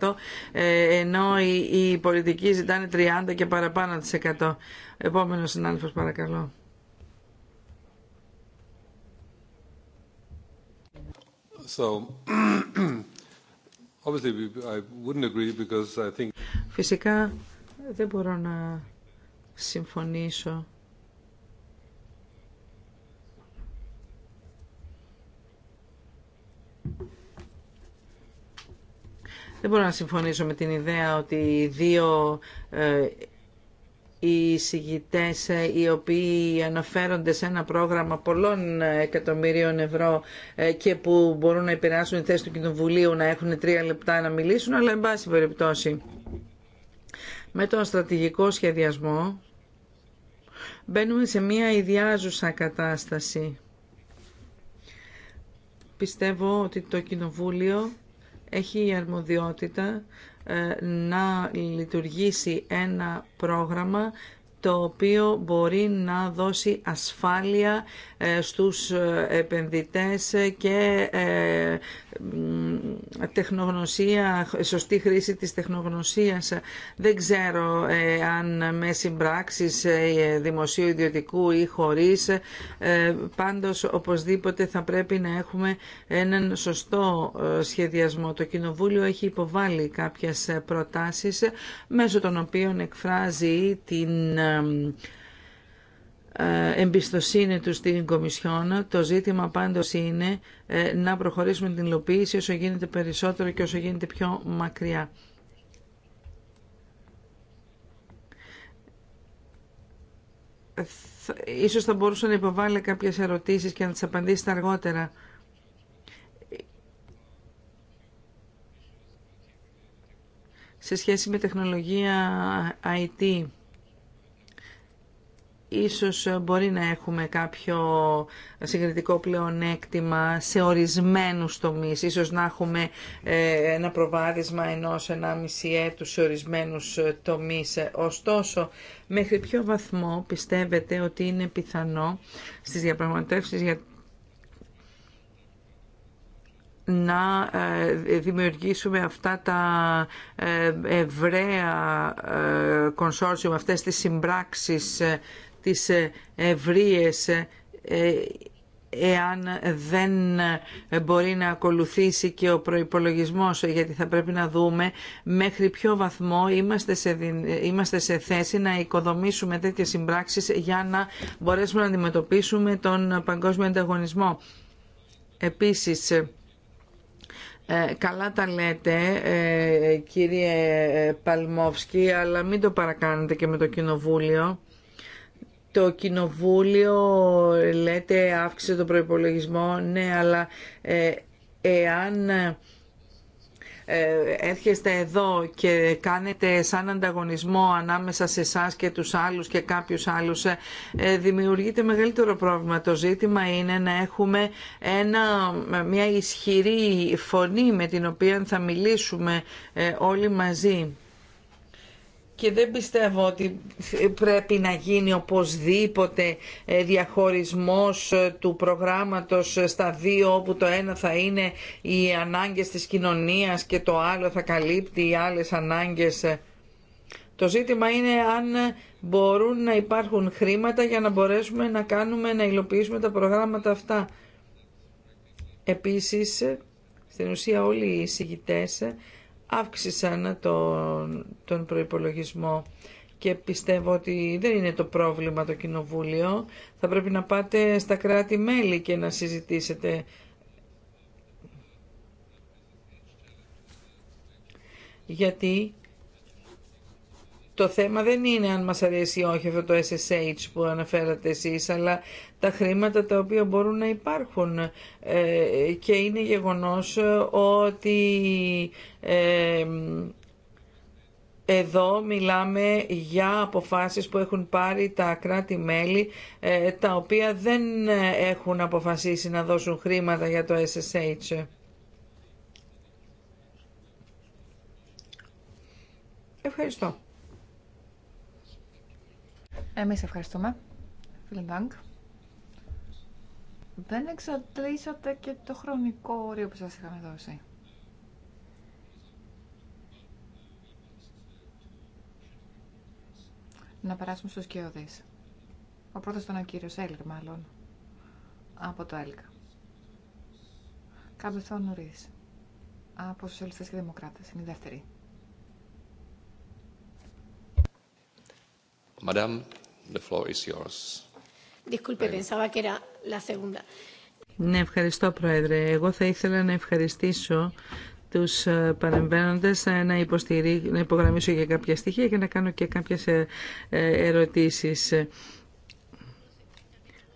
10% ε, ενώ οι πολιτικοί ζητάνε 30% και παραπάνω 100%. Επόμενος συνάδελφος παρακαλώ. Φυσικά δεν μπορώ να συμφωνήσω Δεν μπορώ να συμφωνήσω με την ιδέα ότι οι δύο ε, οι ε, οι οποίοι αναφέρονται σε ένα πρόγραμμα πολλών εκατομμυρίων ευρώ ε, και που μπορούν να επηρεάσουν τη θέση του Κοινοβουλίου να έχουν τρία λεπτά να μιλήσουν, αλλά εν πάση περιπτώσει. Με τον στρατηγικό σχεδιασμό μπαίνουμε σε μια ιδιάζουσα κατάσταση. Πιστεύω ότι το Κοινοβούλιο έχει η αρμοδιότητα ε, να λειτουργήσει ένα πρόγραμμα το οποίο μπορεί να δώσει ασφάλεια ε, στους ε, επενδυτές και ε, τεχνογνωσία, σωστή χρήση της τεχνογνωσίας. Δεν ξέρω αν με συμπράξεις δημοσίου ιδιωτικού ή χωρίς, πάντως οπωσδήποτε θα πρέπει να έχουμε έναν σωστό σχεδιασμό. Το Κοινοβούλιο έχει υποβάλει κάποιες προτάσεις μέσω των οποίων εκφράζει την ε, εμπιστοσύνη του στην Κομισιόν. Το ζήτημα πάντως είναι ε, να προχωρήσουμε την υλοποίηση όσο γίνεται περισσότερο και όσο γίνεται πιο μακριά. Ίσως θα μπορούσα να υποβάλω κάποιες ερωτήσεις και να τις απαντήσετε αργότερα. Σε σχέση με τεχνολογία IT, ίσως ε, μπορεί να έχουμε κάποιο συγκριτικό πλεονέκτημα σε ορισμένους τομείς. Ίσως να έχουμε ε, ένα προβάδισμα ενός ενάμιση έτους σε ορισμένους ε, τομείς. Ωστόσο, μέχρι ποιο βαθμό πιστεύετε ότι είναι πιθανό στις διαπραγματεύσεις για να δημιουργήσουμε αυτά τα ευραία κονσόρσιου, αυτές τις συμπράξεις τις ε, ευρείες ε, εάν δεν μπορεί να ακολουθήσει και ο προϋπολογισμός γιατί θα πρέπει να δούμε μέχρι ποιο βαθμό είμαστε σε, είμαστε σε θέση να οικοδομήσουμε τέτοιες συμπράξεις για να μπορέσουμε να αντιμετωπίσουμε τον παγκόσμιο ανταγωνισμό. Επίσης, ε, καλά τα λέτε κύριε Παλμόφσκι, αλλά μην το παρακάνετε και με το Κοινοβούλιο το κοινοβούλιο λέτε αύξησε το προϋπολογισμό, ναι, αλλά ε, εάν ε, ε, έρχεστε εδώ και κάνετε σαν ανταγωνισμό ανάμεσα σε εσά και τους άλλους και κάποιους άλλους ε, δημιουργείται μεγαλύτερο πρόβλημα. Το ζήτημα είναι να έχουμε ένα, μια ισχυρή φωνή με την οποία θα μιλήσουμε όλοι μαζί και δεν πιστεύω ότι πρέπει να γίνει οπωσδήποτε ε, διαχωρισμός ε, του προγράμματος ε, στα δύο όπου το ένα θα είναι οι ανάγκες της κοινωνίας και το άλλο θα καλύπτει οι άλλες ανάγκες. Το ζήτημα είναι αν μπορούν να υπάρχουν χρήματα για να μπορέσουμε να κάνουμε, να υλοποιήσουμε τα προγράμματα αυτά. Επίσης, στην ουσία όλοι οι αύξησαν τον, τον προϋπολογισμό και πιστεύω ότι δεν είναι το πρόβλημα το Κοινοβούλιο. Θα πρέπει να πάτε στα κράτη-μέλη και να συζητήσετε γιατί το θέμα δεν είναι αν μας αρέσει ή όχι αυτό το SSH που αναφέρατε εσείς, αλλά τα χρήματα τα οποία μπορούν να υπάρχουν ε, και είναι γεγονός ότι ε, εδώ μιλάμε για αποφάσεις που έχουν πάρει τα κράτη-μέλη ε, τα οποία δεν έχουν αποφασίσει να δώσουν χρήματα για το SSH. Ευχαριστώ. Εμείς ευχαριστούμε. Dank. Δεν εξαντλήσατε και το χρονικό όριο που σας είχαμε δώσει. Να περάσουμε στους κοιόδης. Ο πρώτος ήταν ο κύριος μάλλον. Από το ΕΛΚΑ. Κάμπεθό νωρίς. Από Σοσιαλιστές και Δημοκράτες. Είναι η δεύτερη. Madame ευχαριστώ Πρόεδρε. Εγώ θα ήθελα να ευχαριστήσω τους ε, παρεμβαίνοντες ε, να, υποστηρί... να υπογραμμίσω για κάποια στοιχεία και να κάνω και κάποιες ε, ερωτήσεις.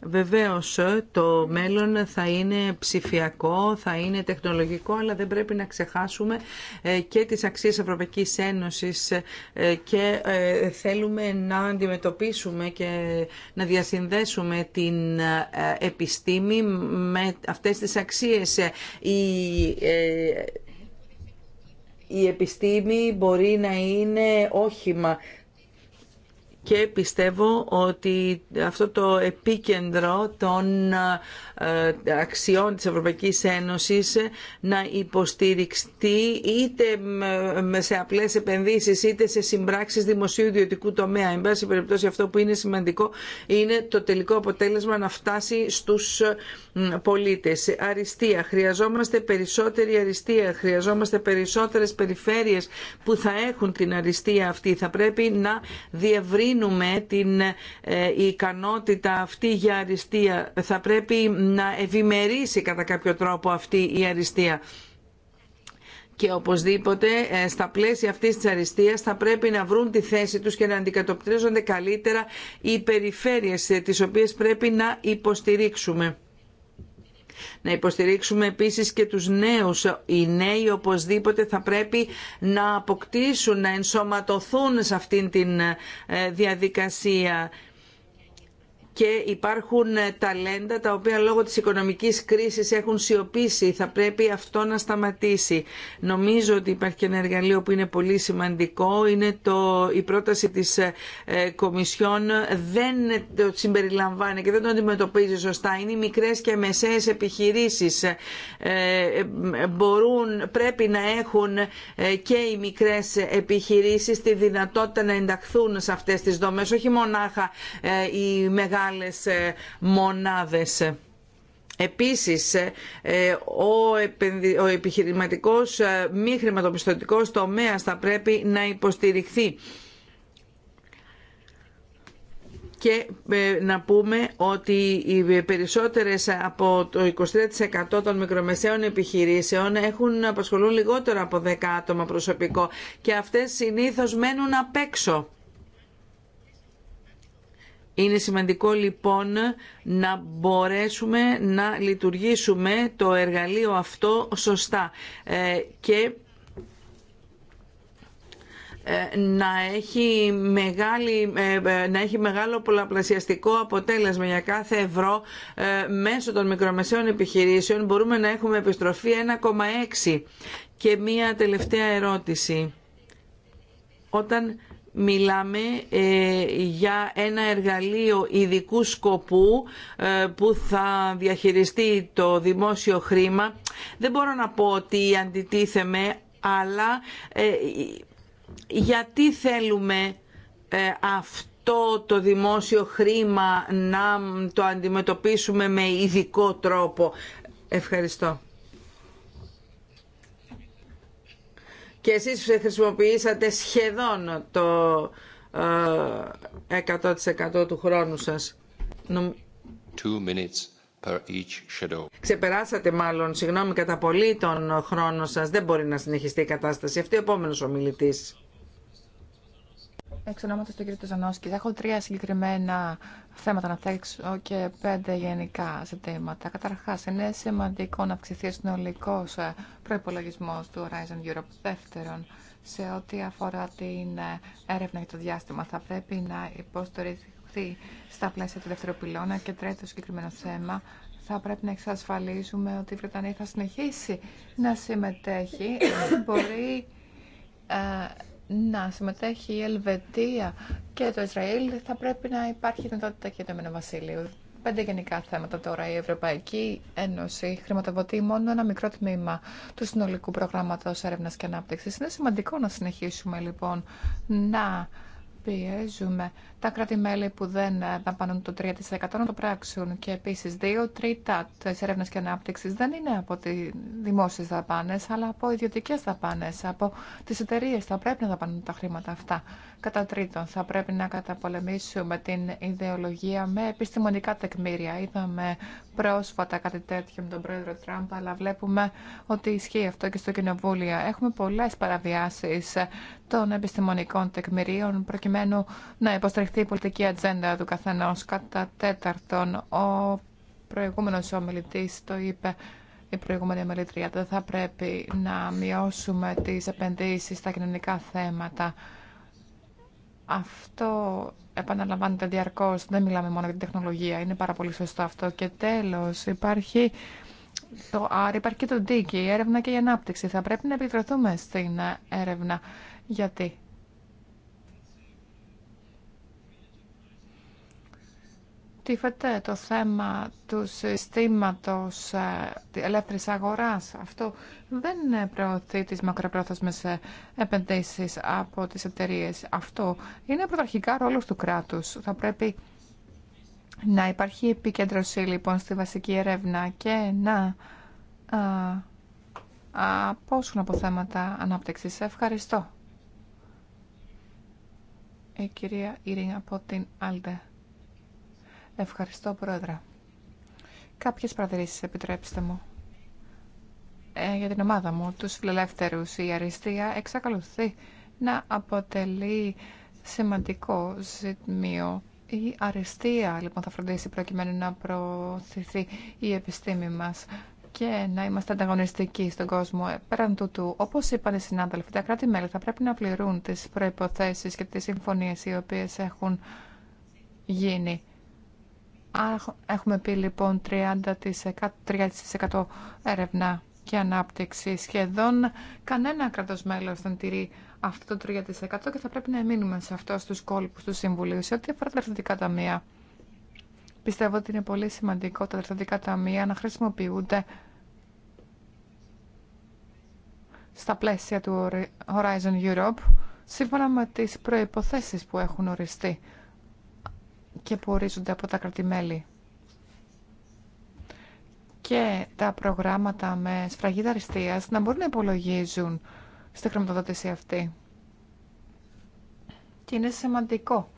Βεβαίως το μέλλον θα είναι ψηφιακό, θα είναι τεχνολογικό, αλλά δεν πρέπει να ξεχάσουμε ε, και τις αξίες Ευρωπαϊκής Ένωσης ε, και ε, θέλουμε να αντιμετωπίσουμε και να διασυνδέσουμε την επιστήμη με αυτές τις αξίες. Η η επιστήμη μπορεί να είναι όχημα και πιστεύω ότι αυτό το επίκεντρο των ε, αξιών της Ευρωπαϊκής Ένωσης να υποστηριχτεί είτε σε απλές επενδύσεις είτε σε συμπράξεις δημοσίου ιδιωτικού τομέα. Εν πάση περιπτώσει αυτό που είναι σημαντικό είναι το τελικό αποτέλεσμα να φτάσει στους ε, πολίτες. Αριστεία. Χρειαζόμαστε περισσότερη αριστεία. Χρειαζόμαστε περισσότερες περιφέρειες που θα έχουν την αριστεία αυτή. Θα πρέπει να διευρύνουμε επεκτείνουμε την ε, ικανότητα αυτή για αριστεία. Θα πρέπει να ευημερήσει κατά κάποιο τρόπο αυτή η αριστεία. Και οπωσδήποτε ε, στα πλαίσια αυτής της αριστείας θα πρέπει να βρουν τη θέση τους και να αντικατοπτρίζονται καλύτερα οι περιφέρειες ε, τις οποίες πρέπει να υποστηρίξουμε. Να υποστηρίξουμε επίσης και τους νέους. Οι νέοι οπωσδήποτε θα πρέπει να αποκτήσουν, να ενσωματωθούν σε αυτήν την ε, διαδικασία και υπάρχουν ε, ταλέντα τα οποία λόγω της οικονομικής κρίσης έχουν σιωπήσει. Θα πρέπει αυτό να σταματήσει. Νομίζω ότι υπάρχει και ένα εργαλείο που είναι πολύ σημαντικό. Είναι το, η πρόταση της ε, ε Κομισιόν δεν το συμπεριλαμβάνει και δεν το αντιμετωπίζει σωστά. Είναι οι μικρές και μεσαίες επιχειρήσεις. Ε, ε μπορούν, πρέπει να έχουν και οι μικρές επιχειρήσεις τη δυνατότητα να ενταχθούν σε αυτές τις δομές. Όχι μονάχα οι μεγάλες άλλες ε, μονάδες. Επίσης, ε, ο επιχειρηματικός ε, μη χρηματοπιστωτικός τομέας θα πρέπει να υποστηριχθεί. Και να πούμε ότι οι περισσότερες από το 23% των μικρομεσαίων επιχειρήσεων έχουν απασχολούν λιγότερο από 10 άτομα προσωπικό και αυτές συνήθως μένουν απ' έξω. Είναι σημαντικό λοιπόν να μπορέσουμε να λειτουργήσουμε το εργαλείο αυτό σωστά ε, και ε, να έχει, μεγάλη, ε, έχει μεγάλο πολλαπλασιαστικό αποτέλεσμα για κάθε ευρώ μέσω των μικρομεσαίων επιχειρήσεων μπορούμε να έχουμε επιστροφή 1,6. Και μία τελευταία ερώτηση. Όταν Μιλάμε ε, για ένα εργαλείο ειδικού σκοπού ε, που θα διαχειριστεί το δημόσιο χρήμα. Δεν μπορώ να πω ότι αντιτίθεμαι, αλλά ε, γιατί θέλουμε αυτό το, δημόσιο χρήμα να το αντιμετωπίσουμε με ειδικό τρόπο. Ευχαριστώ. και εσείς χρησιμοποιήσατε σχεδόν το 100% ε, του χρόνου σας. Ξεπεράσατε μάλλον, συγγνώμη, κατά πολύ τον χρόνο σας. Δεν μπορεί να συνεχιστεί η κατάσταση. Αυτή ο επόμενος ομιλητής. Εξ ονόματο του κ. θα έχω τρία συγκεκριμένα θέματα να θέξω και πέντε γενικά ζητήματα. Καταρχά, είναι σημαντικό να αυξηθεί ο συνολικό ε, προπολογισμό του Horizon Europe. Δεύτερον, σε ό,τι αφορά την ε, έρευνα για το διάστημα, θα πρέπει να υποστηριχθεί στα πλαίσια του δεύτερου πυλώνα. Και τρίτο συγκεκριμένο θέμα, θα πρέπει να εξασφαλίσουμε ότι η Βρετανία θα συνεχίσει να συμμετέχει. Μπορεί ε, να συμμετέχει η Ελβετία και το Ισραήλ, θα πρέπει να υπάρχει δυνατότητα και το Εμένο Βασίλειο. Πέντε γενικά θέματα τώρα. Η Ευρωπαϊκή Ένωση χρηματοδοτεί μόνο ένα μικρό τμήμα του συνολικού προγράμματο έρευνα και ανάπτυξη. Είναι σημαντικό να συνεχίσουμε λοιπόν να πιέζουμε τα κράτη-μέλη που δεν ε, δαπανούν το 3% να το πράξουν. Και επίσης, δύο τρίτα τη έρευνα και ανάπτυξη δεν είναι από τι δημόσιε δαπάνε, αλλά από ιδιωτικέ δαπάνε, από τι εταιρείε. Θα πρέπει να δαπανούν τα χρήματα αυτά. Κατά τρίτον, θα πρέπει να καταπολεμήσουμε την ιδεολογία με επιστημονικά τεκμήρια. Είδαμε πρόσφατα κάτι τέτοιο με τον πρόεδρο Τραμπ, αλλά βλέπουμε ότι ισχύει αυτό και στο κοινοβούλιο. Έχουμε πολλέ παραβιάσει των επιστημονικών τεκμηρίων προκειμένου να υποστρέψουμε αναπτυχθεί η πολιτική ατζέντα του καθενό Κατά τέταρτον, ο προηγούμενο ομιλητή, το είπε η προηγούμενη ομιλητρία. Δεν θα πρέπει να μειώσουμε τι επενδύσει στα κοινωνικά θέματα. Αυτό επαναλαμβάνεται διαρκώ, Δεν μιλάμε μόνο για την τεχνολογία. Είναι πάρα πολύ σωστό αυτό. Και τέλο, υπάρχει το R, υπάρχει και το D η έρευνα και η ανάπτυξη. Θα πρέπει να επιτρεθούμε στην έρευνα. Γιατί τίθεται το θέμα του συστήματος ε, ελεύθερης αγοράς. Αυτό δεν προωθεί τις μακροπρόθεσμες ε, επενδύσεις από τις εταιρείε. Αυτό είναι πρωταρχικά ρόλος του κράτους. Θα πρέπει να υπάρχει επικέντρωση λοιπόν στη βασική έρευνα και να απόσχουν από θέματα ανάπτυξης. Ευχαριστώ. Η κυρία από την Άλτε. Ευχαριστώ, Πρόεδρε. Κάποιες παρατηρήσεις επιτρέψτε μου. Ε, για την ομάδα μου, τους φιλελεύθερους, η αριστεία εξακολουθεί να αποτελεί σημαντικό ζητμίο. Η αριστεία, λοιπόν, θα φροντίσει προκειμένου να προωθηθεί η επιστήμη μας και να είμαστε ανταγωνιστικοί στον κόσμο. Ε, πέραν τούτου, όπω είπαν οι συνάδελφοι, τα κράτη-μέλη θα πρέπει να πληρούν τι προποθέσει και τι συμφωνίε οι οποίε έχουν γίνει Έχουμε πει λοιπόν 30%, 30 έρευνα και ανάπτυξη. Σχεδόν κανένα κράτος μέλος δεν τηρεί αυτό το 3% και θα πρέπει να μείνουμε σε αυτό στους κόλπους του Συμβουλίου σε ό,τι αφορά τα ευθυντικά ταμεία. Πιστεύω ότι είναι πολύ σημαντικό τα ευθυντικά ταμεία να χρησιμοποιούνται στα πλαίσια του Horizon Europe σύμφωνα με τις προϋποθέσεις που έχουν οριστεί και που ορίζονται από τα κρατημέλη. Και τα προγράμματα με σφραγίδα αριστείας να μπορούν να υπολογίζουν στη χρηματοδότηση αυτή. Και είναι σημαντικό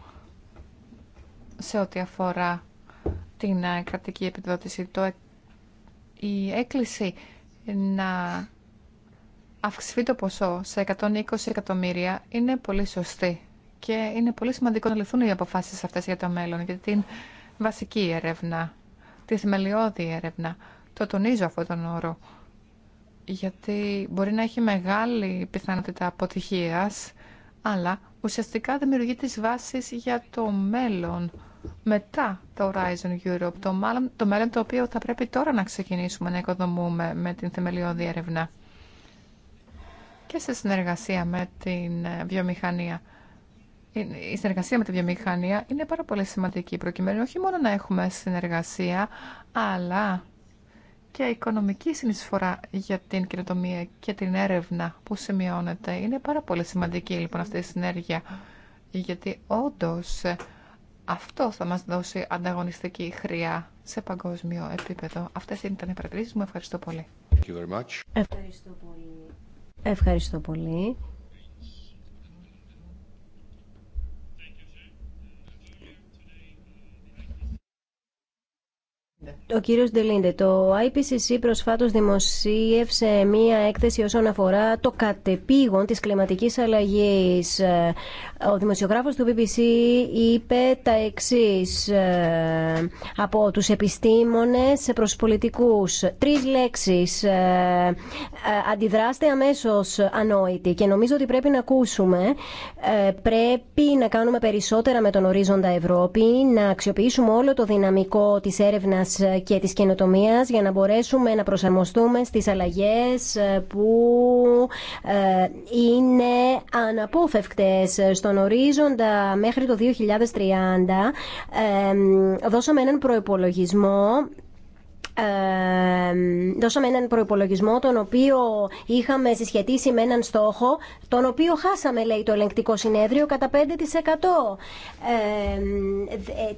σε ό,τι αφορά την ε, κρατική επιδότηση. Το, η έκκληση να αυξηθεί το ποσό σε 120 εκατομμύρια είναι πολύ σωστή και είναι πολύ σημαντικό να λυθούν οι αποφάσει αυτέ για το μέλλον, για την βασική έρευνα, τη θεμελιώδη έρευνα. Το τονίζω αυτόν τον όρο, γιατί μπορεί να έχει μεγάλη πιθανότητα αποτυχία, αλλά ουσιαστικά δημιουργεί τι βάσει για το μέλλον. Μετά το Horizon Europe, το, το μέλλον το οποίο θα πρέπει τώρα να ξεκινήσουμε να οικοδομούμε με την θεμελιώδη έρευνα και σε συνεργασία με την ε, βιομηχανία η συνεργασία με τη βιομηχανία είναι πάρα πολύ σημαντική προκειμένου όχι μόνο να έχουμε συνεργασία, αλλά και οικονομική συνεισφορά για την κοινοτομία και την έρευνα που σημειώνεται. Είναι πάρα πολύ σημαντική λοιπόν αυτή η συνέργεια, γιατί όντω αυτό θα μας δώσει ανταγωνιστική χρειά σε παγκόσμιο επίπεδο. Αυτές ήταν οι παρατηρήσεις μου. Ευχαριστώ πολύ. Ευχαριστώ πολύ. Ευχαριστώ πολύ. Ο κύριος Ντελίντε, το IPCC προσφάτως δημοσίευσε μία έκθεση όσον αφορά το κατεπήγον της κλιματική αλλαγή. Ο δημοσιογράφος του BBC είπε τα εξή ε, από τους επιστήμονες προς πολιτικού. Τρει λέξει. Ε, ε, αντιδράστε αμέσως ανόητοι και νομίζω ότι πρέπει να ακούσουμε. Πρέπει να κάνουμε περισσότερα με τον ορίζοντα Ευρώπη, να αξιοποιήσουμε όλο το δυναμικό τη έρευνα. Ε, και της καινοτομίας για να μπορέσουμε να προσαρμοστούμε στις αλλαγές ε, που ε, είναι αναπόφευκτες στον ορίζοντα μέχρι το 2030. Δώσαμε έναν προϋπολογισμό δώσαμε έναν προπολογισμό τον οποίο είχαμε συσχετίσει με έναν στόχο, τον οποίο χάσαμε, λέει το ελεγκτικό συνέδριο, κατά 5%. Ε,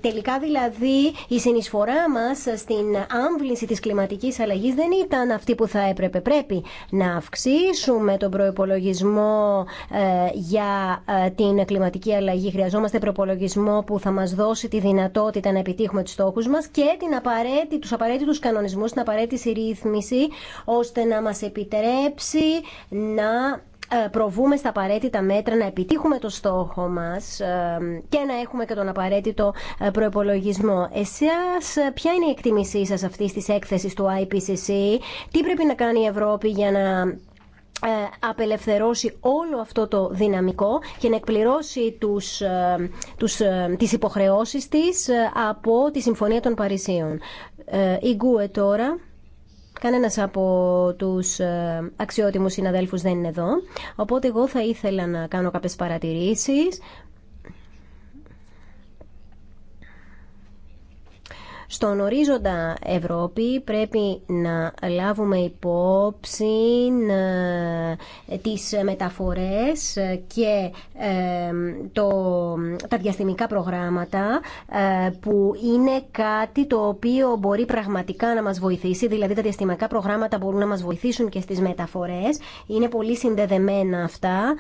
τελικά δηλαδή η συνεισφορά μας στην άμβληση της κλιματικής αλλαγής δεν ήταν αυτή που θα έπρεπε. Πρέπει να αυξήσουμε τον προπολογισμό ε, για ε, την κλιματική αλλαγή. Χρειαζόμαστε προπολογισμό που θα μας δώσει τη δυνατότητα να επιτύχουμε τους στόχους μας και την απαραίτητη, τους απαραίτητους κανονισμούς, την απαραίτητη ρύθμιση, ώστε να μας επιτρέψει να ε, προβούμε στα απαραίτητα μέτρα, να επιτύχουμε το στόχο μας ε, και να έχουμε και τον απαραίτητο ε, προπολογισμό. Εσάς, ποια είναι η εκτίμησή σας αυτής της έκθεσης του IPCC, τι πρέπει να κάνει η Ευρώπη για να απελευθερώσει όλο αυτό το δυναμικό και να εκπληρώσει τους, τους, τις υποχρεώσεις της από τη Συμφωνία των Παρισίων. Ε, η Γκουε τώρα. κανένα από τους ε, αξιότιμους συναδέλφου δεν είναι εδώ. Οπότε εγώ θα ήθελα να κάνω κάποιε παρατηρήσει. Στον ορίζοντα Ευρώπη πρέπει να λάβουμε υπόψη ε, τις μεταφορές και ε, το, τα διαστημικά προγράμματα ε, που είναι κάτι το οποίο μπορεί πραγματικά να μας βοηθήσει, δηλαδή τα διαστημικά προγράμματα μπορούν να μας βοηθήσουν και στις μεταφορές. Είναι πολύ συνδεδεμένα αυτά.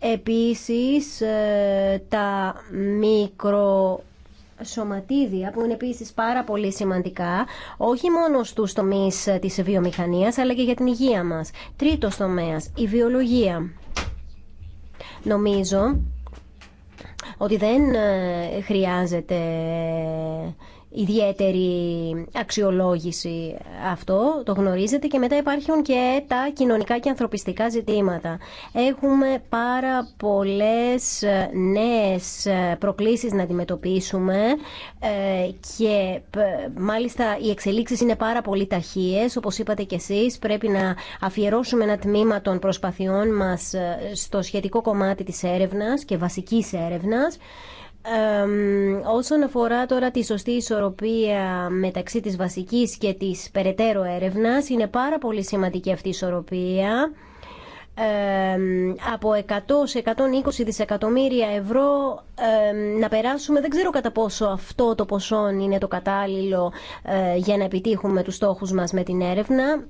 Επίσης, τα μικρο σωματίδια που είναι επίση πάρα πολύ σημαντικά όχι μόνο στους τομεί της βιομηχανία, αλλά και για την υγεία μας. Τρίτος τομέας, η βιολογία. Νομίζω ότι δεν ε, χρειάζεται ιδιαίτερη αξιολόγηση αυτό, το γνωρίζετε και μετά υπάρχουν και τα κοινωνικά και ανθρωπιστικά ζητήματα. Έχουμε πάρα πολλές ε, νέες ε, προκλήσεις να αντιμετωπίσουμε ε, και μάλιστα οι εξελίξεις είναι πάρα πολύ ταχείες, όπως είπατε και εσείς, πρέπει να αφιερώσουμε ένα τμήμα των προσπαθειών μας στο σχετικό κομμάτι της έρευνας και βασικής έρευνας όσον αφορά τώρα τη σωστή ισορροπία μεταξύ της βασικής και της περαιτέρω έρευνας, είναι πάρα πολύ σημαντική αυτή η ισορροπία. από 100 σε 120 δισεκατομμύρια ευρώ να περάσουμε δεν ξέρω κατά πόσο αυτό το ποσό είναι το κατάλληλο ε, για να επιτύχουμε τους στόχους μας με την έρευνα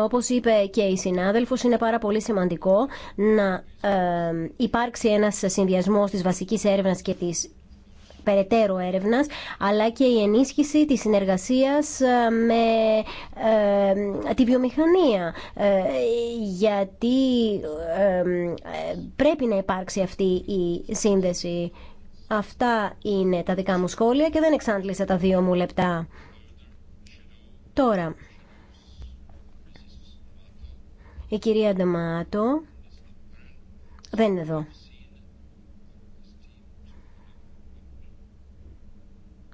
όπως είπε και η συνάδελφος, είναι πάρα πολύ σημαντικό να υπάρξει ένας συνδυασμός της βασικής έρευνας και της περαιτέρω έρευνας, αλλά και η ενίσχυση της συνεργασίας με ε, τη βιομηχανία. Ε, γιατί πρέπει να υπάρξει αυτή η σύνδεση. Αυτά είναι τα δικά μου σχόλια και δεν εξάντλησα τα δύο μου λεπτά. Τώρα... Η κυρία Νταμάτο δεν είναι εδώ.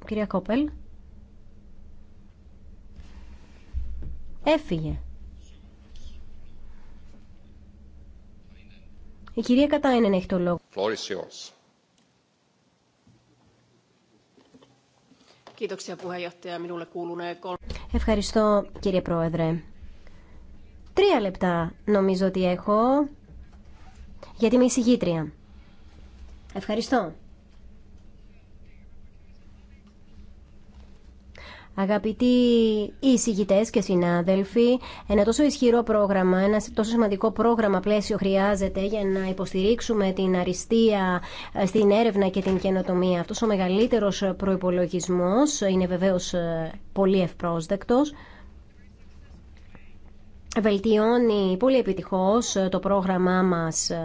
Κυρία Κόπελ. Έφυγε. Η κυρία Κατάινεν έχει το λόγο. Ευχαριστώ κύριε Πρόεδρε. Τρία λεπτά νομίζω ότι έχω, γιατί είμαι εισηγήτρια. Ευχαριστώ. Αγαπητοί εισηγητέ και συνάδελφοι, ένα τόσο ισχυρό πρόγραμμα, ένα τόσο σημαντικό πρόγραμμα πλαίσιο χρειάζεται για να υποστηρίξουμε την αριστεία ε, στην έρευνα και την καινοτομία. Αυτό ο μεγαλύτερο προπολογισμό είναι βεβαίω ε, πολύ ευπρόσδεκτος βελτιώνει πολύ επιτυχώς το πρόγραμμά μας ε,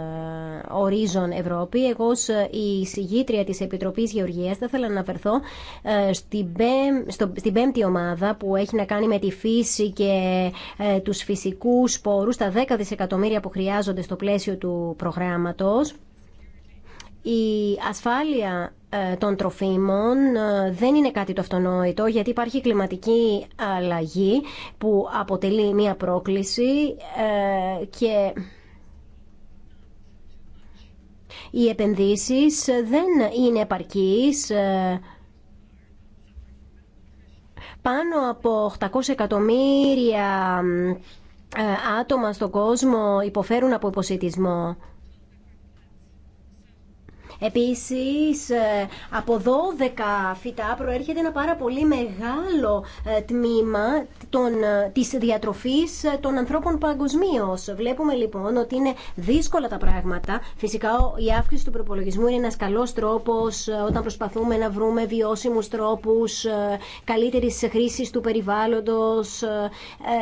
Horizon Ευρώπη. Εγώ ε, η συγγήτρια της Επιτροπής Γεωργίας θα ήθελα να αναφερθώ ε, στην, πέμπτη ομάδα που έχει να κάνει με τη φύση και τους φυσικούς πόρους τα 10 δισεκατομμύρια που χρειάζονται στο πλαίσιο του προγράμματος. Η ασφάλεια ε, των τροφίμων ε, δεν είναι κάτι το αυτονόητο γιατί υπάρχει κλιματική αλλαγή που αποτελεί μία πρόκληση ε, και οι επενδύσεις δεν είναι επαρκείς πάνω από 800 εκατομμύρια άτομα στον κόσμο υποφέρουν από υποσυτισμό. Επίσης, ε, από 12 φυτά προέρχεται ένα πάρα πολύ μεγάλο ε, τμήμα των, ε, της διατροφής των ανθρώπων παγκοσμίω. Βλέπουμε λοιπόν ότι είναι δύσκολα τα πράγματα. Φυσικά η αύξηση του προπολογισμού είναι ένας καλός τρόπος όταν προσπαθούμε να βρούμε βιώσιμους τρόπους καλύτερης χρήσης του περιβάλλοντος.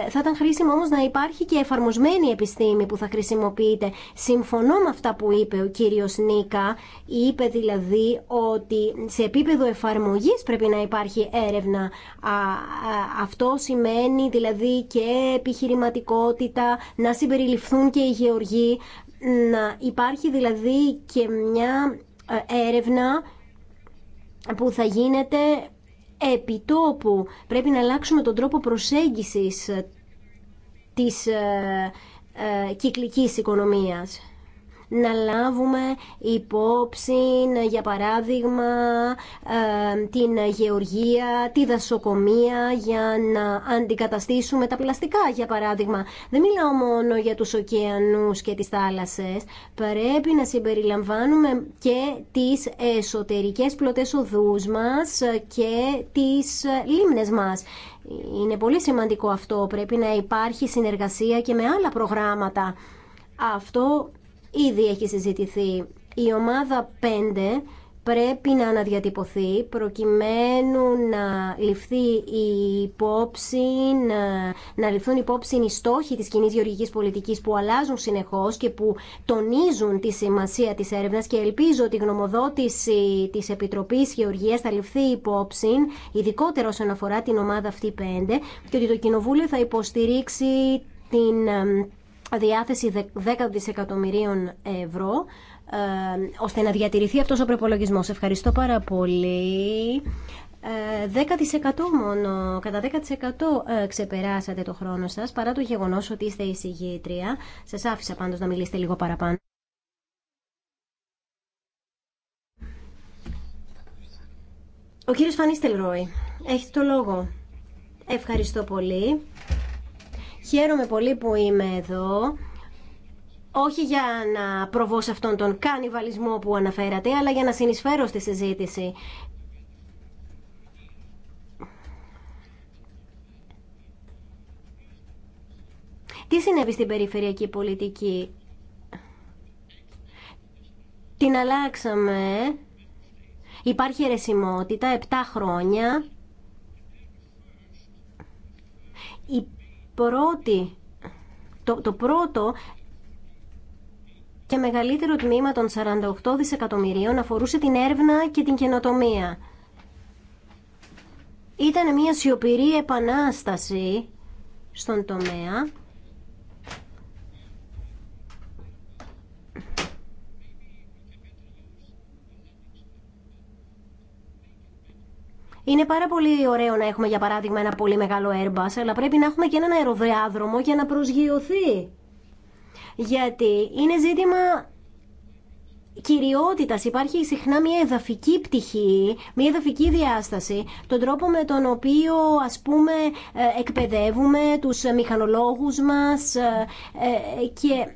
Θα ήταν χρήσιμο όμως να υπάρχει και εφαρμοσμένη επιστήμη που θα χρησιμοποιείται. Συμφωνώ με αυτά που είπε ο κύριος Νίκα Είπε δηλαδή ότι σε επίπεδο εφαρμογής πρέπει να υπάρχει έρευνα. Αυτό σημαίνει δηλαδή και επιχειρηματικότητα, να συμπεριληφθούν και οι γεωργοί, να υπάρχει δηλαδή και μια ε, έρευνα που θα γίνεται επιτόπου. Πρέπει να αλλάξουμε τον τρόπο προσέγγισης ε, της ε, κυκλικής οικονομίας να λάβουμε υπόψη, ε, για παράδειγμα, ε, την γεωργία, τη δασοκομεία, για να αντικαταστήσουμε τα πλαστικά, για παράδειγμα. Δεν μιλάω μόνο για τους ωκεανούς και τις θάλασσες. Πρέπει να συμπεριλαμβάνουμε και τις εσωτερικές πλωτές οδούς μας ε, και τις λίμνες μας. Είναι πολύ σημαντικό αυτό. Πρέπει να υπάρχει συνεργασία και με άλλα προγράμματα. Αυτό Ήδη έχει συζητηθεί η ομάδα 5 πρέπει να αναδιατυπωθεί προκειμένου να ληφθεί η υπόψη, να, να ληφθούν υπόψη οι στόχοι της κοινή γεωργικής πολιτικής που αλλάζουν συνεχώς και που τονίζουν τη σημασία της έρευνας και ελπίζω ότι η γνωμοδότηση της Επιτροπής Γεωργίας θα ληφθεί υπόψη, ειδικότερα όσον αφορά την ομάδα αυτή 5 και ότι το Κοινοβούλιο θα υποστηρίξει την διάθεση 10 δισεκατομμυρίων ευρώ ε, ώστε να διατηρηθεί αυτός ο προπολογισμό. Ευχαριστώ πάρα πολύ. 10% ε, μόνο, κατά 10% ε, ξεπεράσατε το χρόνο σας, παρά το γεγονός ότι είστε εισηγήτρια. Σας άφησα πάντως να μιλήσετε λίγο παραπάνω. Ο κύριος Φανίστελ Ρόι, έχετε το λόγο. Ευχαριστώ πολύ. Χαίρομαι πολύ που είμαι εδώ. Όχι για να προβώ σε αυτόν τον κανιβαλισμό που αναφέρατε, αλλά για να συνεισφέρω στη συζήτηση. Τι συνέβη στην περιφερειακή πολιτική. Την αλλάξαμε. Υπάρχει αιρεσιμότητα Επτά χρόνια πρώτη, το, το πρώτο και μεγαλύτερο τμήμα των 48 δισεκατομμυρίων αφορούσε την έρευνα και την καινοτομία. Ήταν μια σιωπηρή επανάσταση στον τομέα Είναι πάρα πολύ ωραίο να έχουμε για παράδειγμα ένα πολύ μεγάλο Airbus, αλλά πρέπει να έχουμε και έναν αεροδιάδρομο για να προσγειωθεί. Γιατί είναι ζήτημα κυριότητας. Υπάρχει συχνά μια εδαφική πτυχή, μια εδαφική διάσταση, τον τρόπο με τον οποίο ας πούμε ε, εκπαιδεύουμε τους μηχανολόγους μας ε, ε, και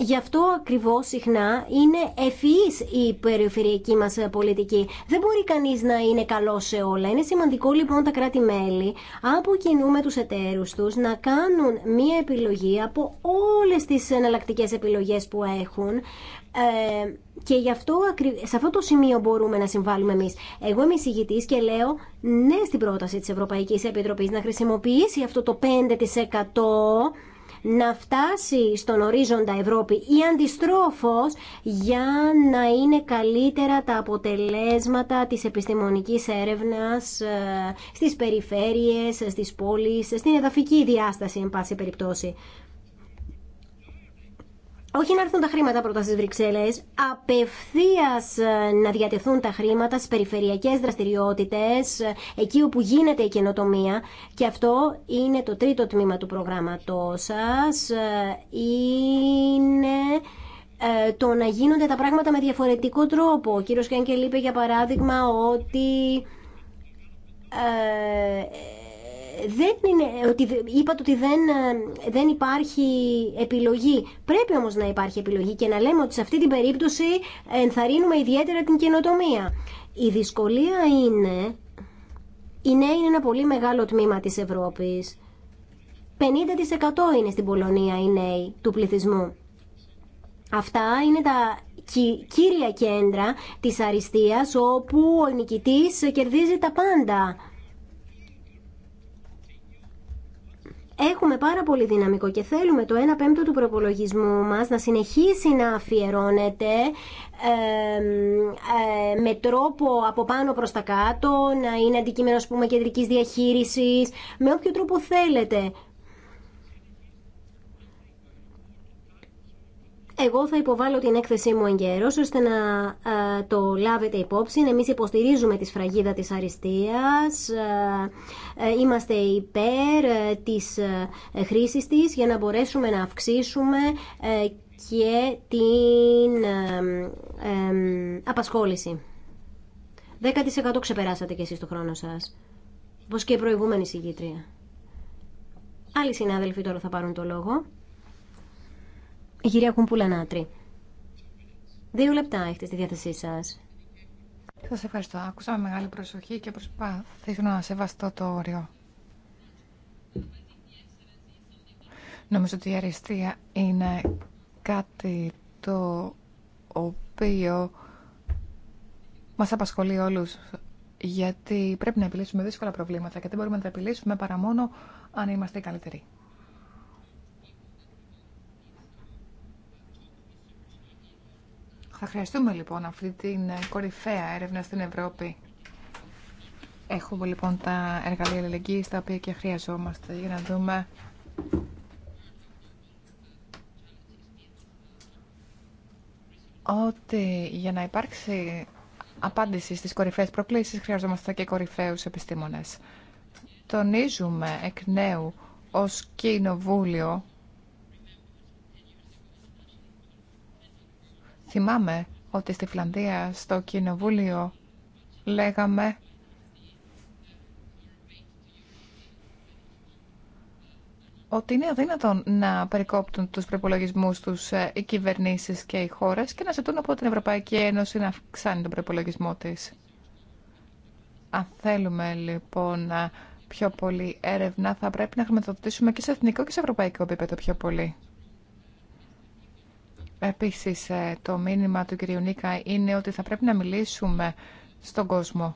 Γι' αυτό ακριβώς συχνά είναι ευφυή η περιφερειακή μα πολιτική. Δεν μπορεί κανείς να είναι καλό σε όλα. Είναι σημαντικό λοιπόν τα κράτη-μέλη από κοινού με τους εταίρους τους να κάνουν μία επιλογή από όλες τις εναλλακτικέ επιλογές που έχουν ε, και γι' αυτό σε αυτό το σημείο μπορούμε να συμβάλλουμε εμείς. Εγώ είμαι εισηγητή και λέω ναι στην πρόταση τη Ευρωπαϊκή Επιτροπή, να χρησιμοποιήσει αυτό το 5% να φτάσει στον ορίζοντα Ευρώπη ή αντιστρόφως για να είναι καλύτερα τα αποτελέσματα της επιστημονικής έρευνας ε, στις περιφέρειες, στις πόλεις, στην εδαφική διάσταση εν πάση περιπτώσει όχι να έρθουν τα χρήματα πρώτα στι Βρυξέλλε, απευθείας ε, να διατεθούν τα χρήματα στι περιφερειακέ δραστηριότητες, ε, εκεί όπου γίνεται η καινοτομία. Και αυτό είναι το τρίτο τμήμα του προγράμματός σα. Ε, είναι το να γίνονται τα πράγματα με διαφορετικό τρόπο. Ο κύριος Κένκελ είπε για παράδειγμα ότι δεν είναι, ότι, είπατε ότι δεν, ε, δεν υπάρχει επιλογή. Πρέπει όμως να υπάρχει επιλογή και να λέμε ότι σε αυτή την περίπτωση ενθαρρύνουμε ιδιαίτερα την καινοτομία. Η δυσκολία είναι, οι νέοι είναι ένα πολύ μεγάλο τμήμα της Ευρώπης. 50% είναι στην Πολωνία οι νέοι του πληθυσμού. Αυτά είναι τα κύρια κέντρα της αριστείας όπου ο νικητής κερδίζει τα πάντα Έχουμε πάρα πολύ δυναμικό και θέλουμε το 1 πέμπτο του προπολογισμού μας να συνεχίσει να αφιερώνεται ε, με τρόπο από πάνω προς τα κάτω, να είναι αντικείμενο πούμε, κεντρικής διαχείρισης, με όποιο τρόπο θέλετε. Εγώ θα υποβάλω την έκθεσή μου εγκαίρως, ώστε να ε, το λάβετε υπόψη. Εμείς υποστηρίζουμε τη σφραγίδα της αριστείας, ε, ε, είμαστε υπέρ της χρήσης της για να μπορέσουμε να αυξήσουμε και την απασχόληση. 10% ξεπεράσατε κι εσείς το χρόνο σας, όπως και η προηγούμενη συγκήτρια. Άλλοι συνάδελφοι τώρα θα πάρουν το λόγο. Η κυρία Κουμπούλα Νάτρη. Δύο λεπτά έχετε στη διάθεσή σα. σα ευχαριστώ. Άκουσα με μεγάλη προσοχή και προσπαθήσω να σεβαστώ το όριο. Νομίζω ότι η αριστεία είναι κάτι το οποίο μας απασχολεί όλους γιατί πρέπει να επιλύσουμε δύσκολα προβλήματα και δεν μπορούμε να τα επιλύσουμε παρά μόνο αν είμαστε οι καλύτεροι. Θα χρειαστούμε λοιπόν αυτή την ε, κορυφαία έρευνα στην Ευρώπη. Έχουμε λοιπόν τα εργαλεία αλληλεγγύη τα οποία και χρειαζόμαστε για να δούμε ότι για να υπάρξει απάντηση στις κορυφαίες προκλήσεις χρειαζόμαστε και κορυφαίους επιστήμονες. Τονίζουμε εκ νέου ως κοινοβούλιο Θυμάμαι ότι στη Φλανδία, στο Κοινοβούλιο, λέγαμε ότι είναι αδύνατον να περικόπτουν τους προπολογισμού τους ε, οι κυβερνήσεις και οι χώρες και να ζητούν από την Ευρωπαϊκή Ένωση να αυξάνει τον προπολογισμό της. Αν θέλουμε λοιπόν πιο πολύ έρευνα, θα πρέπει να χρηματοδοτήσουμε και σε εθνικό και σε ευρωπαϊκό επίπεδο πιο πολύ. Επίσης, ε, το μήνυμα του κυρίου Νίκα είναι ότι θα πρέπει να μιλήσουμε στον κόσμο.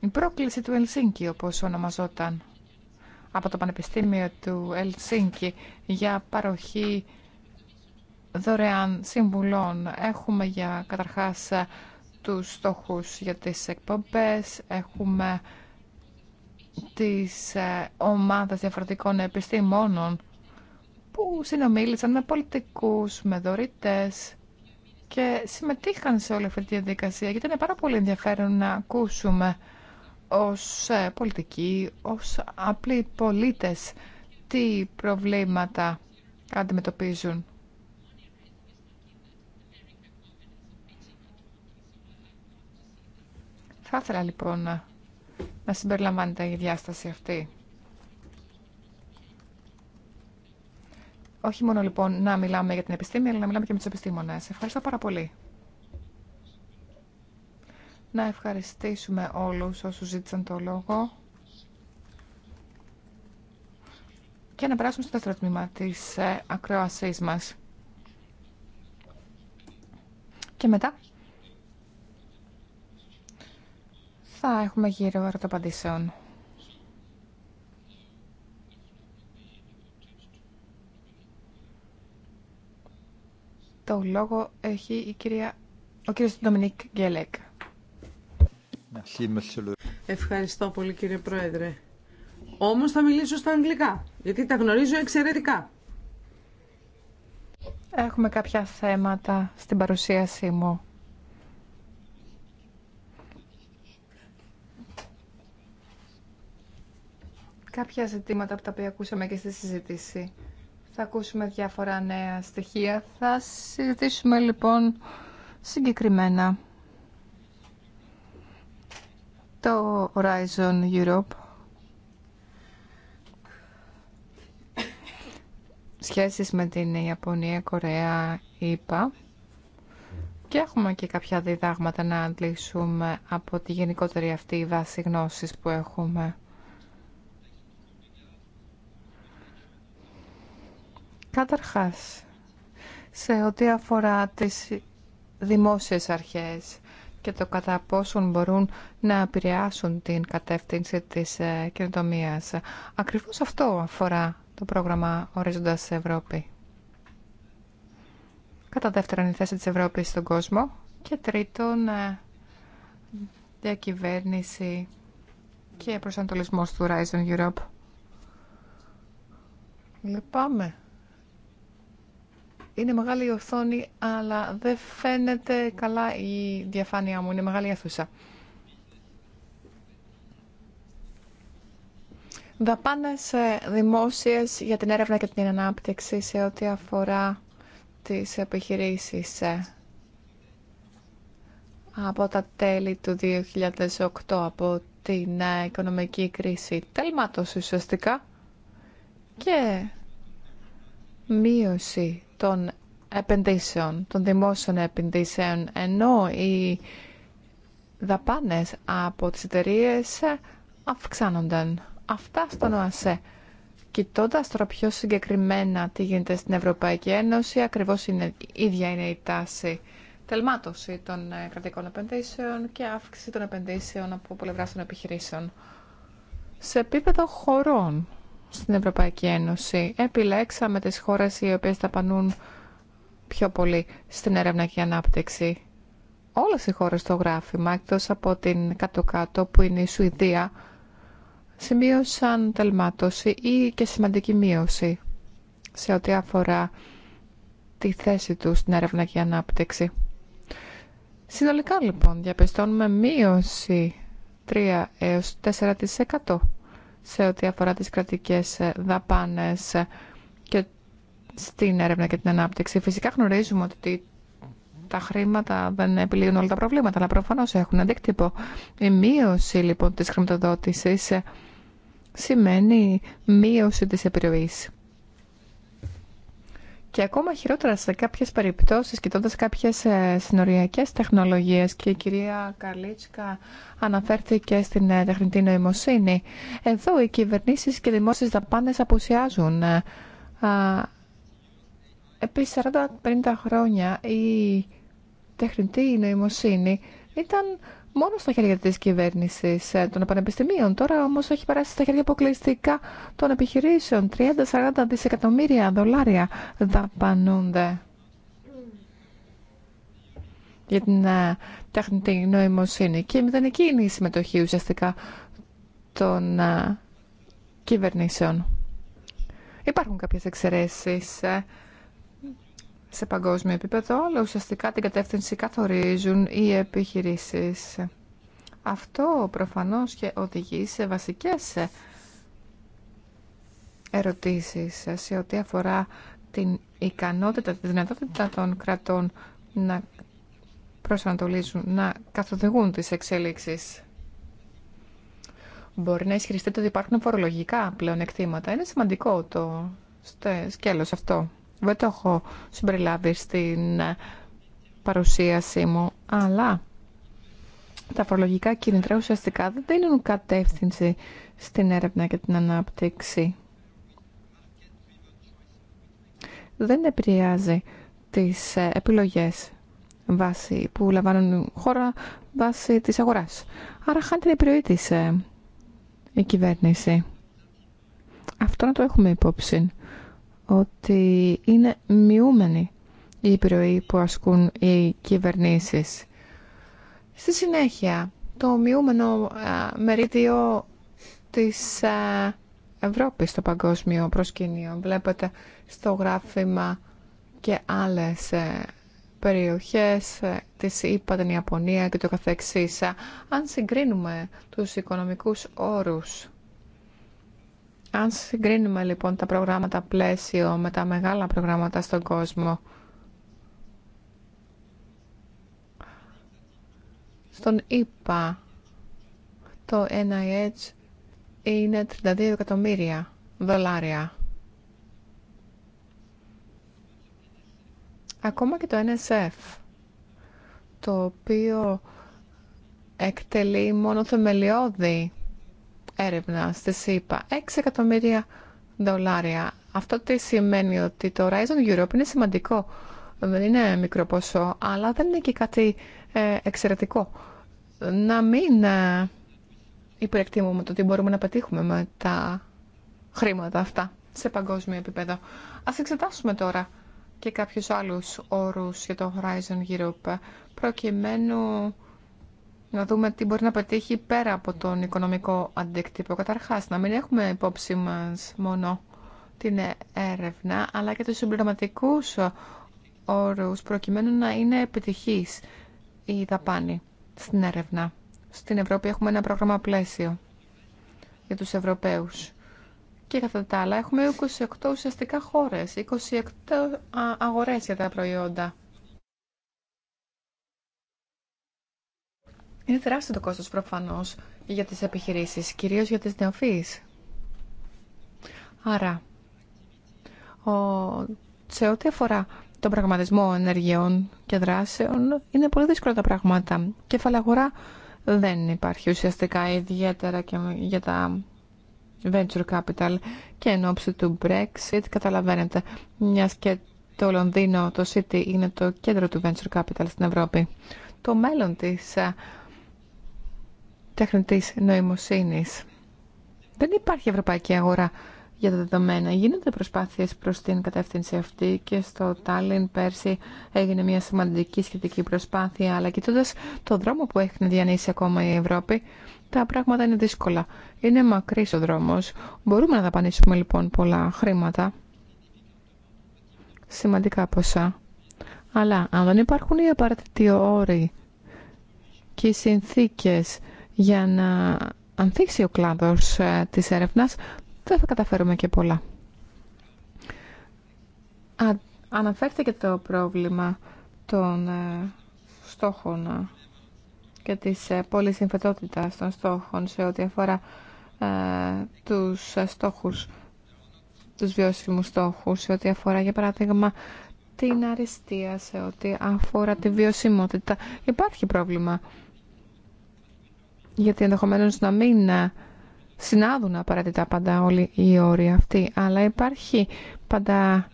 Η πρόκληση του Ελσίνκη, όπως ονομαζόταν από το Πανεπιστήμιο του Ελσίνκη για παροχή δωρεάν συμβουλών. Έχουμε για καταρχάς ε, τους στόχους για τις εκπομπές, έχουμε τις ε, ομάδες διαφορετικών επιστήμονων που συνομίλησαν με πολιτικούς, με δωρητές και συμμετείχαν σε όλη αυτή τη διαδικασία γιατί είναι πάρα πολύ ενδιαφέρον να ακούσουμε ως ε, πολιτικοί, ως απλοί πολίτες τι προβλήματα αντιμετωπίζουν. Θα ήθελα λοιπόν να συμπεριλαμβάνεται η διάσταση αυτή. όχι μόνο λοιπόν να μιλάμε για την επιστήμη, αλλά να μιλάμε και με τους επιστήμονες. Ευχαριστώ πάρα πολύ. Να ευχαριστήσουμε όλους όσους ζήτησαν το λόγο και να περάσουμε στο δεύτερο τμήμα της ε, ακρόασής μας. Και μετά θα έχουμε γύρω ερωτοπαντήσεων. Το λόγο έχει η κυρία, ο κύριος Ντομινίκ Γκέλεκ. Ευχαριστώ πολύ κύριε Πρόεδρε. Όμως θα μιλήσω στα αγγλικά, γιατί τα γνωρίζω εξαιρετικά. Έχουμε κάποια θέματα στην παρουσίασή μου. Κάποια ζητήματα από τα οποία ακούσαμε και στη συζήτηση. Θα ακούσουμε διάφορα νέα στοιχεία. Θα συζητήσουμε λοιπόν συγκεκριμένα το Horizon Europe. Σχέσεις με την Ιαπωνία, Κορέα, ΗΠΑ. Και έχουμε και κάποια διδάγματα να αντλήσουμε από τη γενικότερη αυτή βάση γνώσης που έχουμε. Καταρχάς, σε ό,τι αφορά τις δημόσιες αρχές και το κατά πόσον μπορούν να επηρεάσουν την κατεύθυνση της ε, καινοτομίας. Ακριβώς αυτό αφορά το πρόγραμμα Ορίζοντας Ευρώπη. Κατά δεύτερον, η θέση της Ευρώπης στον κόσμο. Και τρίτον, ε, διακυβέρνηση και προσανατολισμός του Horizon Europe. Λυπάμαι είναι μεγάλη η οθόνη, αλλά δεν φαίνεται καλά η διαφάνειά μου. Είναι μεγάλη η αθούσα. Δαπάνες ε, δημόσιες για την έρευνα και την ανάπτυξη σε ό,τι αφορά τις επιχειρήσεις ε, από τα τέλη του 2008 από την ε, οικονομική κρίση τελμάτως ουσιαστικά και μείωση των επενδύσεων, των δημόσιων επενδύσεων, ενώ οι δαπάνες από τις εταιρείε αυξάνονταν. Αυτά στον ΟΑΣΕ. Κοιτώντα τώρα πιο συγκεκριμένα τι γίνεται στην Ευρωπαϊκή Ένωση, ακριβώς είναι, ίδια είναι η τάση τελμάτωση των ε, κρατικών επενδύσεων και αύξηση των επενδύσεων από πλευρά των επιχειρήσεων. Σε επίπεδο χωρών, στην Ευρωπαϊκή Ένωση. Επιλέξαμε τις χώρες οι οποίες ταπανούν πιο πολύ στην έρευνα και ανάπτυξη. Όλες οι χώρες στο γράφημα, εκτός από την κάτω-κάτω που είναι η Σουηδία, σημείωσαν τελμάτωση ή και σημαντική μείωση σε ό,τι αφορά τη θέση του στην έρευνα και ανάπτυξη. Συνολικά λοιπόν διαπιστώνουμε μείωση 3 έως 4% σε ό,τι αφορά τις κρατικές ε, δαπάνες ε, και στην έρευνα και την ανάπτυξη. Φυσικά γνωρίζουμε ότι τα χρήματα δεν επιλύουν όλα τα προβλήματα, αλλά προφανώς έχουν αντίκτυπο. Η μείωση λοιπόν της χρηματοδότησης ε, σημαίνει μείωση της επιρροής. Και ακόμα χειρότερα σε κάποιες περιπτώσεις, κοιτώντα κάποιες ε, συνοριακές τεχνολογίες και η κυρία Καλίτσκα αναφέρθηκε στην ε, τεχνητή νοημοσύνη, εδώ οι κυβερνήσεις και οι δημόσιες δαπάνες απουσιάζουν. Ε, Επί 40-50 χρόνια η τεχνητή νοημοσύνη ήταν μόνο στα χέρια της κυβέρνησης ε, των πανεπιστημίων. Τώρα όμως έχει περάσει στα χέρια αποκλειστικά των επιχειρήσεων. 30-40 δισεκατομμύρια δολάρια δαπανούνται για την ε, τεχνητή νοημοσύνη και η μηδενική είναι η συμμετοχή ουσιαστικά των ε, κυβερνήσεων. Υπάρχουν κάποιες εξαιρέσεις σε παγκόσμιο επίπεδο, αλλά ουσιαστικά την κατεύθυνση καθορίζουν οι επιχειρήσεις. Αυτό προφανώς και οδηγεί σε βασικές ερωτήσεις σε ό,τι αφορά την ικανότητα, τη δυνατότητα των κρατών να προσανατολίζουν, να καθοδηγούν τις εξέλιξεις. Μπορεί να ισχυριστείτε ότι υπάρχουν φορολογικά πλέον Είναι σημαντικό το σκέλος αυτό. Δεν το έχω συμπεριλάβει στην ε, παρουσίασή μου, αλλά τα φορολογικά κίνητρα ουσιαστικά δεν δίνουν κατεύθυνση στην έρευνα και την ανάπτυξη. Δεν επηρεάζει τις ε, επιλογές βάση που λαμβάνουν χώρα βάσει της αγοράς. Άρα χάνει την επιρροή της ε, η κυβέρνηση. Αυτό να το έχουμε υπόψη ότι είναι μειούμενη η επιρροή που ασκούν οι κυβερνήσεις. Στη συνέχεια, το μειούμενο ε, μερίδιο της ε, Ευρώπης στο παγκόσμιο προσκήνιο. Βλέπετε στο γράφημα και άλλες ε, περιοχές της ΙΠΑ, την Ιαπωνία και το καθεξής. Αν συγκρίνουμε τους οικονομικούς όρους αν συγκρίνουμε λοιπόν τα προγράμματα πλαίσιο με τα μεγάλα προγράμματα στον κόσμο, στον ΙΠΑ το NIH είναι 32 εκατομμύρια δολάρια. Ακόμα και το NSF, το οποίο εκτελεί μόνο θεμελιώδη έρευνα στη ΣΥΠΑ. 6 εκατομμύρια δολάρια. Αυτό τι σημαίνει ότι το Horizon Europe είναι σημαντικό. Δεν είναι μικρό ποσό, αλλά δεν είναι και κάτι ε, εξαιρετικό. Να μην ε, υπερεκτιμούμε το τι μπορούμε να πετύχουμε με τα χρήματα αυτά σε παγκόσμιο επίπεδο. Ας εξετάσουμε τώρα και κάποιους άλλους όρους για το Horizon Europe προκειμένου να δούμε τι μπορεί να πετύχει πέρα από τον οικονομικό αντίκτυπο. Καταρχάς, να μην έχουμε υπόψη μας μόνο την έρευνα, αλλά και τους συμπληρωματικού όρους, προκειμένου να είναι επιτυχής η δαπάνη στην έρευνα. Στην Ευρώπη έχουμε ένα πρόγραμμα πλαίσιο για τους Ευρωπαίους. Και κατά τα άλλα έχουμε 28 ουσιαστικά χώρες, 28 αγορές για τα προϊόντα. Είναι τεράστιο το κόστος προφανώς για τις επιχειρήσεις, κυρίως για τις νεοφύης. Άρα, ο, σε ό,τι αφορά τον πραγματισμό ενεργειών και δράσεων, είναι πολύ δύσκολα τα πράγματα. Κεφαλαγορά δεν υπάρχει ουσιαστικά ιδιαίτερα και για τα venture capital και εν ώψη του Brexit, καταλαβαίνετε, μιας και το Λονδίνο, το City, είναι το κέντρο του venture capital στην Ευρώπη. Το μέλλον της ε, τεχνητής νοημοσύνης. Δεν υπάρχει ευρωπαϊκή αγορά για τα δεδομένα. Γίνονται προσπάθειες προς την κατεύθυνση αυτή και στο Τάλιν πέρσι έγινε μια σημαντική σχετική προσπάθεια, αλλά κοιτώντα το δρόμο που έχει διανύσει ακόμα η Ευρώπη, τα πράγματα είναι δύσκολα. Είναι μακρύς ο δρόμος. Μπορούμε να δαπανίσουμε λοιπόν πολλά χρήματα, σημαντικά ποσά. Αλλά αν δεν υπάρχουν οι απαραίτητοι όροι και οι συνθήκες για να ανθίξει ο κλάδος ε, της έρευνας, δεν θα καταφέρουμε και πολλά. Α, αναφέρθηκε το πρόβλημα των ε, στόχων ε, και της πολυσυμφετότητας των στόχων σε ό,τι αφορά τους στόχους, τους βιώσιμους στόχους, σε ό,τι αφορά για παράδειγμα την αριστεία, σε ό,τι αφορά τη βιωσιμότητα. Υπάρχει πρόβλημα γιατί ενδεχομένω να μην ε, συνάδουν απαραίτητα πάντα όλοι οι όροι αυτοί, αλλά υπάρχει πάντα,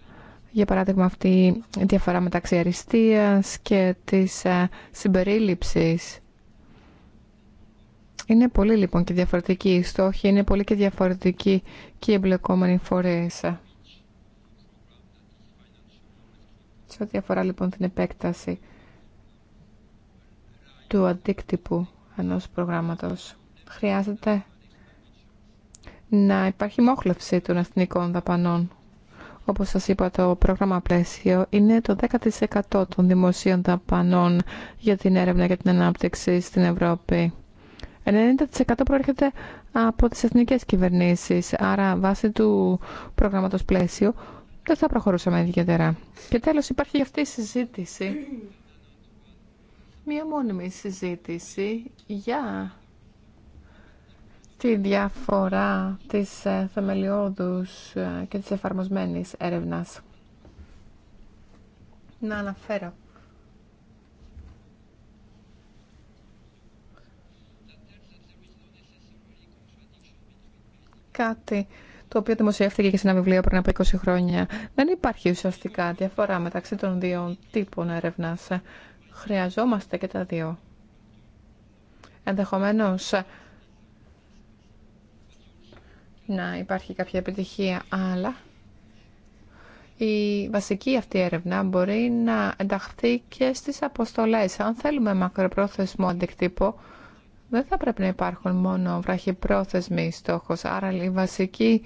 για παράδειγμα, αυτή η διαφορά μεταξύ αριστείας και της ε, συμπερίληψης. Είναι πολύ λοιπόν και διαφορετική η στόχη, είναι πολύ και διαφορετική και οι εμπλεκόμενοι φορές. Σε ό,τι αφορά λοιπόν την επέκταση του αντίκτυπου ενός προγράμματος. Χρειάζεται να υπάρχει μόχλευση των εθνικών δαπανών. Όπως σας είπα, το πρόγραμμα πλαίσιο είναι το 10% των δημοσίων δαπανών για την έρευνα και την ανάπτυξη στην Ευρώπη. 90% προέρχεται από τις εθνικές κυβερνήσεις, άρα βάσει του προγράμματος πλαίσιο δεν θα προχωρούσαμε ιδιαίτερα. Και τέλος υπάρχει αυτή η συζήτηση μία μόνιμη συζήτηση για τη διαφορά της ε, θεμελιώδους ε, και της εφαρμοσμένης έρευνας. Να αναφέρω. Κάτι το οποίο δημοσιεύτηκε και σε ένα βιβλίο πριν από 20 χρόνια. Δεν υπάρχει ουσιαστικά διαφορά μεταξύ των δύο τύπων έρευνας. Χρειαζόμαστε και τα δύο. Ενδεχομένως να υπάρχει κάποια επιτυχία, αλλά η βασική αυτή έρευνα μπορεί να ενταχθεί και στις αποστολές. Αν θέλουμε μακροπρόθεσμο αντικτύπο, δεν θα πρέπει να υπάρχουν μόνο βραχυπρόθεσμοι στόχος. Άρα η βασική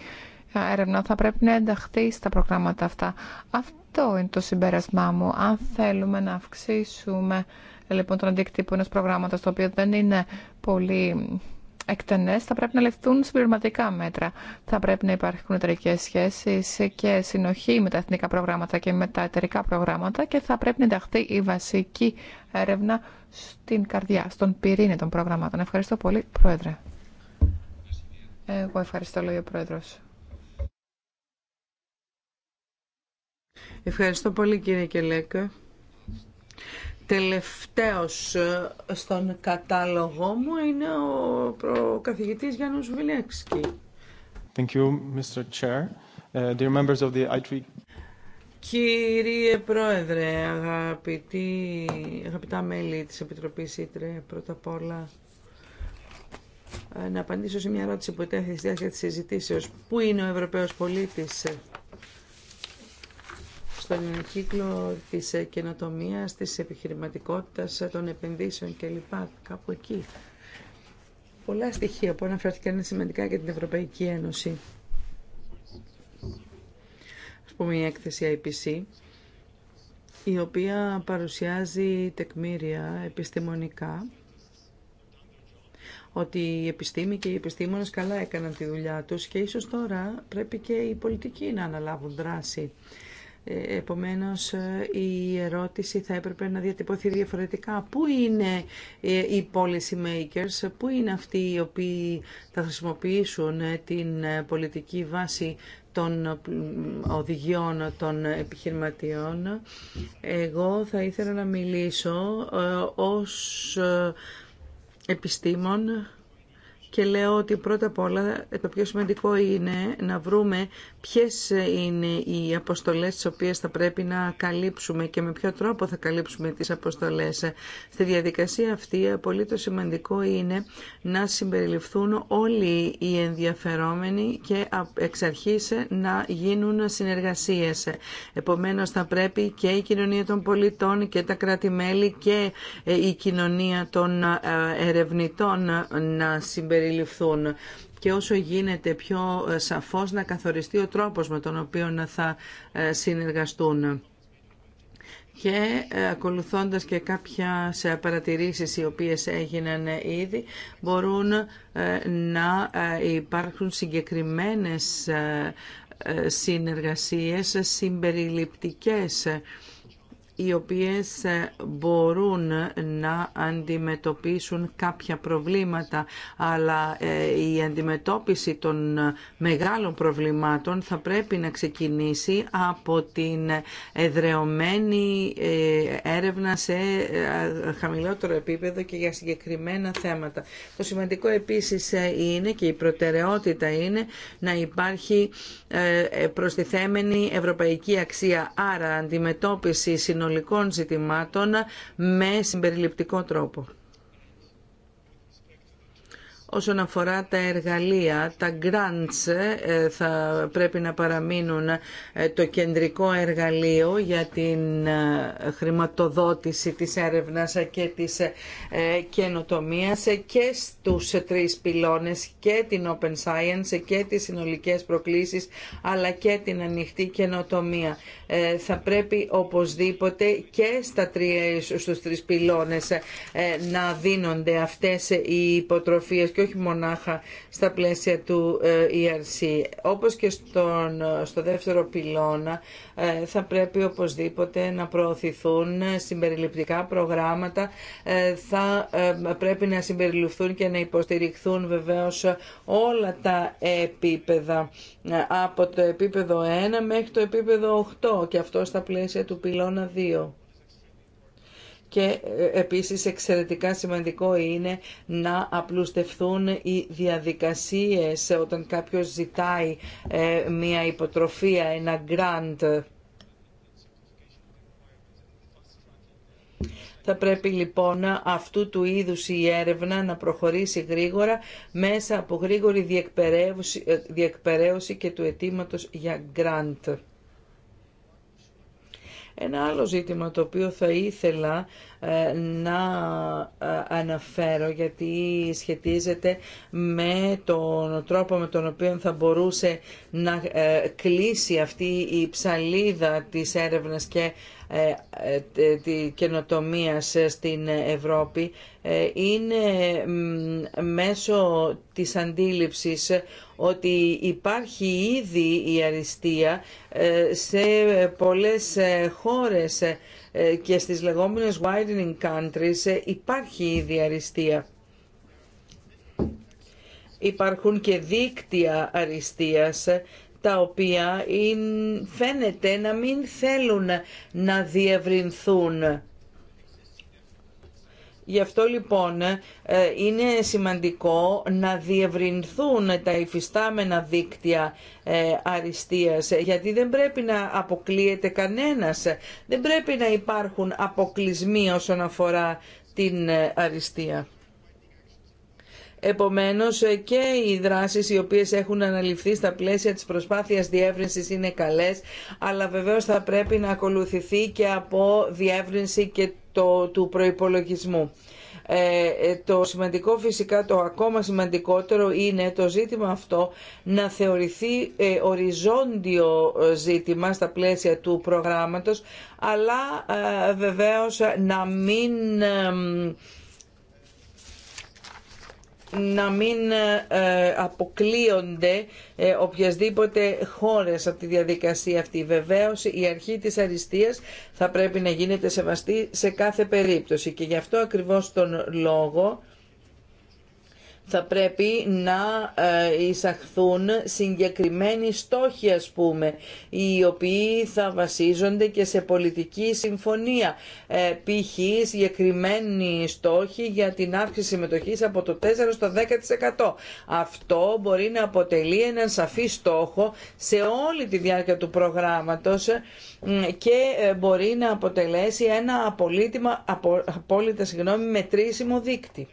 έρευνα θα πρέπει να ενταχθεί στα προγράμματα αυτά. Αυτό είναι το συμπέρασμά μου. Αν θέλουμε να αυξήσουμε λοιπόν τον αντίκτυπο ενό προγράμματο το οποίο δεν είναι πολύ εκτενέ, θα πρέπει να λεφτούν συμπληρωματικά μέτρα. Θα πρέπει να υπάρχουν εταιρικέ σχέσει και συνοχή με τα εθνικά προγράμματα και με τα εταιρικά προγράμματα και θα πρέπει να ενταχθεί η βασική έρευνα στην καρδιά, στον πυρήνα των προγραμμάτων. Ευχαριστώ πολύ, Πρόεδρε. Εγώ ευχαριστώ, λέει ο Πρόεδρος. Ευχαριστώ πολύ κύριε Κελέκα. Τελευταίος ε, στον κατάλογό μου είναι ο προκαθηγητής Γιάννος Βιλέξκη. Thank you, Mr. Chair. Ε, members of the e Κύριε Πρόεδρε, αγαπητοί, αγαπητά μέλη της Επιτροπής Ήτρε, πρώτα απ' όλα ε, να απαντήσω σε μια ερώτηση που ήταν στη διάρκεια της συζητήσεως. Πού είναι ο Ευρωπαίος πολίτης στον κύκλο της καινοτομίας, της επιχειρηματικότητας, των επενδύσεων κλπ. Κάπου εκεί. Πολλά στοιχεία που αναφέρθηκαν είναι σημαντικά για την Ευρωπαϊκή Ένωση. Ας πούμε η έκθεση IPC, η οποία παρουσιάζει τεκμήρια επιστημονικά ότι οι επιστήμοι και οι επιστήμονες καλά έκαναν τη δουλειά τους και ίσως τώρα πρέπει και οι πολιτικοί να αναλάβουν δράση ε, επομένως, ε, η ερώτηση θα έπρεπε να διατυπωθεί διαφορετικά. Πού είναι ε, οι policy makers, πού είναι αυτοί οι οποίοι θα χρησιμοποιήσουν την πολιτική βάση των οδηγιών των επιχειρηματιών. Εγώ θα ήθελα να μιλήσω ως επιστήμον και λέω ότι πρώτα απ' όλα το πιο σημαντικό είναι να βρούμε ποιες είναι οι αποστολές τις οποίες θα πρέπει να καλύψουμε και με ποιο τρόπο θα καλύψουμε τις αποστολές. Στη διαδικασία αυτή το σημαντικό είναι να συμπεριληφθούν όλοι οι ενδιαφερόμενοι και εξ αρχής να γίνουν συνεργασίες. Επομένως θα πρέπει και η κοινωνία των πολιτών και τα κράτη-μέλη και η κοινωνία των ε, ερευνητών να συμπεριληφθούν και όσο γίνεται πιο ε, σαφώς να καθοριστεί ο τρόπος με τον οποίο θα ε, συνεργαστούν και ε, ακολουθώντας και κάποια παρατηρήσεις οι οποίες έγιναν ήδη μπορούν να υπάρχουν συγκεκριμένες συνεργασίες συμπεριληπτικές οι οποίες ε, μπορούν να αντιμετωπίσουν κάποια προβλήματα, αλλά ε, η αντιμετώπιση των μεγάλων προβλημάτων θα πρέπει να ξεκινήσει από την εδρεωμένη ε, έρευνα σε χαμηλότερο επίπεδο και για συγκεκριμένα θέματα. Το σημαντικό επίσης είναι και η προτεραιότητα είναι να υπάρχει προστιθέμενη ευρωπαϊκή αξία, άρα αντιμετώπιση συνολικών ζητημάτων με συμπεριληπτικό τρόπο. Όσον αφορά τα εργαλεία, τα grants ε, θα πρέπει να παραμείνουν ε, το κεντρικό εργαλείο για την ε, χρηματοδότηση της έρευνας και της καινοτομίας και στους τρεις πυλώνες και την Open Science και τις συνολικές προκλήσεις αλλά και την ανοιχτή καινοτομία. Θα πρέπει οπωσδήποτε και στα τρία, στους τρεις πυλώνες να δίνονται αυτές οι υποτροφίες και όχι μονάχα στα πλαίσια του ε, ERC. Όπως και στον, στο δεύτερο πυλώνα ε, θα πρέπει οπωσδήποτε να προωθηθούν συμπεριληπτικά προγράμματα, ε, θα πρέπει να συμπεριληφθούν και να υποστηριχθούν βεβαίως όλα τα επίπεδα από το επίπεδο 1 μέχρι το επίπεδο 8 και αυτό στα πλαίσια του πυλώνα 2 και ε, επίσης εξαιρετικά σημαντικό είναι να απλουστευθούν οι διαδικασίες όταν κάποιος ζητάει ε, μια υποτροφία, ένα grant. Θα πρέπει λοιπόν αυτού του είδους η έρευνα να προχωρήσει γρήγορα μέσα από γρήγορη διεκπαιρέωση ε, και του αιτήματο για grant. Ένα άλλο ζήτημα το οποίο θα ήθελα ε, να ε, αναφέρω γιατί σχετίζεται με τον τρόπο με τον οποίο θα μπορούσε να ε, κλείσει αυτή η ψαλίδα της έρευνας και ε, ε, καινοτομία στην Ευρώπη ε, είναι μέσω της αντίληψης ότι υπάρχει ήδη η αριστεία σε πολλές χώρες και στις λεγόμενες widening countries υπάρχει ήδη αριστεία. Υπάρχουν και δίκτυα αριστείας τα οποία φαίνεται να μην θέλουν να διευρυνθούν. Γι' αυτό λοιπόν ε, είναι σημαντικό να διευρυνθούν τα υφιστάμενα δίκτυα ε, αριστείας γιατί δεν πρέπει να αποκλείεται κανένας, δεν πρέπει να υπάρχουν αποκλεισμοί όσον αφορά την ε, αριστεία. Επομένως ε, και οι δράσεις οι οποίες έχουν αναλυφθεί στα πλαίσια της προσπάθειας διεύρυνσης είναι καλές, αλλά βεβαίως θα πρέπει να ακολουθηθεί και από διεύρυνση και το, του προϋπολογισμού. Ε, ε το σημαντικό φυσικά, το ακόμα σημαντικότερο είναι το ζήτημα αυτό να θεωρηθεί ε, οριζόντιο ζήτημα στα πλαίσια του προγράμματος, αλλά βεβαίως να μην να μην ε, αποκλείονται ε, οποιασδήποτε χώρες από τη διαδικασία αυτή. Βεβαίως η αρχή της αριστείας θα πρέπει να γίνεται σεβαστή σε κάθε περίπτωση και γι' αυτό ακριβώς τον λόγο θα πρέπει να ε, εισαχθούν συγκεκριμένοι στόχοι ας πούμε οι οποίοι θα βασίζονται και σε πολιτική συμφωνία ε, π.χ. συγκεκριμένοι στόχοι για την αύξηση συμμετοχής από το 4% στο 10%. Αυτό μπορεί να αποτελεί έναν σαφή στόχο σε όλη τη διάρκεια του προγράμματος ε, και μπορεί να αποτελέσει ένα απολύτημα, απο, απόλυτα συγγνώμη, μετρήσιμο δίκτυο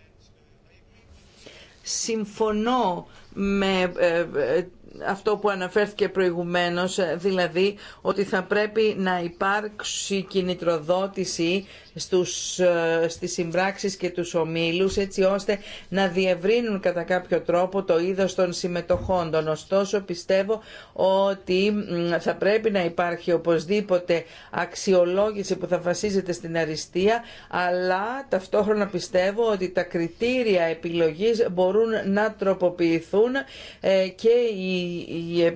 συμφωνώ με ε, ε, αυτό που αναφέρθηκε προηγουμένως, ε, δηλαδή ότι θα πρέπει να υπάρξει κινητροδότηση στους, ε, στις συμπράξεις και τους ομίλους έτσι ώστε να διευρύνουν κατά κάποιο τρόπο το είδος των συμμετοχόντων. Ωστόσο πιστεύω ότι θα πρέπει να υπάρχει οπωσδήποτε αξιολόγηση που θα βασίζεται στην αριστεία αλλά ταυτόχρονα πιστεύω ότι τα κριτήρια επιλογής μπορούν να τροποποιηθούν ε, και οι οι ε,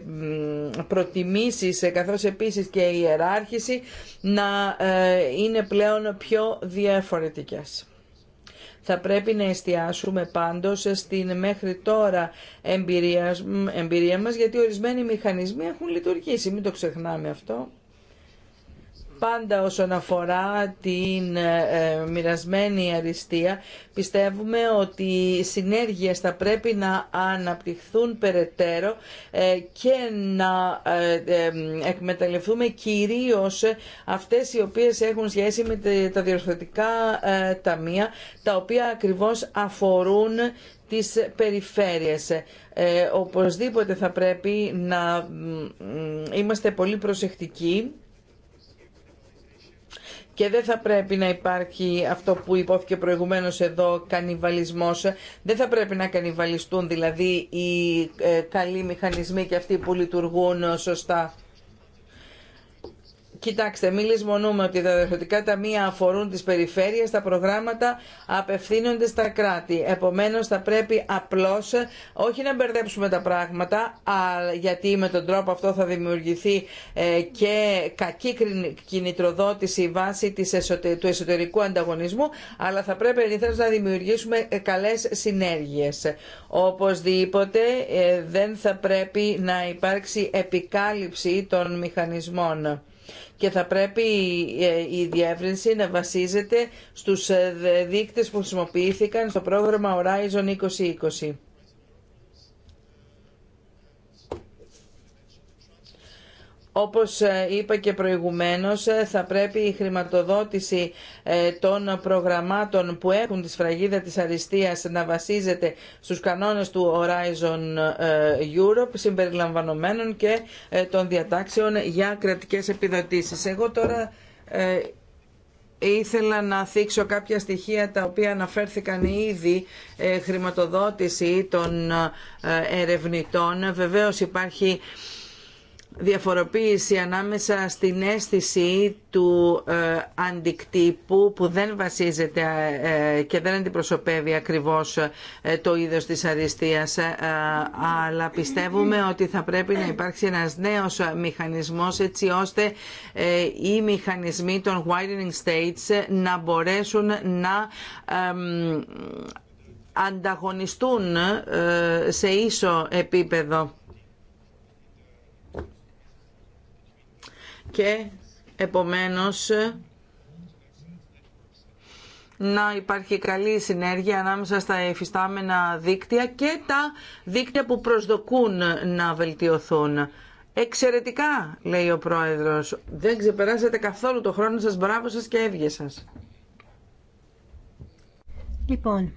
προτιμήσεις ε, καθώς επίσης και η ιεράρχηση να ε, είναι πλέον πιο διαφορετικές. Θα πρέπει να εστιάσουμε πάντως στην μέχρι τώρα εμπειρία μας γιατί ορισμένοι μηχανισμοί έχουν λειτουργήσει. Μην το ξεχνάμε αυτό πάντα όσον αφορά την ε, μοιρασμένη αριστεία πιστεύουμε ότι οι συνέργειες θα πρέπει να αναπτυχθούν περαιτέρω ε, και να ε, εκμεταλλευτούμε κυρίως αυτές οι οποίες έχουν σχέση με τα διορθωτικά ταμεία τα οποία ακριβώς αφορούν τις περιφέρειες. Ε, οπωσδήποτε θα πρέπει να είμαστε πολύ προσεκτικοί και δεν θα πρέπει να υπάρχει αυτό που υπόθηκε προηγουμένως εδώ, κανιβαλισμός. Δεν θα πρέπει να κανιβαλιστούν δηλαδή οι ε, καλοί μηχανισμοί και αυτοί που λειτουργούν σωστά. Κοιτάξτε, μην λησμονούμε ότι τα διευθυντικά ταμεία αφορούν τις περιφέρειες, τα προγράμματα απευθύνονται στα κράτη. Επομένως θα πρέπει απλώς όχι να μπερδέψουμε τα πράγματα, γιατί με τον τρόπο αυτό θα δημιουργηθεί ε, και κακή κινητροδότηση βάσει του εσωτερικού ανταγωνισμού, αλλά θα πρέπει ενήθως να δημιουργήσουμε ε, καλές συνέργειες. Οπωσδήποτε ε, δεν θα πρέπει να υπάρξει επικάλυψη των μηχανισμών και θα πρέπει ε, η διεύρυνση να βασίζεται στους ε, δείκτες που χρησιμοποιήθηκαν στο πρόγραμμα Horizon 2020. Όπως ε, είπα και προηγουμένως, ε, θα πρέπει η χρηματοδότηση ε, των προγραμμάτων που έχουν τη σφραγίδα της αριστείας να βασίζεται στους κανόνες του Horizon Europe, συμπεριλαμβανομένων και των διατάξεων για κρατικές επιδοτήσεις. Εγώ τώρα ήθελα να θίξω κάποια στοιχεία τα οποία αναφέρθηκαν ήδη χρηματοδότηση των ερευνητών. Βεβαίως υπάρχει διαφοροποίηση ανάμεσα στην αίσθηση του ε, αντικτύπου που δεν βασίζεται ε, και δεν αντιπροσωπεύει ακριβώς ε, το είδος της αριστείας αλλά πιστεύουμε ότι θα πρέπει να υπάρξει ένας νέος μηχανισμός έτσι ώστε οι μηχανισμοί των widening states να μπορέσουν να ανταγωνιστούν σε ίσο επίπεδο και επομένως να υπάρχει καλή συνέργεια ανάμεσα στα εφιστάμενα δίκτυα και τα δίκτυα που προσδοκούν να βελτιωθούν. Εξαιρετικά, λέει ο πρόεδρος. Δεν ξεπεράσετε καθόλου το χρόνο σας. Μπράβο σας και έβγε σας. Λοιπόν,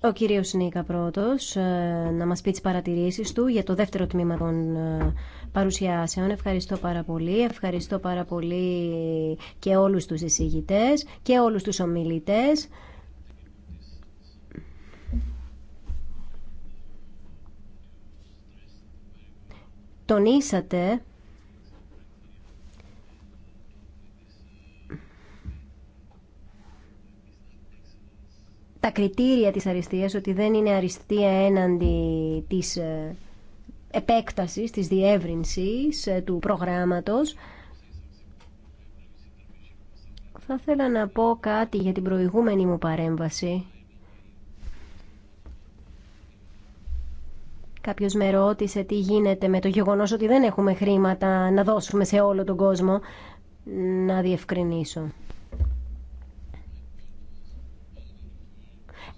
Ο κύριος Νίκα πρώτος ε, να μας πει τι παρατηρήσεις του για το δεύτερο τμήμα των ε, παρουσιάσεων. Ευχαριστώ πάρα πολύ. Ευχαριστώ πάρα πολύ και όλους τους εισηγητέ και όλους τους ομιλητές. Τονίσατε τα κριτήρια της αριστείας, ότι δεν είναι αριστεία έναντι της ε, επέκτασης, της διεύρυνσης ε, του προγράμματος. Θα ήθελα να πω κάτι για την προηγούμενη μου παρέμβαση. Κάποιος με ρώτησε τι γίνεται με το γεγονός ότι δεν έχουμε χρήματα να δώσουμε σε όλο τον κόσμο. Να διευκρινίσω.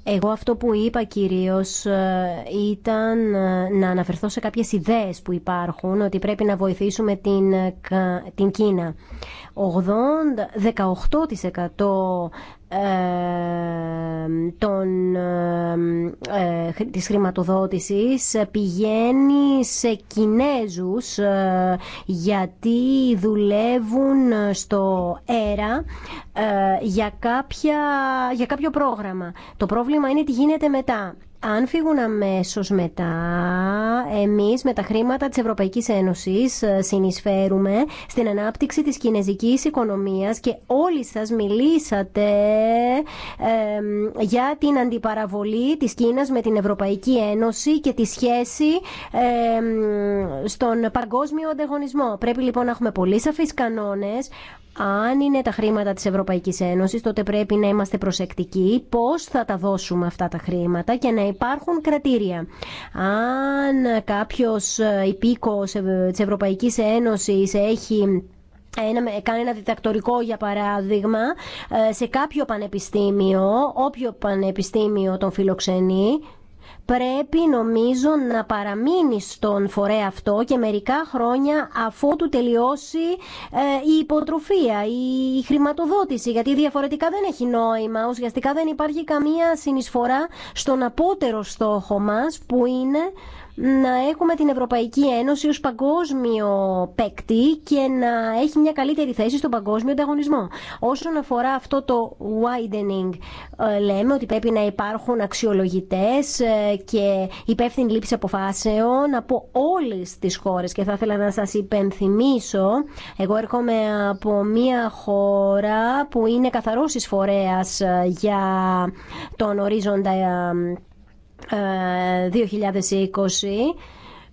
Εγώ αυτό που είπα κυρίως ε, ήταν ε, να αναφερθώ σε κάποιες ιδέες που υπάρχουν ότι πρέπει να βοηθήσουμε την, ε, την Κίνα. 18% τον, ε, της χρηματοδότησης πηγαίνει σε Κινέζους ε, γιατί δουλεύουν στο ΕΡΑ ε, για, κάποια, για κάποιο πρόγραμμα. Το πρόβλημα είναι τι γίνεται μετά αν φύγουν αμέσω μετά, εμεί με τα χρήματα τη Ευρωπαϊκή Ένωση ε, συνεισφέρουμε στην ανάπτυξη της κινεζική οικονομίας και όλοι σα μιλήσατε για την αντιπαραβολή της Κίνας με την Ευρωπαϊκή Ένωση και τη σχέση στον παγκόσμιο ανταγωνισμό. Πρέπει λοιπόν να έχουμε πολύ σαφείς κανόνε αν είναι τα χρήματα της Ευρωπαϊκής Ένωσης, τότε πρέπει να είμαστε προσεκτικοί πώς θα τα δώσουμε αυτά τα χρήματα και να υπάρχουν κρατήρια. Αν κάποιος υπήκος της Ευρωπαϊκής Ένωσης έχει ένα, κάνει ένα διδακτορικό για παράδειγμα ε, σε κάποιο πανεπιστήμιο, όποιο πανεπιστήμιο τον φιλοξενεί πρέπει νομίζω να παραμείνει στον φορέα αυτό και μερικά χρόνια αφού του τελειώσει ε, η υποτροφία, η χρηματοδότηση, γιατί διαφορετικά δεν έχει νόημα. Ουσιαστικά δεν υπάρχει καμία συνεισφορά στον απότερο στόχο μας που είναι να έχουμε την Ευρωπαϊκή Ένωση ως παγκόσμιο παίκτη και να έχει μια καλύτερη θέση στον παγκόσμιο ανταγωνισμό. Όσον αφορά αυτό το widening, ε, λέμε ότι πρέπει να υπάρχουν αξιολογητές ε, και υπεύθυνη λήψη αποφάσεων από όλες τις χώρες και θα ήθελα να σας υπενθυμίσω εγώ έρχομαι από μια χώρα που είναι καθαρός εισφορέας ε, για τον ορίζοντα 2020 ε,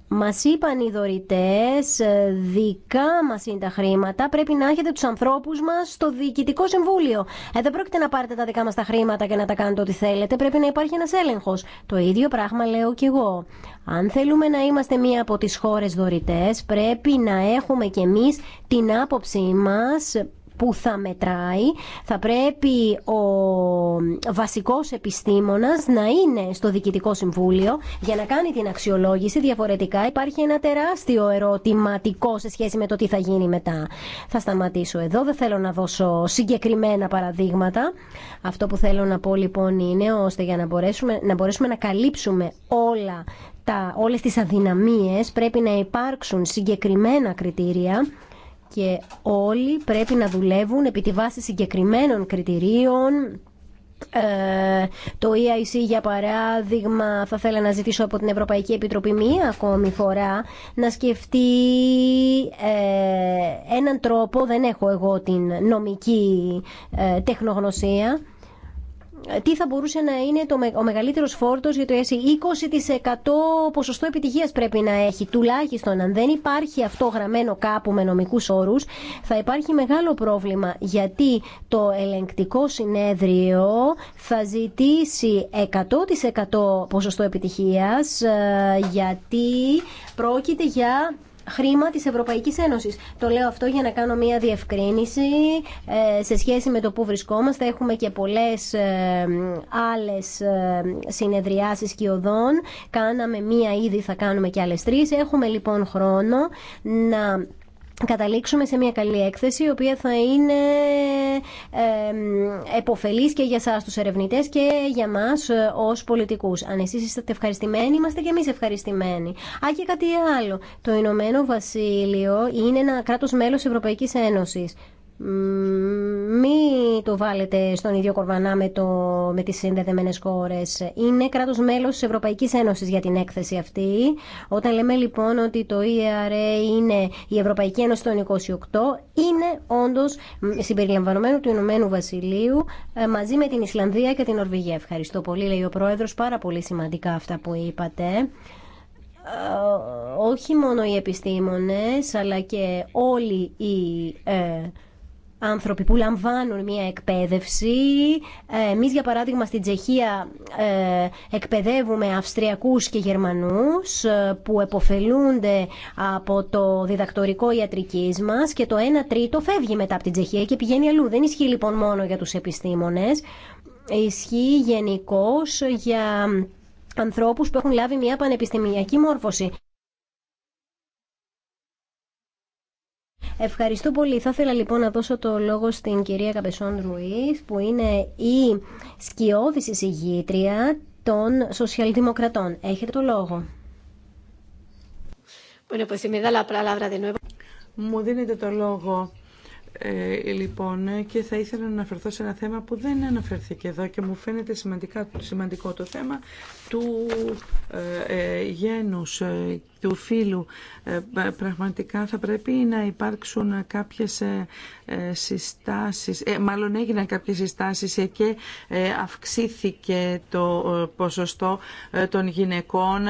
μας είπαν οι δωρητές, ε, δικά μας είναι τα χρήματα, πρέπει να έχετε τους ανθρώπους μας στο διοικητικό συμβούλιο. Ε, δεν πρόκειται να πάρετε τα δικά μας τα χρήματα και να τα κάνετε ό,τι θέλετε, πρέπει να υπάρχει ένας έλεγχος. Το ίδιο πράγμα λέω κι εγώ. Αν θέλουμε να είμαστε μία από τις χώρες δωρητές, πρέπει να έχουμε κι εμείς την άποψή μας που θα μετράει. Θα πρέπει ο βασικός επιστήμονας να είναι στο Διοικητικό Συμβούλιο για να κάνει την αξιολόγηση. Διαφορετικά υπάρχει ένα τεράστιο ερωτηματικό σε σχέση με το τι θα γίνει μετά. Θα σταματήσω εδώ. Δεν θέλω να δώσω συγκεκριμένα παραδείγματα. Αυτό που θέλω να πω λοιπόν είναι ώστε για να μπορέσουμε να, μπορέσουμε να καλύψουμε όλα τα, όλες τις αδυναμίες πρέπει να υπάρξουν συγκεκριμένα κριτήρια και όλοι πρέπει να δουλεύουν επί τη βάση συγκεκριμένων κριτηρίων ε, το EIC για παράδειγμα θα θέλα να ζητήσω από την Ευρωπαϊκή Επιτροπή μία ακόμη φορά να σκεφτεί ε, έναν τρόπο, δεν έχω εγώ την νομική ε, τεχνογνωσία τι θα μπορούσε να είναι το, ο μεγαλύτερος φόρτος για το ΕΣΥ. 20% ποσοστό επιτυχίας πρέπει να έχει. Τουλάχιστον αν δεν υπάρχει αυτό γραμμένο κάπου με νομικούς όρους θα υπάρχει μεγάλο πρόβλημα γιατί το ελεγκτικό συνέδριο θα ζητήσει 100% ποσοστό επιτυχίας ε, γιατί πρόκειται για χρήμα της Ευρωπαϊκής Ένωσης. Το λέω αυτό για να κάνω μια διευκρίνηση ε, σε σχέση με το που βρισκόμαστε. Έχουμε και πολλές ε, άλλες ε, συνεδριάσεις οδών. Κάναμε μία ήδη, θα κάνουμε και άλλες τρεις. Έχουμε λοιπόν χρόνο να καταλήξουμε σε μια καλή έκθεση η οποία θα είναι ε, εποφελής και για σας τους ερευνητές και για μας ε, ως πολιτικούς. Αν εσείς είστε ευχαριστημένοι, είμαστε και εμείς ευχαριστημένοι. Α, και κάτι άλλο. Το Ηνωμένο Βασίλειο είναι ένα κράτος μέλος Ευρωπαϊκής Ένωσης. Μη το βάλετε στον ίδιο κορβανά με, το, με τις συνδεδεμένες χώρες. Είναι κράτος μέλος της Ευρωπαϊκής Ένωσης για την έκθεση αυτή. Όταν λέμε λοιπόν ότι το ERA είναι η Ευρωπαϊκή Ένωση των 28, είναι όντως συμπεριλαμβανομένου του Ηνωμένου Βασιλείου ε, μαζί με την Ισλανδία και την Νορβηγία. Ευχαριστώ πολύ, λέει ο Πρόεδρος. Πάρα πολύ σημαντικά αυτά που είπατε ε, όχι μόνο οι επιστήμονες αλλά και όλοι οι ε, άνθρωποι που λαμβάνουν μια εκπαίδευση. Ε, εμείς για παράδειγμα στην Τσεχία ε, εκπαιδεύουμε Αυστριακούς και Γερμανούς ε, που εποφελούνται από το διδακτορικό ιατρικής μας και το 1 τρίτο φεύγει μετά από την Τσεχία και πηγαίνει αλλού. Δεν ισχύει λοιπόν μόνο για τους επιστήμονες, ισχύει γενικώ για ανθρώπους που έχουν λάβει μια πανεπιστημιακή μόρφωση. Ευχαριστώ πολύ. Θα ήθελα λοιπόν να δώσω το λόγο στην κυρία Καπεσόν Ρουίς, που είναι η σκιώδη εισηγήτρια των Σοσιαλδημοκρατών. Έχετε το λόγο. Μου δίνετε το λόγο. Ε, λοιπόν, και θα ήθελα να αναφερθώ σε ένα θέμα που δεν αναφερθήκε εδώ και μου φαίνεται σημαντικό το θέμα του ε, ε γένους ε, του φίλου. Ε, πραγματικά θα πρέπει να υπάρξουν κάποιες ε, ε, συστάσεις, μάλλον έγιναν κάποιες συστάσεις και αυξήθηκε το ποσοστό των γυναικών,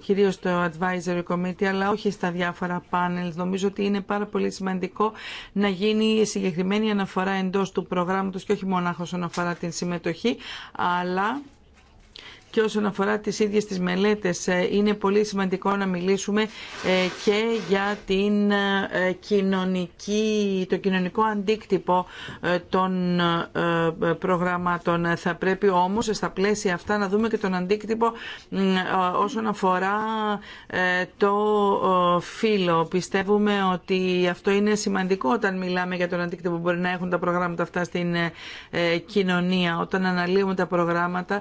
κυρίως στο Advisory Committee, αλλά όχι στα διάφορα πάνελ. Νομίζω ότι είναι πάρα πολύ σημαντικό να γίνει συγκεκριμένη αναφορά εντός του προγράμματος και όχι μονάχα όσον αφορά την συμμετοχή, αλλά και όσον αφορά τις ίδιες τις μελέτες ε, είναι πολύ σημαντικό να μιλήσουμε ε, και για την ε, κοινωνική, το κοινωνικό αντίκτυπο των προγραμμάτων. Θα πρέπει όμως στα πλαίσια αυτά να δούμε και τον αντίκτυπο όσον αφορά το φύλλο. Πιστεύουμε ότι αυτό είναι σημαντικό όταν μιλάμε για τον αντίκτυπο που μπορεί να έχουν τα προγράμματα αυτά στην κοινωνία. Όταν αναλύουμε τα προγράμματα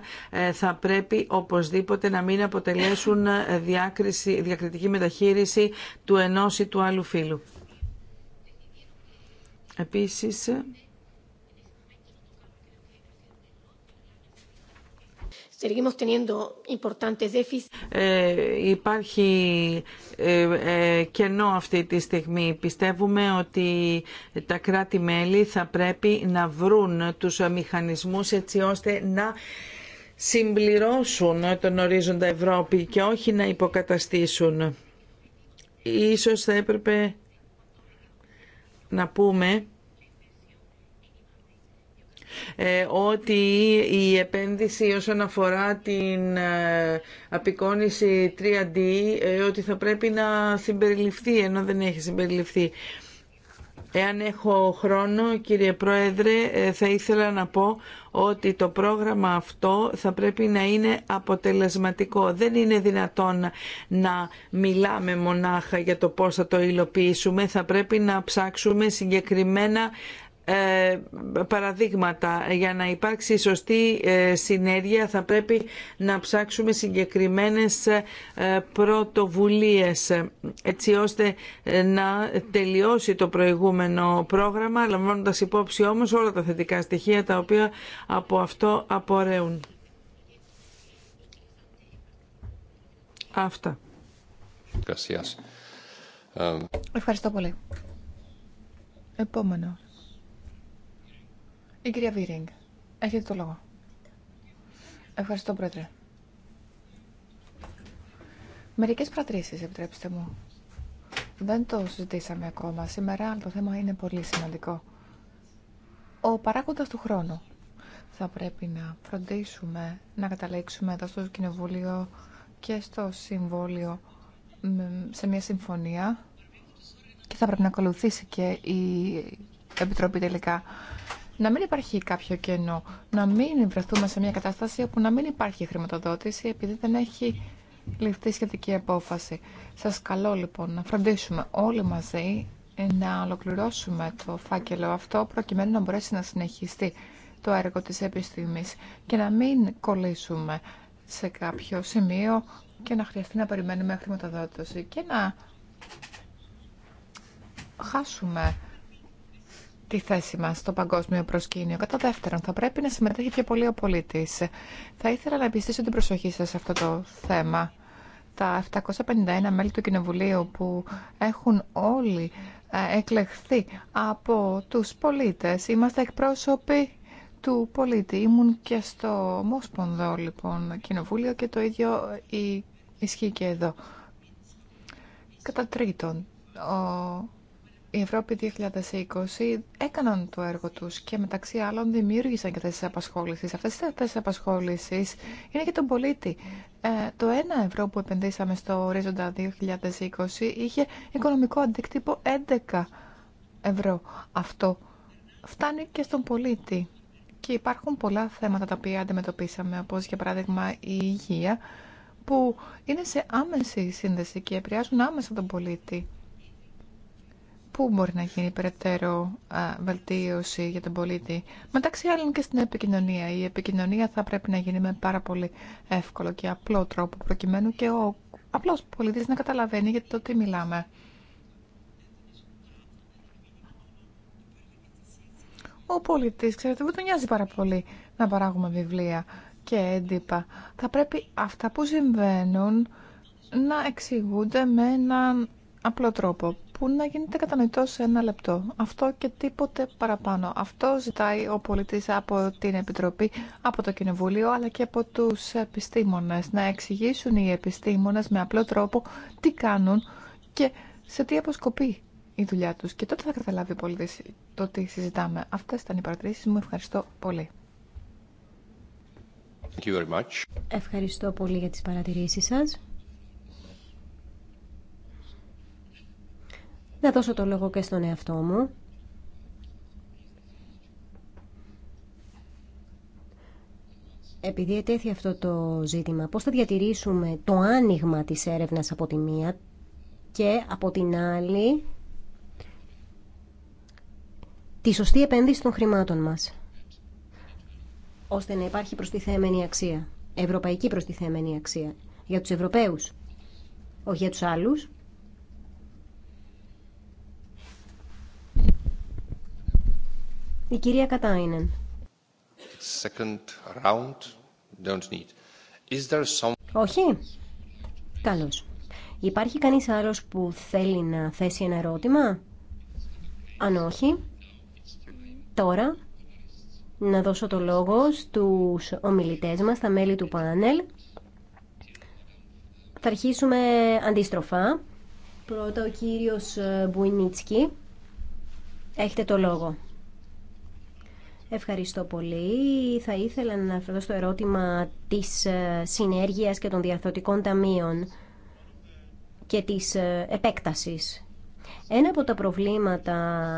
θα πρέπει πρέπει οπωσδήποτε να μην αποτελέσουν διακριτική μεταχείριση του ενός ή του άλλου φίλου. Επίσης, Ε, υπάρχει ε, ε, κενό αυτή τη στιγμή. Πιστεύουμε ότι τα κράτη-μέλη θα πρέπει να βρουν τους μηχανισμούς έτσι ώστε να συμπληρώσουν τον ορίζοντα Ευρώπη και όχι να υποκαταστήσουν. Ίσως θα έπρεπε να πούμε ε, ότι η επένδυση όσον αφορά την ε, απεικονιση 3 3D ε, ότι θα πρέπει να συμπεριληφθεί ενώ δεν έχει συμπεριληφθεί. Εάν έχω χρόνο, κύριε Πρόεδρε, ε, θα ήθελα να πω ότι το πρόγραμμα αυτό θα πρέπει να είναι αποτελεσματικό. Δεν είναι δυνατόν να μιλάμε μονάχα για το πώς θα το υλοποιήσουμε. Θα πρέπει να ψάξουμε συγκεκριμένα ε, παραδείγματα. Για να υπάρξει σωστή ε, συνέργεια θα πρέπει να ψάξουμε συγκεκριμένες ε, πρωτοβουλίες έτσι ώστε να τελειώσει το προηγούμενο πρόγραμμα λαμβάνοντας υπόψη όμως όλα τα θετικά στοιχεία τα οποία από αυτό απορρέουν. Αυτά. Ευχαριστώ πολύ. Επόμενο. Η κυρία Βίρινγκ, έχετε το λόγο. Ευχαριστώ, Πρόεδρε. Μερικέ πρατρήσει, επιτρέψτε μου. Δεν το συζητήσαμε ακόμα σήμερα, αλλά το θέμα είναι πολύ σημαντικό. Ο παράγοντα του χρόνου. Θα πρέπει να φροντίσουμε να καταλήξουμε εδώ στο Κοινοβούλιο και στο Συμβόλιο σε μια συμφωνία και θα πρέπει να ακολουθήσει και η Επιτροπή τελικά να μην υπάρχει κάποιο κενό, να μην βρεθούμε σε μια κατάσταση όπου να μην υπάρχει χρηματοδότηση επειδή δεν έχει ληφθεί σχετική απόφαση. Σας καλώ λοιπόν να φροντίσουμε όλοι μαζί να ολοκληρώσουμε το φάκελο αυτό προκειμένου να μπορέσει να συνεχιστεί το έργο της επιστήμης και να μην κολλήσουμε σε κάποιο σημείο και να χρειαστεί να περιμένουμε χρηματοδότηση και να χάσουμε τη θέση μα στο παγκόσμιο προσκήνιο. Κατά δεύτερον, θα πρέπει να συμμετέχει πιο πολύ ο πολίτης. Θα ήθελα να επιστήσω την προσοχή σα σε αυτό το θέμα. Τα 751 μέλη του Κοινοβουλίου που έχουν όλοι ε, εκλεχθεί από τους πολίτες. Είμαστε εκπρόσωποι του πολίτη. Ήμουν και στο Μόσπονδο, λοιπόν, Κοινοβούλιο και το ίδιο ε, ισχύει και εδώ. Κατά τρίτον, ο η Ευρώπη 2020 έκαναν το έργο τους και μεταξύ άλλων δημιούργησαν και θέσεις απασχόλησης. Αυτές οι θέσεις απασχόλησης είναι για τον πολίτη. Ε, το 1 ευρώ που επενδύσαμε στο ορίζοντα 2020 είχε οικονομικό αντίκτυπο 11 ευρώ. Αυτό φτάνει και στον πολίτη. Και υπάρχουν πολλά θέματα τα οποία αντιμετωπίσαμε, όπως για παράδειγμα η υγεία, που είναι σε άμεση σύνδεση και επηρεάζουν άμεσα τον πολίτη. Πού μπορεί να γίνει περαιτέρω βελτίωση για τον πολίτη. Μεταξύ άλλων και στην επικοινωνία. Η επικοινωνία θα πρέπει να γίνει με πάρα πολύ εύκολο και απλό τρόπο, προκειμένου και ο απλός πολίτης να καταλαβαίνει για το τι μιλάμε. Ο πολίτης, ξέρετε, δεν τον νοιάζει πάρα πολύ να παράγουμε βιβλία και έντυπα. Θα πρέπει αυτά που συμβαίνουν να εξηγούνται με έναν απλό τρόπο που να γίνεται κατανοητό σε ένα λεπτό. Αυτό και τίποτε παραπάνω. Αυτό ζητάει ο πολιτή από την Επιτροπή, από το Κοινοβούλιο, αλλά και από τους επιστήμονες. Να εξηγήσουν οι επιστήμονες με απλό τρόπο τι κάνουν και σε τι αποσκοπεί η δουλειά τους. Και τότε θα καταλάβει ο πολίτης το τι συζητάμε. Αυτέ ήταν οι παρατηρήσει μου. Ευχαριστώ πολύ. Ευχαριστώ πολύ για τις παρατηρήσει σας. Να δώσω το λόγο και στον εαυτό μου. Επειδή ετέθη αυτό το ζήτημα, πώς θα διατηρήσουμε το άνοιγμα της έρευνας από τη μία και από την άλλη τη σωστή επένδυση των χρημάτων μας, ώστε να υπάρχει προστιθέμενη αξία, ευρωπαϊκή προστιθέμενη αξία, για τους Ευρωπαίους, όχι για τους άλλους, Η κυρία Κατάινεν. Second round, don't Όχι. Καλώς. Υπάρχει κανείς άλλος που θέλει να θέσει ένα ερώτημα? Αν όχι, τώρα να δώσω το λόγο στους ομιλητές μας, στα μέλη του πάνελ. Θα αρχίσουμε αντίστροφα. Πρώτα ο κύριος Μπουινίτσκι. Έχετε το λόγο. Ευχαριστώ πολύ. Θα ήθελα να αναφερθώ στο ερώτημα της ε, συνέργειας και των διαρθρωτικών ταμείων και της ε, επέκτασης. Ένα από τα προβλήματα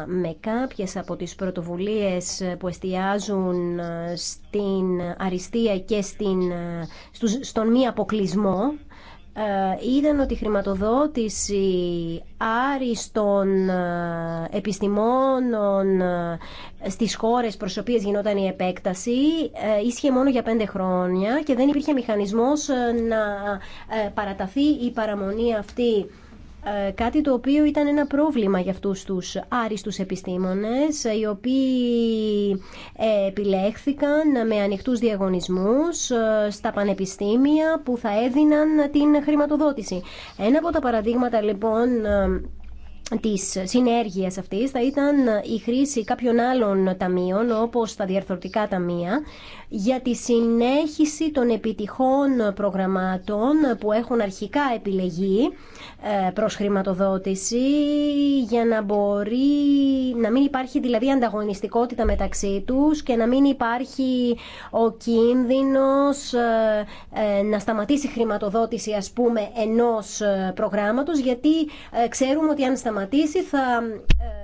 με κάποιες από τις πρωτοβουλίες ε, που εστιάζουν στην αριστεία και στην, στον μη αποκλεισμό ε, είδαν ότι η χρηματοδότηση άριστων ε, επιστημόνων ε, στις χώρες προς οποίες γινόταν η επέκταση ίσχυε μόνο για πέντε χρόνια και δεν υπήρχε μηχανισμός να παραταθεί η παραμονή αυτή ε, κάτι το οποίο ήταν ένα πρόβλημα για αυτούς τους άριστους επιστήμονες οι οποίοι ε, επιλέχθηκαν με ανοιχτούς διαγωνισμούς ε, στα πανεπιστήμια που θα έδιναν την χρηματοδότηση. Ένα από τα παραδείγματα λοιπόν της συνέργειας αυτής θα ήταν η χρήση κάποιων άλλων ταμείων όπως τα διαρθρωτικά ταμεία για τη συνέχιση των επιτυχών προγραμμάτων που έχουν αρχικά επιλεγεί ε, προς χρηματοδότηση για να μπορεί να μην υπάρχει δηλαδή ανταγωνιστικότητα μεταξύ τους και να μην υπάρχει ο κίνδυνος ε, ε, να σταματήσει χρηματοδότηση ας πούμε ενός προγράμματος γιατί ξέρουμε ότι αν σταματήσει θα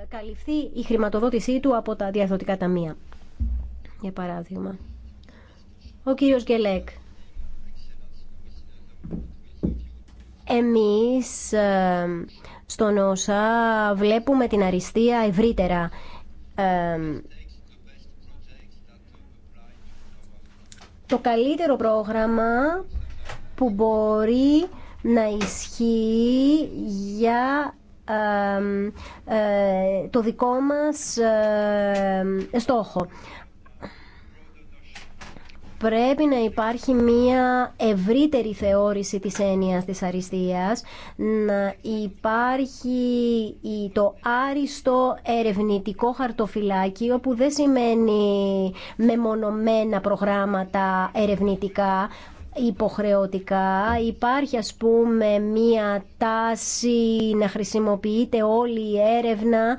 καλυφθεί η χρηματοδότησή του από τα διαδοτικά ταμεία για παράδειγμα. Ο κύριος Γκελέκ. Εμείς ε, στον ΩΣΑ βλέπουμε την αριστεία ευρύτερα. Ε, το καλύτερο πρόγραμμα που μπορεί να ισχύει για ε, το δικό μας στόχο πρέπει να υπάρχει μία ευρύτερη θεώρηση της έννοιας της αριστείας, να υπάρχει το άριστο ερευνητικό χαρτοφυλάκιο που δεν σημαίνει μεμονωμένα προγράμματα ερευνητικά, υποχρεωτικά. Υπάρχει ας πούμε μία τάση να χρησιμοποιείται όλη η έρευνα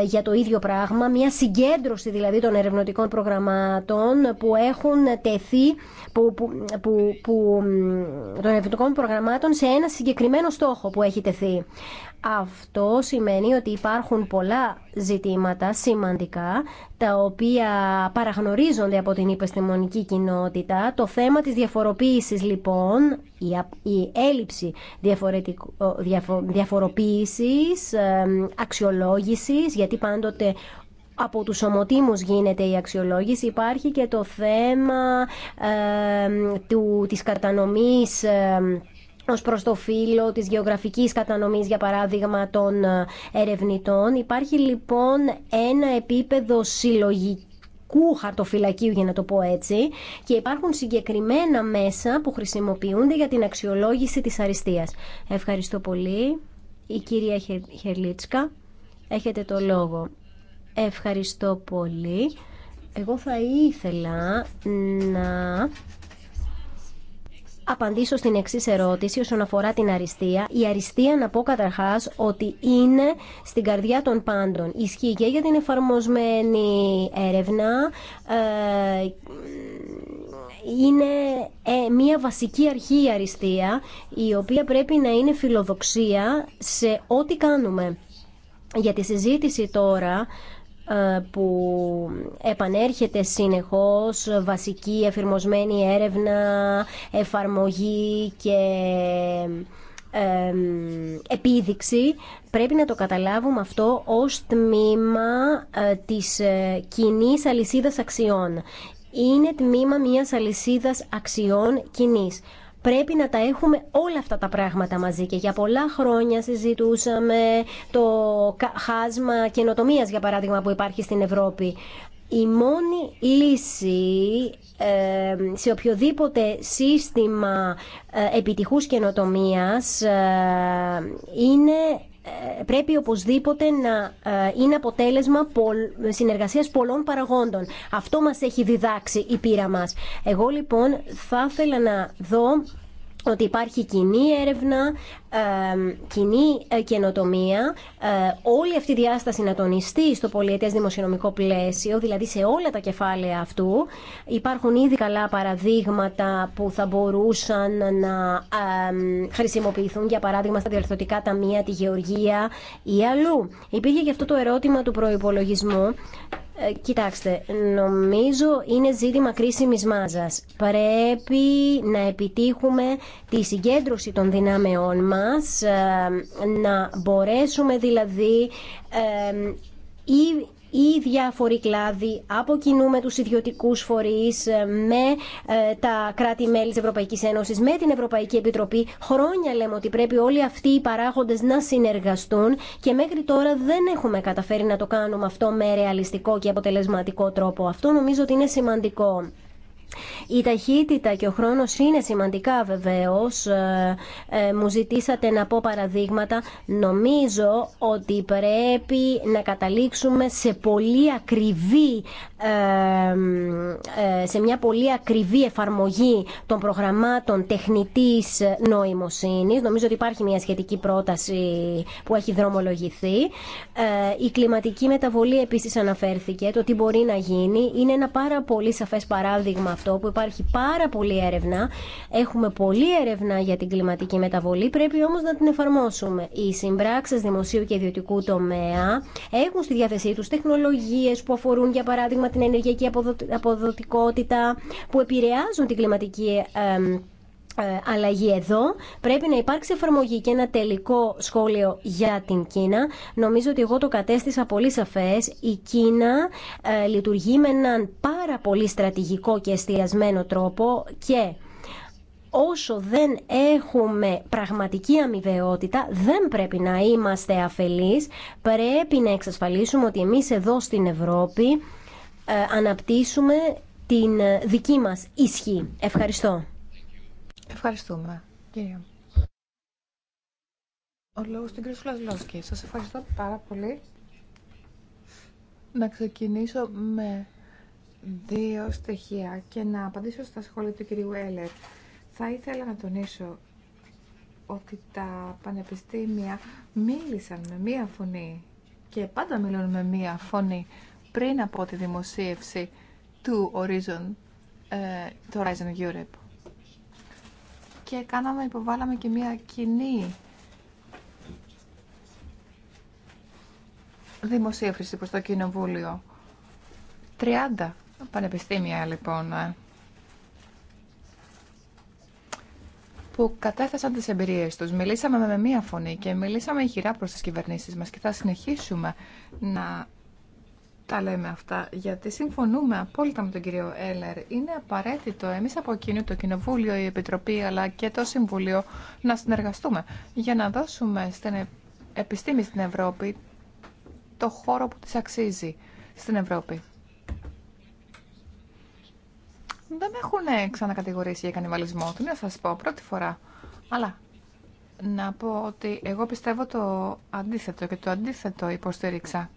ε, για το ίδιο πράγμα, μία συγκέντρωση δηλαδή των ερευνητικών προγραμμάτων που έχουν τεθεί που, που, που, των ερευνητικών προγραμμάτων σε ένα συγκεκριμένο στόχο που έχει τεθεί. Αυτό σημαίνει ότι υπάρχουν πολλά ζητήματα σημαντικά τα οποία παραγνωρίζονται από την επιστημονική κοινότητα. Το θέμα της διαφοροποίησης λοιπόν, η έλλειψη διαφο, διαφοροποίησης, αξιολόγησης, γιατί πάντοτε από τους ομοτήμους γίνεται η αξιολόγηση. Υπάρχει και το θέμα του, της κατανομής ως προς το φύλλο της γεωγραφικής κατανομής, για παράδειγμα, των ε, ερευνητών. Υπάρχει λοιπόν ένα επίπεδο συλλογική χαρτοφυλακίου, για να το πω έτσι, και υπάρχουν συγκεκριμένα μέσα που χρησιμοποιούνται για την αξιολόγηση της αριστείας. Ευχαριστώ πολύ. Η κυρία Χερλίτσκα, έχετε το λόγο. Ευχαριστώ πολύ. Εγώ θα ήθελα να απαντήσω στην εξή ερώτηση όσον αφορά την αριστεία. Η αριστεία, να πω καταρχά, ότι είναι στην καρδιά των πάντων. Ισχύει και για την εφαρμοσμένη έρευνα. Ε, είναι ε, μια βασική αρχή η αριστεία, η οποία πρέπει να είναι φιλοδοξία σε ό,τι κάνουμε. Για τη συζήτηση τώρα ε, που επανέρχεται συνεχώς βασική εφηρμοσμένη έρευνα, εφαρμογή και ε, επίδειξη πρέπει να το καταλάβουμε αυτό ως τμήμα ε, της κοινή αλυσίδας αξιών. Είναι τμήμα μιας αλυσίδας αξιών κοινής. Πρέπει να τα έχουμε όλα αυτά τα πράγματα μαζί και για πολλά χρόνια συζητούσαμε το χάσμα καινοτομίας για παράδειγμα που υπάρχει στην Ευρώπη. Η μόνη λύση σε οποιοδήποτε σύστημα ε, επιτυχούς καινοτομίας ε, είναι ε, πρέπει οπωσδήποτε να ε, είναι αποτέλεσμα συνεργασίας πολλών παραγόντων. Αυτό μας έχει διδάξει η πείρα μας. Εγώ λοιπόν θα ήθελα να δω ότι υπάρχει κοινή έρευνα, κοινή ε, καινοτομία, ε, όλη αυτή η διάσταση να τονιστεί στο πολιετές δημοσιονομικό πλαίσιο, δηλαδή σε όλα τα κεφάλαια αυτού. Υπάρχουν ήδη καλά παραδείγματα που θα μπορούσαν να χρησιμοποιηθούν, για παράδειγμα, στα διορθωτικά ταμεία, τη γεωργία ή αλλού. Υπήρχε και αυτό το ερώτημα του προϋπολογισμού ε, κοιτάξτε, νομίζω είναι ζήτημα κρίσιμη μάζας. Πρέπει να επιτύχουμε τη συγκέντρωση των δυνάμεών μας, ε, να μπορέσουμε δηλαδή ε, ή οι διάφοροι κλάδοι από κοινού με τους ιδιωτικούς φορείς, ε, με ε, τα κράτη-μέλη της Ευρωπαϊκής Ένωσης, με την Ευρωπαϊκή Επιτροπή. Χρόνια λέμε ότι πρέπει όλοι αυτοί οι παράγοντες να συνεργαστούν και μέχρι τώρα δεν έχουμε καταφέρει να το κάνουμε αυτό με ρεαλιστικό και αποτελεσματικό τρόπο. Αυτό νομίζω ότι είναι σημαντικό. Η ταχύτητα και ο χρόνος είναι σημαντικά βεβαίως. Ε, ε, μου ζητήσατε να πω παραδείγματα. Νομίζω ότι πρέπει να καταλήξουμε σε πολύ ακριβή ε, σε μια πολύ ακριβή εφαρμογή των προγραμμάτων τεχνητής νοημοσύνης. Νομίζω ότι υπάρχει μια σχετική πρόταση που έχει δρομολογηθεί. Η κλιματική μεταβολή επίσης αναφέρθηκε. Το τι μπορεί να γίνει είναι ένα πάρα πολύ σαφές παράδειγμα αυτό που υπάρχει πάρα πολύ έρευνα. Έχουμε πολλή έρευνα για την κλιματική μεταβολή, πρέπει όμως να την εφαρμόσουμε. Οι συμπράξει δημοσίου και ιδιωτικού τομέα έχουν στη διάθεσή του τεχνολογίες που αφορούν για παράδειγμα την ενεργειακή αποδοτικότητα, που επηρεάζουν την κλιματική ε, ε, αλλαγή εδώ. Πρέπει να υπάρξει εφαρμογή και ένα τελικό σχόλιο για την Κίνα. Νομίζω ότι εγώ το κατέστησα πολύ σαφές. Η Κίνα ε, λειτουργεί με έναν πάρα πολύ στρατηγικό και εστιασμένο τρόπο και όσο δεν έχουμε πραγματική αμοιβαιότητα, δεν πρέπει να είμαστε αφελείς. Πρέπει να εξασφαλίσουμε ότι εμείς εδώ στην Ευρώπη ε, αναπτύσσουμε την δική μας ισχύ. Ευχαριστώ. Ευχαριστούμε, κύριε. Ο λόγο του κ. Σουλασλόσκη. Σα ευχαριστώ πάρα πολύ. Να ξεκινήσω με δύο στοιχεία και να απαντήσω στα σχόλια του κυρίου Έλερ. Θα ήθελα να τονίσω ότι τα πανεπιστήμια μίλησαν με μία φωνή και πάντα μιλούν με μία φωνή πριν από τη δημοσίευση του Horizon, ε, Horizon Europe και κάναμε, υποβάλαμε και μια κοινή δημοσίευση προς το Κοινοβούλιο. 30 πανεπιστήμια λοιπόν ε, που κατέθεσαν τις εμπειρίες τους. Μιλήσαμε με μία φωνή και μιλήσαμε χειρά προς τις κυβερνήσεις μας και θα συνεχίσουμε να τα λέμε αυτά, γιατί συμφωνούμε απόλυτα με τον κύριο Έλερ. Είναι απαραίτητο εμείς από εκείνο το Κοινοβούλιο, η Επιτροπή αλλά και το Συμβούλιο να συνεργαστούμε για να δώσουμε στην ε- επιστήμη στην Ευρώπη το χώρο που της αξίζει στην Ευρώπη. Δεν με έχουν ξανακατηγορήσει για κανιβαλισμό, τι να σας πω, πρώτη φορά. Αλλά να πω ότι εγώ πιστεύω το αντίθετο και το αντίθετο υποστήριξα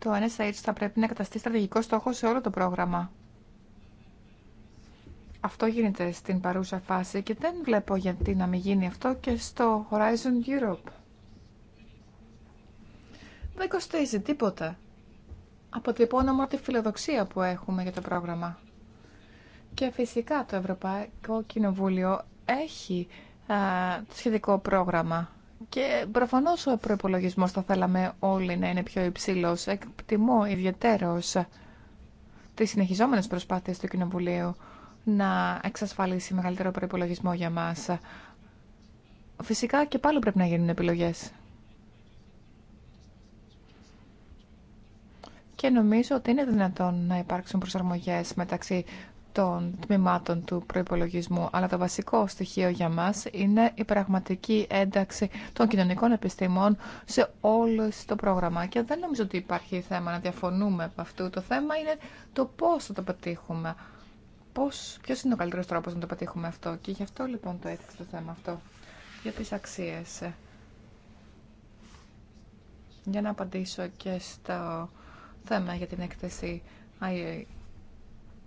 το NSH θα πρέπει να καταστεί στρατηγικό στόχο σε όλο το πρόγραμμα. Αυτό γίνεται στην παρούσα φάση και δεν βλέπω γιατί να μην γίνει αυτό και στο Horizon Europe. Δεν κοστίζει τίποτα. Αποτυπώνω μόνο τη φιλοδοξία που έχουμε για το πρόγραμμα. Και φυσικά το Ευρωπαϊκό Κοινοβούλιο έχει α, σχετικό πρόγραμμα και προφανώ ο προπολογισμό θα θέλαμε όλοι να είναι πιο υψηλός. Εκτιμώ ιδιαίτερω τι συνεχιζόμενε προσπάθειε του Κοινοβουλίου να εξασφαλίσει μεγαλύτερο προπολογισμό για μα. Φυσικά και πάλι πρέπει να γίνουν επιλογέ. Και νομίζω ότι είναι δυνατόν να υπάρξουν προσαρμογές μεταξύ των τμήματων του προϋπολογισμού, αλλά το βασικό στοιχείο για μας είναι η πραγματική ένταξη των κοινωνικών επιστήμων σε όλο το πρόγραμμα. Και δεν νομίζω ότι υπάρχει θέμα να διαφωνούμε από αυτού. Το θέμα είναι το πώς θα το πετύχουμε. Πώς, ποιος είναι ο καλύτερος τρόπος να το πετύχουμε αυτό. Και γι' αυτό λοιπόν το έθιξε το θέμα αυτό. Για τις αξίες. Για να απαντήσω και στο θέμα για την έκθεση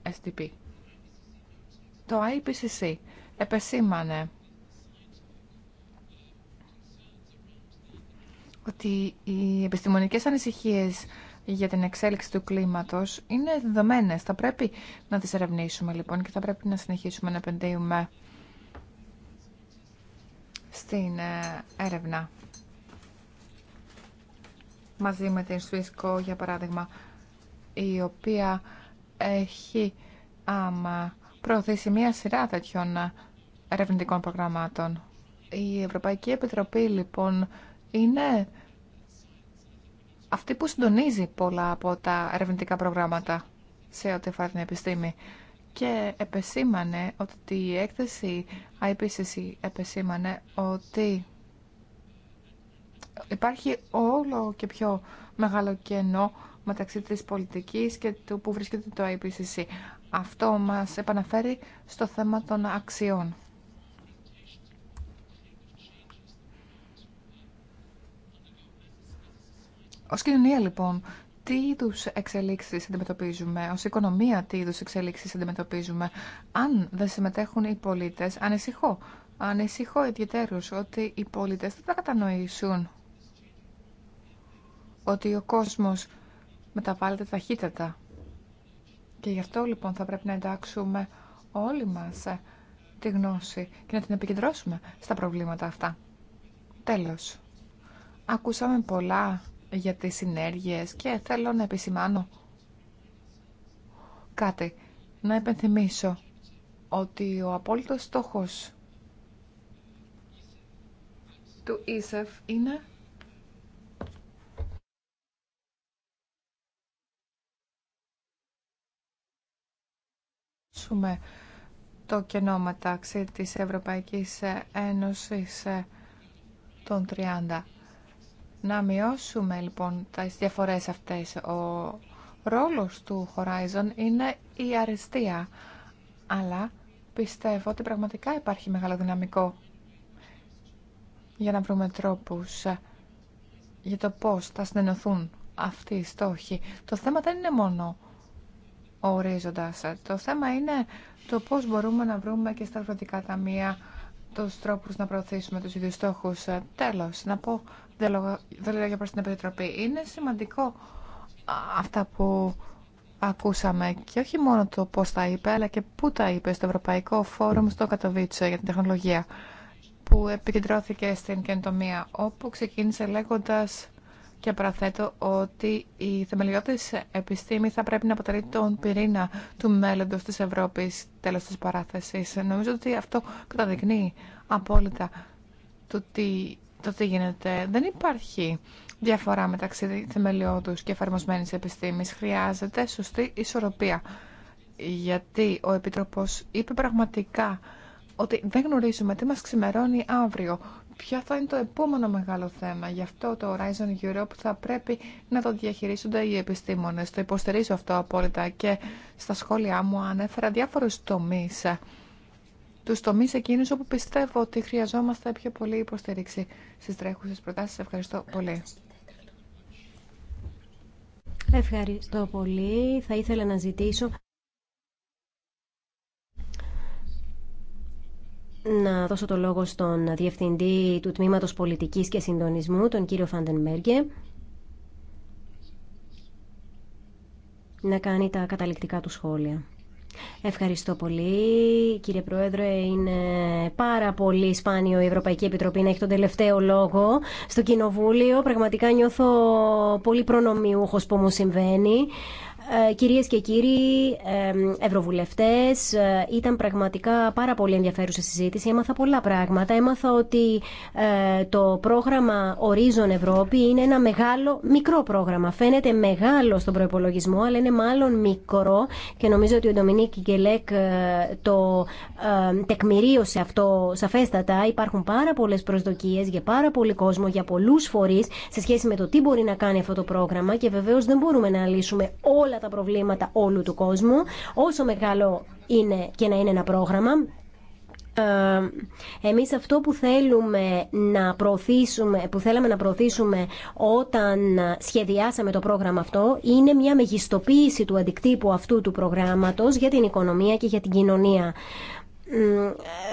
SDP. Το IPCC επεσήμανε ότι οι επιστημονικές ανησυχίες για την εξέλιξη του κλίματος είναι δεδομένες. Θα πρέπει να τις ερευνήσουμε λοιπόν και θα πρέπει να συνεχίσουμε να επενδύουμε στην ε, έρευνα. Μαζί με την Σουίσκο, για παράδειγμα, η οποία έχει άμα προωθήσει μια σειρά τέτοιων ε, ερευνητικών προγραμμάτων. Η Ευρωπαϊκή Επιτροπή λοιπόν είναι αυτή που συντονίζει πολλά από τα ερευνητικά προγράμματα σε ό,τι αφορά την επιστήμη και επεσήμανε ότι η έκθεση IPCC επεσήμανε ότι υπάρχει όλο και πιο μεγάλο κενό μεταξύ της πολιτικής και του που βρίσκεται το IPCC. Αυτό μας επαναφέρει στο θέμα των αξιών. Ως κοινωνία λοιπόν, τι είδους εξελίξεις αντιμετωπίζουμε, ως οικονομία τι είδους εξελίξεις αντιμετωπίζουμε. Αν δεν συμμετέχουν οι πολίτες, ανησυχώ. Ανησυχώ ιδιαίτερως ότι οι πολίτες δεν θα κατανοήσουν ότι ο κόσμος μεταβάλλεται ταχύτατα και γι' αυτό λοιπόν θα πρέπει να εντάξουμε όλοι μας ε, τη γνώση και να την επικεντρώσουμε στα προβλήματα αυτά. Τέλος. Ακούσαμε πολλά για τις συνέργειες και θέλω να επισημάνω κάτι. Να υπενθυμίσω ότι ο απόλυτος στόχος του ΙΣΕΦ είναι μειώσουμε το κενό μεταξύ της Ευρωπαϊκής Ένωσης ε, των 30. Να μειώσουμε λοιπόν τις διαφορές αυτές. Ο ρόλος του Horizon είναι η αριστεία. Αλλά πιστεύω ότι πραγματικά υπάρχει μεγάλο δυναμικό για να βρούμε τρόπους ε, για το πώς θα συνενωθούν αυτοί οι στόχοι. Το θέμα δεν είναι μόνο ορίζοντας. Το θέμα είναι το πώς μπορούμε να βρούμε και στα αγροτικά ταμεία τους τρόπους να προωθήσουμε τους ίδιους στόχους. Τέλος, να πω δεν λόγια προς την Επιτροπή. Είναι σημαντικό αυτά που ακούσαμε και όχι μόνο το πώς τα είπε, αλλά και πού τα είπε στο Ευρωπαϊκό Φόρουμ στο Κατοβίτσο για την τεχνολογία που επικεντρώθηκε στην καινοτομία, όπου ξεκίνησε λέγοντας και παραθέτω ότι η θεμελιώδης επιστήμη θα πρέπει να αποτελεί τον πυρήνα του μέλλοντος της Ευρώπης τέλος της παράθεσης. Νομίζω ότι αυτό καταδεικνύει απόλυτα το τι, το τι γίνεται. Δεν υπάρχει διαφορά μεταξύ θεμελιώδους και εφαρμοσμένης επιστήμης. Χρειάζεται σωστή ισορροπία. Γιατί ο Επιτροπός είπε πραγματικά ότι δεν γνωρίζουμε τι μας ξημερώνει αύριο ποια θα είναι το επόμενο μεγάλο θέμα. Γι' αυτό το Horizon Europe θα πρέπει να το διαχειρίσουν οι επιστήμονες. Το υποστηρίζω αυτό απόλυτα και στα σχόλιά μου ανέφερα διάφορους τομείς. Τους τομείς εκείνους όπου πιστεύω ότι χρειαζόμαστε πιο πολύ υποστήριξη στις τρέχουσες προτάσεις. Ευχαριστώ πολύ. Ευχαριστώ πολύ. Θα ήθελα να ζητήσω να δώσω το λόγο στον Διευθυντή του Τμήματος Πολιτικής και Συντονισμού, τον κύριο Φαντενμπέργκε, να κάνει τα καταληκτικά του σχόλια. Ευχαριστώ πολύ. Κύριε Πρόεδρε, είναι πάρα πολύ σπάνιο η Ευρωπαϊκή Επιτροπή να έχει τον τελευταίο λόγο στο Κοινοβούλιο. Πραγματικά νιώθω πολύ προνομιούχος που μου συμβαίνει. Ε, κυρίες και κύριοι ε, ευρωβουλευτές, ε, ήταν πραγματικά πάρα πολύ ενδιαφέρουσα συζήτηση. Έμαθα πολλά πράγματα. Έμαθα ότι το πρόγραμμα Ορίζον Ευρώπη είναι ένα μεγάλο, μικρό πρόγραμμα. Φαίνεται μεγάλο στον προϋπολογισμό, αλλά είναι μάλλον μικρό και νομίζω ότι ο Ντομινίκ Γκελέκ το τεκμηρίωσε αυτό σαφέστατα. Υπάρχουν πάρα πολλές προσδοκίες για πάρα πολύ κόσμο, για πολλούς φορείς σε σχέση με το τι μπορεί να κάνει αυτό το πρόγραμμα και βεβαίως δεν μπορούμε να λύσουμε όλα τα προβλήματα όλου του κόσμου, όσο μεγάλο είναι και να είναι ένα πρόγραμμα. Ε, εμείς αυτό που θέλουμε να προωθήσουμε, που θέλαμε να προωθήσουμε όταν σχεδιάσαμε το πρόγραμμα αυτό είναι μια μεγιστοποίηση του αντικτύπου αυτού του προγράμματος για την οικονομία και για την κοινωνία.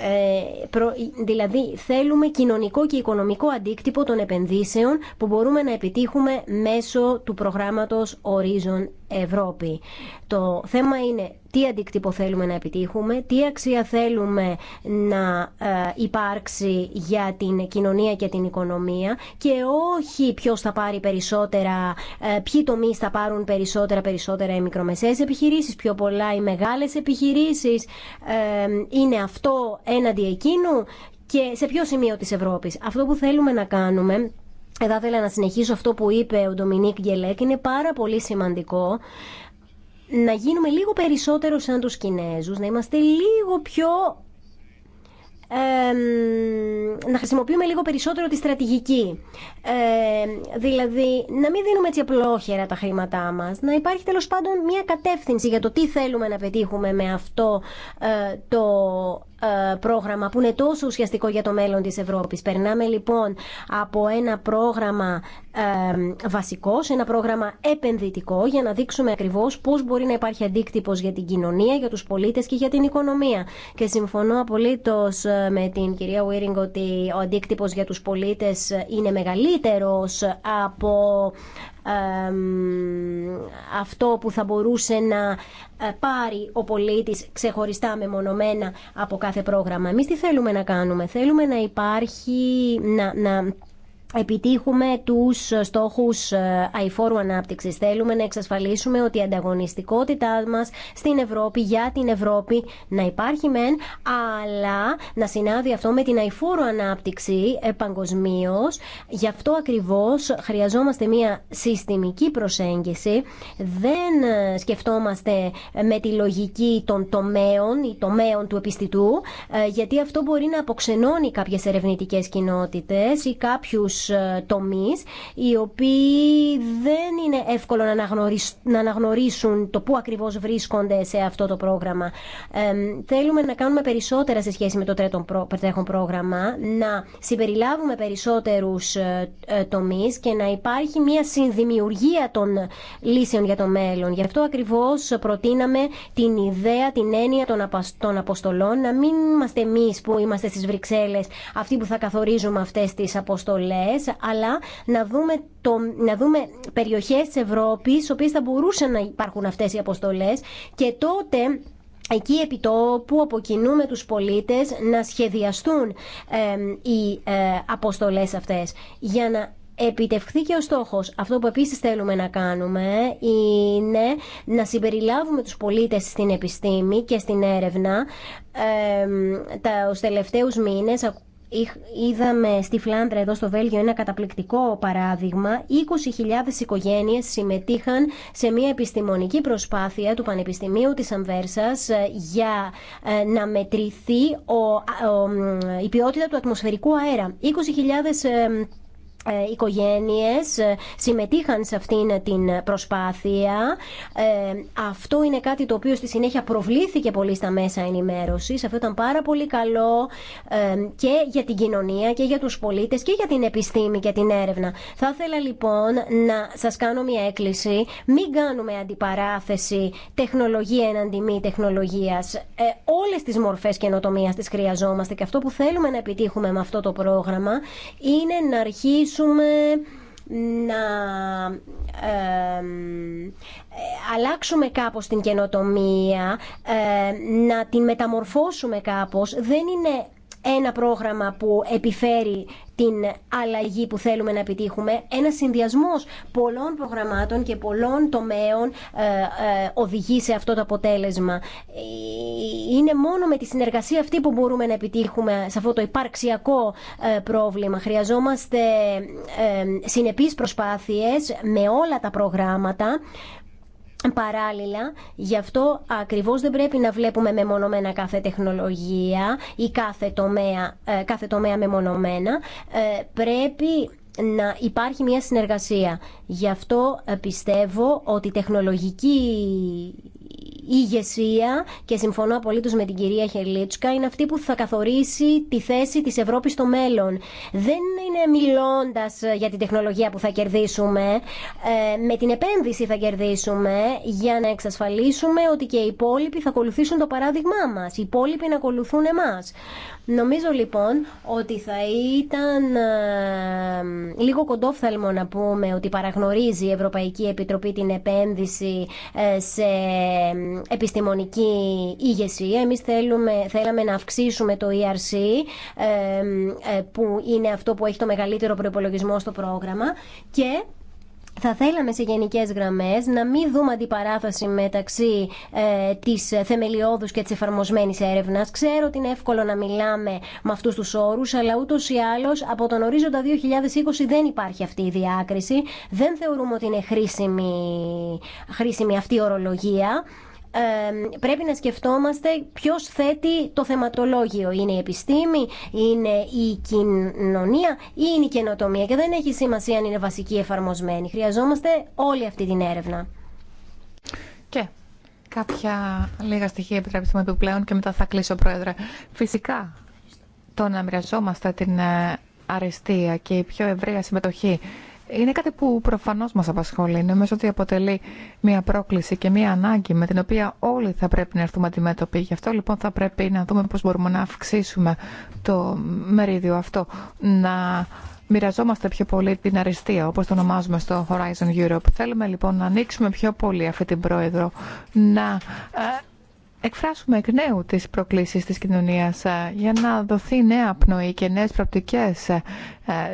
Ε, ε, δηλαδή θέλουμε κοινωνικό και οικονομικό αντίκτυπο των επενδύσεων που μπορούμε να επιτύχουμε μέσω του προγράμματος Horizon Ευρώπη. Το θέμα είναι τι αντίκτυπο θέλουμε να επιτύχουμε, τι αξία θέλουμε να ε, υπάρξει για την κοινωνία και την οικονομία και όχι ποιο θα πάρει περισσότερα, ε, ποιοι τομεί θα πάρουν περισσότερα, περισσότερα οι μικρομεσαίες επιχειρήσεις, πιο πολλά οι μεγάλες επιχειρήσεις, ε, είναι αυτό έναντι εκείνου και σε ποιο σημείο της Ευρώπης. Αυτό που θέλουμε να κάνουμε εδώ ήθελα να συνεχίσω αυτό που είπε ο Ντομινίκ Γκελέκ. Είναι πάρα πολύ σημαντικό να γίνουμε λίγο περισσότερο σαν τους Κινέζους, να είμαστε λίγο πιο... να χρησιμοποιούμε λίγο περισσότερο τη στρατηγική. Ε, δηλαδή, να μην δίνουμε έτσι απλόχερα τα χρήματά μας, να υπάρχει τέλος πάντων μια κατεύθυνση για το τι θέλουμε να πετύχουμε με αυτό ε, το ε, πρόγραμμα που είναι τόσο ουσιαστικό για το μέλλον της Ευρώπης. Περνάμε λοιπόν από ένα πρόγραμμα ε, βασικό σε ένα πρόγραμμα επενδυτικό για να δείξουμε ακριβώς πώς μπορεί να υπάρχει αντίκτυπος για την κοινωνία, για τους πολίτες και για την οικονομία. Και συμφωνώ απολύτως ε, με την κυρία Βίρινγκ ότι ο αντίκτυπος για τους πολίτες είναι μεγαλύτερος από αυτό που θα μπορούσε να ε, πάρει ο πολίτης ξεχωριστά μεμονωμένα από κάθε πρόγραμμα. Εμείς τι θέλουμε να κάνουμε. Θέλουμε να υπάρχει, να επιτύχουμε τους στόχους ε, αηφόρου ανάπτυξης. Θέλουμε να εξασφαλίσουμε ότι η ανταγωνιστικότητά μας στην Ευρώπη, για την Ευρώπη, να υπάρχει μεν, αλλά να συνάδει αυτό με την αηφόρου ανάπτυξη ε, παγκοσμίω. Γι' αυτό ακριβώς χρειαζόμαστε μια συστημική προσέγγιση. Δεν ε, σκεφτόμαστε με τη λογική των τομέων ή τομέων του επιστητού, γιατί αυτό μπορεί να αποξενώνει κάποιες ερευνητικές κοινότητες ή κάποιους ε, τομείς οι οποίοι δεν είναι εύκολο να αναγνωρίσουν το πού ακριβώς βρίσκονται σε αυτό το πρόγραμμα. Θέλουμε να κάνουμε περισσότερα σε σχέση με το τρέχον πρόγραμμα, να συμπεριλάβουμε περισσότερους ε, ε, τομείς και να υπάρχει μια συνδημιουργία των λύσεων για το μέλλον. Γι' αυτό ακριβώς προτείναμε την ιδέα, την έννοια των αποστολών, να μην είμαστε εμείς που είμαστε στις Βρυξέλλες αυτοί που θα καθορίζουμε αυτές τις αποστολές αλλά να δούμε, το, να δούμε περιοχές της Ευρώπης, στις οποίες θα μπορούσαν να υπάρχουν αυτές οι αποστολές και τότε εκεί επιτόπου αποκινούμε που τους πολίτες να σχεδιαστούν ε, οι ε, αποστολές αυτές για να επιτευχθεί και ο στόχος. Αυτό που επίσης θέλουμε να κάνουμε είναι να συμπεριλάβουμε τους πολίτες στην επιστήμη και στην έρευνα. Ε, τα, τους τελευταίους μήνες Είδαμε στη Φλάνδρα εδώ στο Βέλγιο ένα καταπληκτικό παράδειγμα. 20.000 οικογένειες συμμετείχαν σε μια επιστημονική προσπάθεια του Πανεπιστημίου της Αμβέρσας ε, για ε, να μετρηθεί η ποιότητα του ατμοσφαιρικού αέρα. 20.000 ε, οικογένειες ε, συμμετείχαν σε αυτήν την προσπάθεια. Ε, αυτό είναι κάτι το οποίο στη συνέχεια προβλήθηκε πολύ στα μέσα ενημέρωσης. Αυτό ήταν πάρα πολύ καλό και για την κοινωνία και για τους πολίτες και για την επιστήμη και την έρευνα. Θα ήθελα λοιπόν να σας κάνω μια έκκληση. Μην κάνουμε αντιπαράθεση τεχνολογία εναντί μη τεχνολογίας. Ε, όλες τις μορφές καινοτομίας τις χρειαζόμαστε και αυτό που θέλουμε να επιτύχουμε με αυτό το πρόγραμμα είναι να αρχίσουμε να αλλάξουμε κάπως την καινοτομία, ε, να την μεταμορφώσουμε κάπως. Δεν είναι ένα πρόγραμμα που επιφέρει την αλλαγή που θέλουμε να επιτύχουμε. Ένα συνδυασμό πολλών προγραμμάτων και πολλών τομέων ε, ε, οδηγεί σε αυτό το αποτέλεσμα. Ε, είναι μόνο με τη συνεργασία αυτή που μπορούμε να επιτύχουμε σε αυτό το υπαρξιακό πρόβλημα. Χρειαζόμαστε συνεπείς προσπάθειες με όλα τα προγράμματα Παράλληλα, γι' αυτό ακριβώς δεν πρέπει να βλέπουμε μεμονωμένα κάθε τεχνολογία ή κάθε τομέα, ε, κάθε τομέα μεμονωμένα. Ε, πρέπει να υπάρχει μια συνεργασία. Γι' αυτό ε, πιστεύω ότι η τεχνολογική η ηγεσία και συμφωνώ απολύτως με την κυρία Χελίτσκα είναι αυτή που θα καθορίσει τη θέση της Ευρώπης στο μέλλον. Δεν είναι μιλώντας ε, για την τεχνολογία που θα κερδίσουμε, ε, με την επένδυση θα κερδίσουμε για να εξασφαλίσουμε ότι και οι υπόλοιποι θα ακολουθήσουν το παράδειγμά μας. Οι υπόλοιποι να ακολουθούν εμάς. Νομίζω λοιπόν ότι θα ήταν ε, λίγο κοντόφθαλμο να πούμε ότι παραγνωρίζει η Ευρωπαϊκή Επιτροπή την επένδυση ε, σε ε, επιστημονική ηγεσία. Εμείς θέλουμε, θέλαμε να αυξήσουμε το ERC που είναι αυτό που έχει το μεγαλύτερο προϋπολογισμό στο πρόγραμμα και θα θέλαμε σε γενικές γραμμές να μην δούμε αντιπαράθεση μεταξύ ε, της θεμελιώδους και της εφαρμοσμένη έρευνα. Ξέρω ότι είναι εύκολο να μιλάμε με αυτού τους όρους, αλλά ούτω ή άλλω από τον ορίζοντα 2020 δεν υπάρχει αυτή η διάκριση. Δεν θεωρούμε ότι είναι χρήσιμη αυτή η ορολογία πρέπει να σκεφτόμαστε ποιο θέτει το θεματολόγιο. Είναι η επιστήμη, είναι η κοινωνία ή είναι η καινοτομία. Και δεν έχει σημασία αν είναι βασική εφαρμοσμένη. Χρειαζόμαστε όλη αυτή την έρευνα. Και κάποια λίγα στοιχεία επιτρέψτε μου επιπλέον και μετά θα κλείσω, Πρόεδρε. Φυσικά, το να μοιραζόμαστε την ε, αριστεία και η πιο ευρεία συμμετοχή είναι κάτι που προφανώς μας απασχολεί. Νομίζω ότι αποτελεί μια πρόκληση και μια ανάγκη με την οποία όλοι θα πρέπει να έρθουμε αντιμέτωποι. Γι' αυτό λοιπόν θα πρέπει να δούμε πώς μπορούμε να αυξήσουμε το μερίδιο αυτό. Να μοιραζόμαστε πιο πολύ την αριστεία, όπως το ονομάζουμε στο Horizon Europe. Θέλουμε λοιπόν να ανοίξουμε πιο πολύ αυτή την πρόεδρο, να ε, εκφράσουμε εκ νέου τις προκλήσεις της κοινωνίας ε, για να δοθεί νέα πνοή και νέες πρακτικές ε,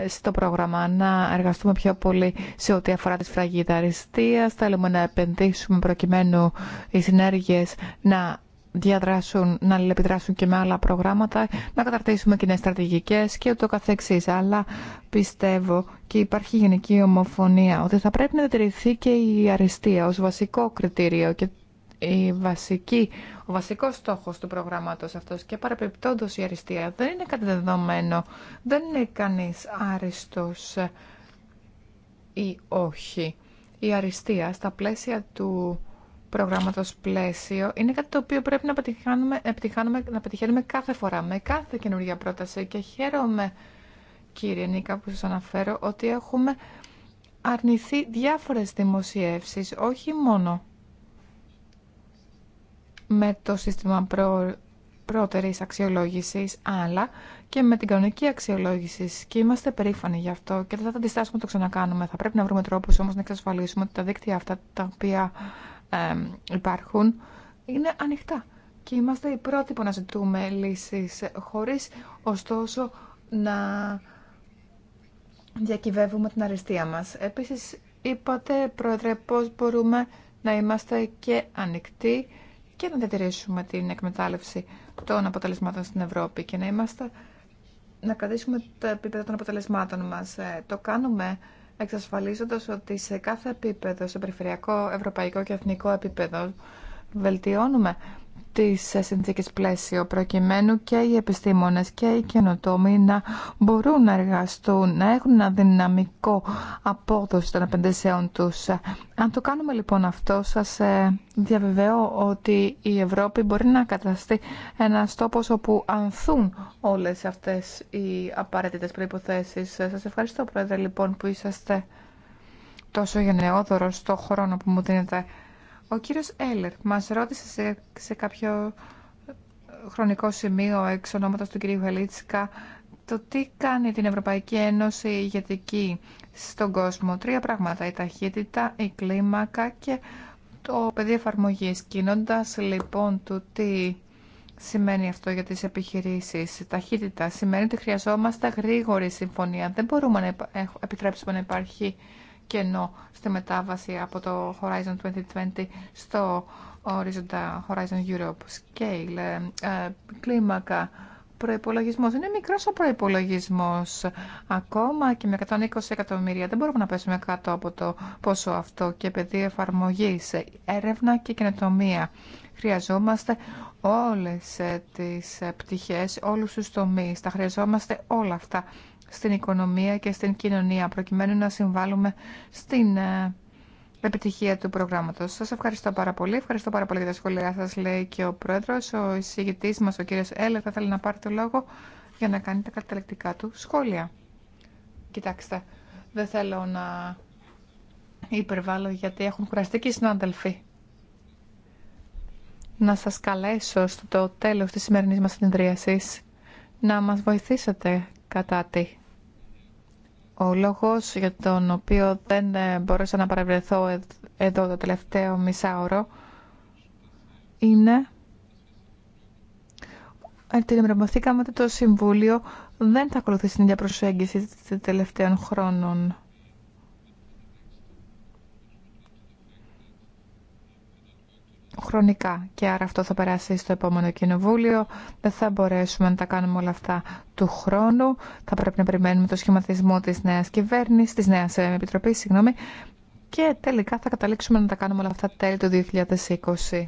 ε, στο πρόγραμμα, να εργαστούμε πιο πολύ σε ό,τι αφορά τη σφραγίδα αριστείας, θέλουμε να επενδύσουμε προκειμένου οι συνέργειες να διαδράσουν, να αλληλεπιδράσουν και με άλλα προγράμματα, να καταρτήσουμε κοινέ στρατηγικέ και ούτω καθεξής. Αλλά πιστεύω και υπάρχει γενική ομοφωνία ότι θα πρέπει να διατηρηθεί και η αριστεία ως βασικό κριτήριο και η βασική, ο βασικός στόχος του προγράμματος αυτός και παραπεπτόντως η αριστεία δεν είναι κάτι δεδομένο, δεν είναι κανείς άριστος ή όχι. Η αριστεία στα πλαίσια του προγράμματος πλαίσιο είναι κάτι το οποίο πρέπει να πετυχάνουμε, να πετυχαίνουμε κάθε φορά, με κάθε καινούργια πρόταση και χαίρομαι κύριε Νίκα που σας αναφέρω ότι έχουμε αρνηθεί διάφορες δημοσιεύσεις, όχι μόνο με το σύστημα προ... πρώτερης αξιολόγησης, αλλά και με την κανονική αξιολόγηση. Και είμαστε περήφανοι γι' αυτό και δεν θα αντιστάσουμε το ξανακάνουμε. Θα πρέπει να βρούμε τρόπους όμως να εξασφαλίσουμε ότι τα δίκτυα αυτά τα οποία υπάρχουν είναι ανοιχτά. Και είμαστε οι πρώτοι που να ζητούμε λύσεις, χωρίς ωστόσο να διακυβεύουμε την αριστεία μας. Επίσης, είπατε, Πρόεδρε, πώς μπορούμε να είμαστε και ανοιχτοί και να διατηρήσουμε την εκμετάλλευση των αποτελεσμάτων στην Ευρώπη και να είμαστε να κρατήσουμε τα επίπεδο των αποτελεσμάτων μας. Ε, το κάνουμε εξασφαλίζοντας ότι σε κάθε επίπεδο, σε περιφερειακό, ευρωπαϊκό και εθνικό επίπεδο, βελτιώνουμε τις ε, συνθήκες πλαίσιο προκειμένου και οι επιστήμονες και οι καινοτόμοι να μπορούν να εργαστούν, να έχουν ένα δυναμικό απόδοση των επενδύσεων τους. Ε, αν το κάνουμε λοιπόν αυτό, σας ε, διαβεβαιώ ότι η Ευρώπη μπορεί να καταστεί ένα τόπος όπου ανθούν όλες αυτές οι απαραίτητες προϋποθέσεις. Σας ευχαριστώ Πρόεδρε λοιπόν που είσαστε τόσο γενναιόδωρος στο χρόνο που μου δίνετε ο κύριος Έλερ μας ρώτησε σε, κάποιο χρονικό σημείο εξ ονόματος του κυρίου Βελίτσικα το τι κάνει την Ευρωπαϊκή Ένωση ηγετική στον κόσμο. Τρία πράγματα, η ταχύτητα, η κλίμακα και το πεδίο εφαρμογή. Κινώντα λοιπόν το τι σημαίνει αυτό για τις επιχειρήσεις, ταχύτητα, σημαίνει ότι χρειαζόμαστε γρήγορη συμφωνία. Δεν μπορούμε να επιτρέψουμε να υπάρχει κενό στη μετάβαση από το Horizon 2020 στο ορίζοντα Horizon Europe Scale, ε, ε, κλίμακα, προϋπολογισμός. Είναι μικρός ο προϋπολογισμός. Ακόμα και με 120 εκατομμύρια δεν μπορούμε να πέσουμε κάτω από το πόσο αυτό και εφαρμογή εφαρμογής, έρευνα και καινοτομία. Χρειαζόμαστε όλες ε, τις πτυχές, όλους τους τομείς. Τα χρειαζόμαστε όλα αυτά στην οικονομία και στην κοινωνία προκειμένου να συμβάλλουμε στην ε, επιτυχία του προγράμματος. Σας ευχαριστώ πάρα πολύ. Ευχαριστώ πάρα πολύ για τα σχόλιά σας, λέει και ο Πρόεδρος. Ο εισηγητής μας, ο κύριος Έλε, θα θέλει να πάρει το λόγο για να κάνει τα καταλεκτικά του σχόλια. Κοιτάξτε, δεν θέλω να υπερβάλλω γιατί έχουν κουραστεί και οι Να σας καλέσω στο τέλος της σημερινής μας συνεδρίασης να μας βοηθήσετε ο λόγος για τον οποίο δεν ε, μπόρεσα να παρευρεθώ εδώ το τελευταίο μισάωρο είναι ότι το Συμβούλιο δεν θα ακολουθήσει την ίδια προσέγγιση των τελευταίων χρόνων. χρονικά και άρα αυτό θα περάσει στο επόμενο κοινοβούλιο. Δεν θα μπορέσουμε να τα κάνουμε όλα αυτά του χρόνου. Θα πρέπει να περιμένουμε το σχηματισμό της νέας κυβέρνησης, της νέας ε, επιτροπής, συγγνώμη, και τελικά θα καταλήξουμε να τα κάνουμε όλα αυτά τέλη του 2020.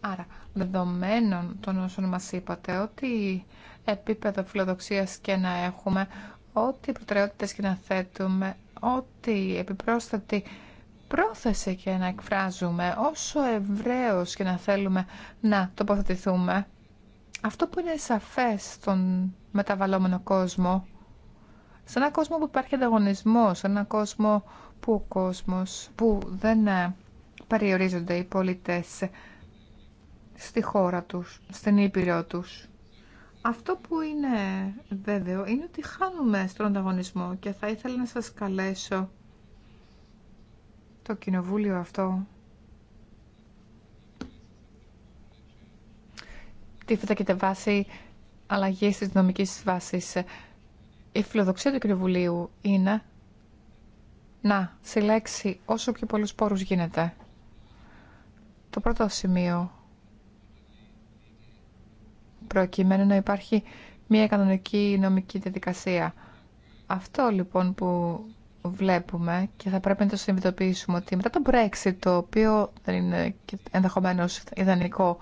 Άρα, δεδομένων των όσων μας είπατε, ότι επίπεδο φιλοδοξίας και να έχουμε, ό,τι προτεραιότητες και να θέτουμε, ό,τι επιπρόσθετη πρόθεσε και να εκφράζουμε, όσο ευρέως και να θέλουμε να τοποθετηθούμε, αυτό που είναι σαφές στον μεταβαλλόμενο κόσμο, σε έναν κόσμο που υπάρχει ανταγωνισμό, σε έναν κόσμο που, ο κόσμος, που δεν ε, περιορίζονται οι πολίτες στη χώρα τους, στην ήπειρό τους. Αυτό που είναι βέβαιο είναι ότι χάνουμε στον ανταγωνισμό και θα ήθελα να σας καλέσω το κοινοβούλιο αυτό τίθεται και βάση αλλαγή της νομική βάση. Η φιλοδοξία του Κοινοβουλίου είναι να συλλέξει όσο πιο πολλούς πόρους γίνεται. Το πρώτο σημείο προκειμένου να υπάρχει μια κανονική νομική διαδικασία. Αυτό λοιπόν που βλέπουμε και θα πρέπει να το συνειδητοποιήσουμε ότι μετά το Brexit, το οποίο δεν είναι ενδεχομένως ιδανικό,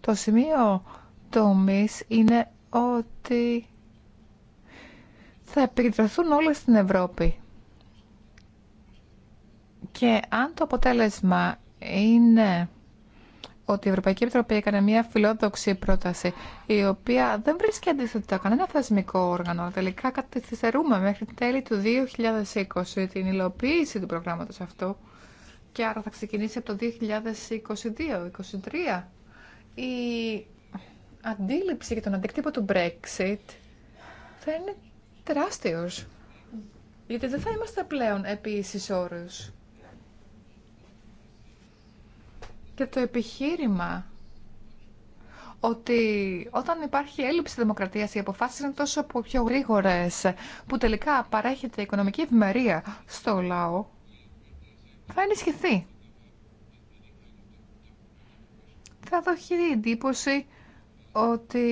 το σημείο τομή είναι ότι θα επικεντρωθούν όλες στην Ευρώπη. Και αν το αποτέλεσμα είναι ότι η Ευρωπαϊκή Επιτροπή έκανε μια φιλόδοξη πρόταση, η οποία δεν βρίσκει αντίθετα κανένα θεσμικό όργανο. Τελικά καθυστερούμε μέχρι τέλη του 2020 την υλοποίηση του προγράμματος αυτού. Και άρα θα ξεκινήσει από το 2022-2023. Η αντίληψη για τον αντίκτυπο του Brexit θα είναι τεράστιος. Γιατί δεν θα είμαστε πλέον επί όρους. και το επιχείρημα ότι όταν υπάρχει έλλειψη δημοκρατίας οι αποφάσεις είναι τόσο πιο γρήγορες που τελικά παρέχεται οικονομική ευημερία στο λαό θα ενισχυθεί. Θα δοχεί η εντύπωση ότι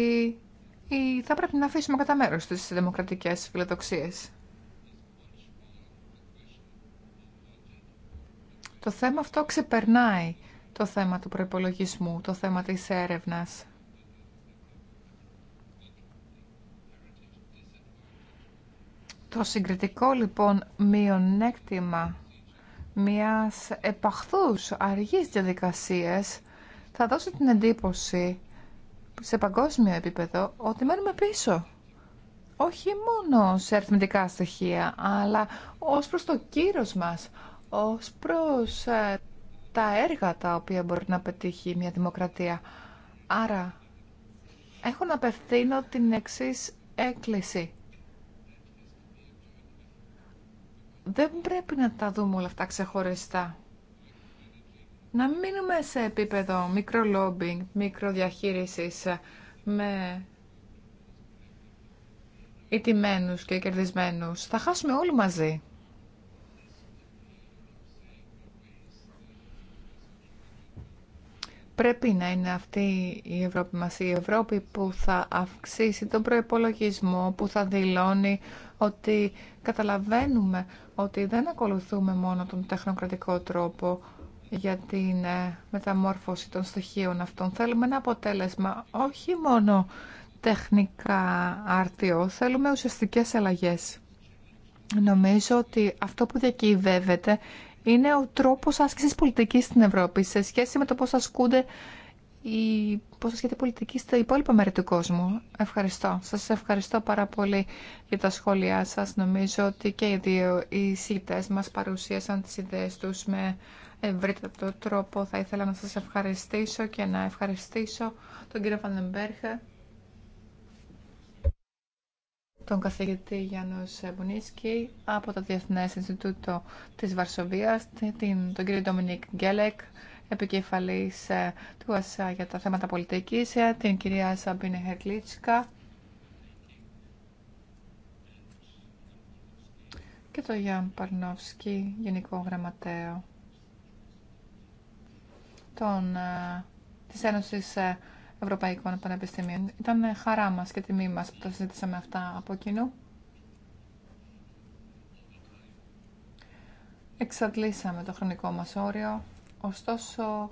θα πρέπει να αφήσουμε κατά μέρο τι δημοκρατικές φιλοδοξίες. Το θέμα αυτό ξεπερνάει το θέμα του προπολογισμού, το θέμα της έρευνας. Το συγκριτικό λοιπόν μειονέκτημα μιας επαχθούς αργής διαδικασίας θα δώσει την εντύπωση σε παγκόσμιο επίπεδο ότι μένουμε πίσω. Όχι μόνο σε αριθμητικά στοιχεία, αλλά ως προς το κύρος μας, ως προς ε, τα έργα τα οποία μπορεί να πετύχει μια δημοκρατία. Άρα, έχω να απευθύνω την εξής έκκληση. Δεν πρέπει να τα δούμε όλα αυτά ξεχωριστά. Να μείνουμε σε επίπεδο μικρολόμπινγκ, μικροδιαχείρισης ε, με ιτημένους και κερδισμένους. Θα χάσουμε όλοι μαζί. πρέπει να είναι αυτή η Ευρώπη μας, η Ευρώπη που θα αυξήσει τον προϋπολογισμό, που θα δηλώνει ότι καταλαβαίνουμε ότι δεν ακολουθούμε μόνο τον τεχνοκρατικό τρόπο για την ε, μεταμόρφωση των στοιχείων αυτών. Θέλουμε ένα αποτέλεσμα όχι μόνο τεχνικά άρτιο, θέλουμε ουσιαστικές αλλαγές. Νομίζω ότι αυτό που διακυβεύεται είναι ο τρόπος άσκησης πολιτικής στην Ευρώπη σε σχέση με το πώς ασκούνται η πώς ασκείται πολιτική στα υπόλοιπα μέρη του κόσμου. Ευχαριστώ. Σας ευχαριστώ πάρα πολύ για τα σχόλιά σας. Νομίζω ότι και οι δύο οι σύντες παρουσίασαν τις ιδέες τους με ευρύτερο τρόπο. Θα ήθελα να σας ευχαριστήσω και να ευχαριστήσω τον κύριο Φανεμπέρχε τον καθηγητή Γιάννου Μπουνίσκι από το Διεθνές Ινστιτούτο της Βαρσοβίας, την, τον κύριο Ντομινίκ Γκέλεκ, επικεφαλής ε, του ΑΣΑ για τα θέματα πολιτικής, ε, την κυρία Σαμπίνε Χερλίτσκα και τον Γιάνν Παρνόφσκι, Γενικό Γραμματέο των, ε, της Ένωσης Ευρωπαϊκών Πανεπιστημίων. Ήταν χαρά μας και τιμή μας που τα συζήτησαμε αυτά από κοινού. Εξαντλήσαμε το χρονικό μας όριο, ωστόσο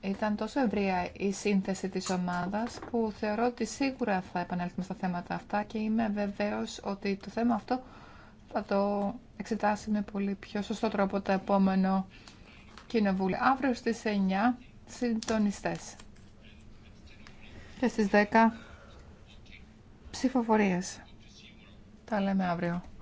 ήταν τόσο ευρία η σύνθεση της ομάδας που θεωρώ ότι σίγουρα θα επανέλθουμε στα θέματα αυτά και είμαι βεβαίως ότι το θέμα αυτό θα το εξετάσει με πολύ πιο σωστό τρόπο το επόμενο κοινοβούλιο. Αύριο στις 9 συντονιστές και στις 10 ψηφοφορίες. Τα λέμε αύριο.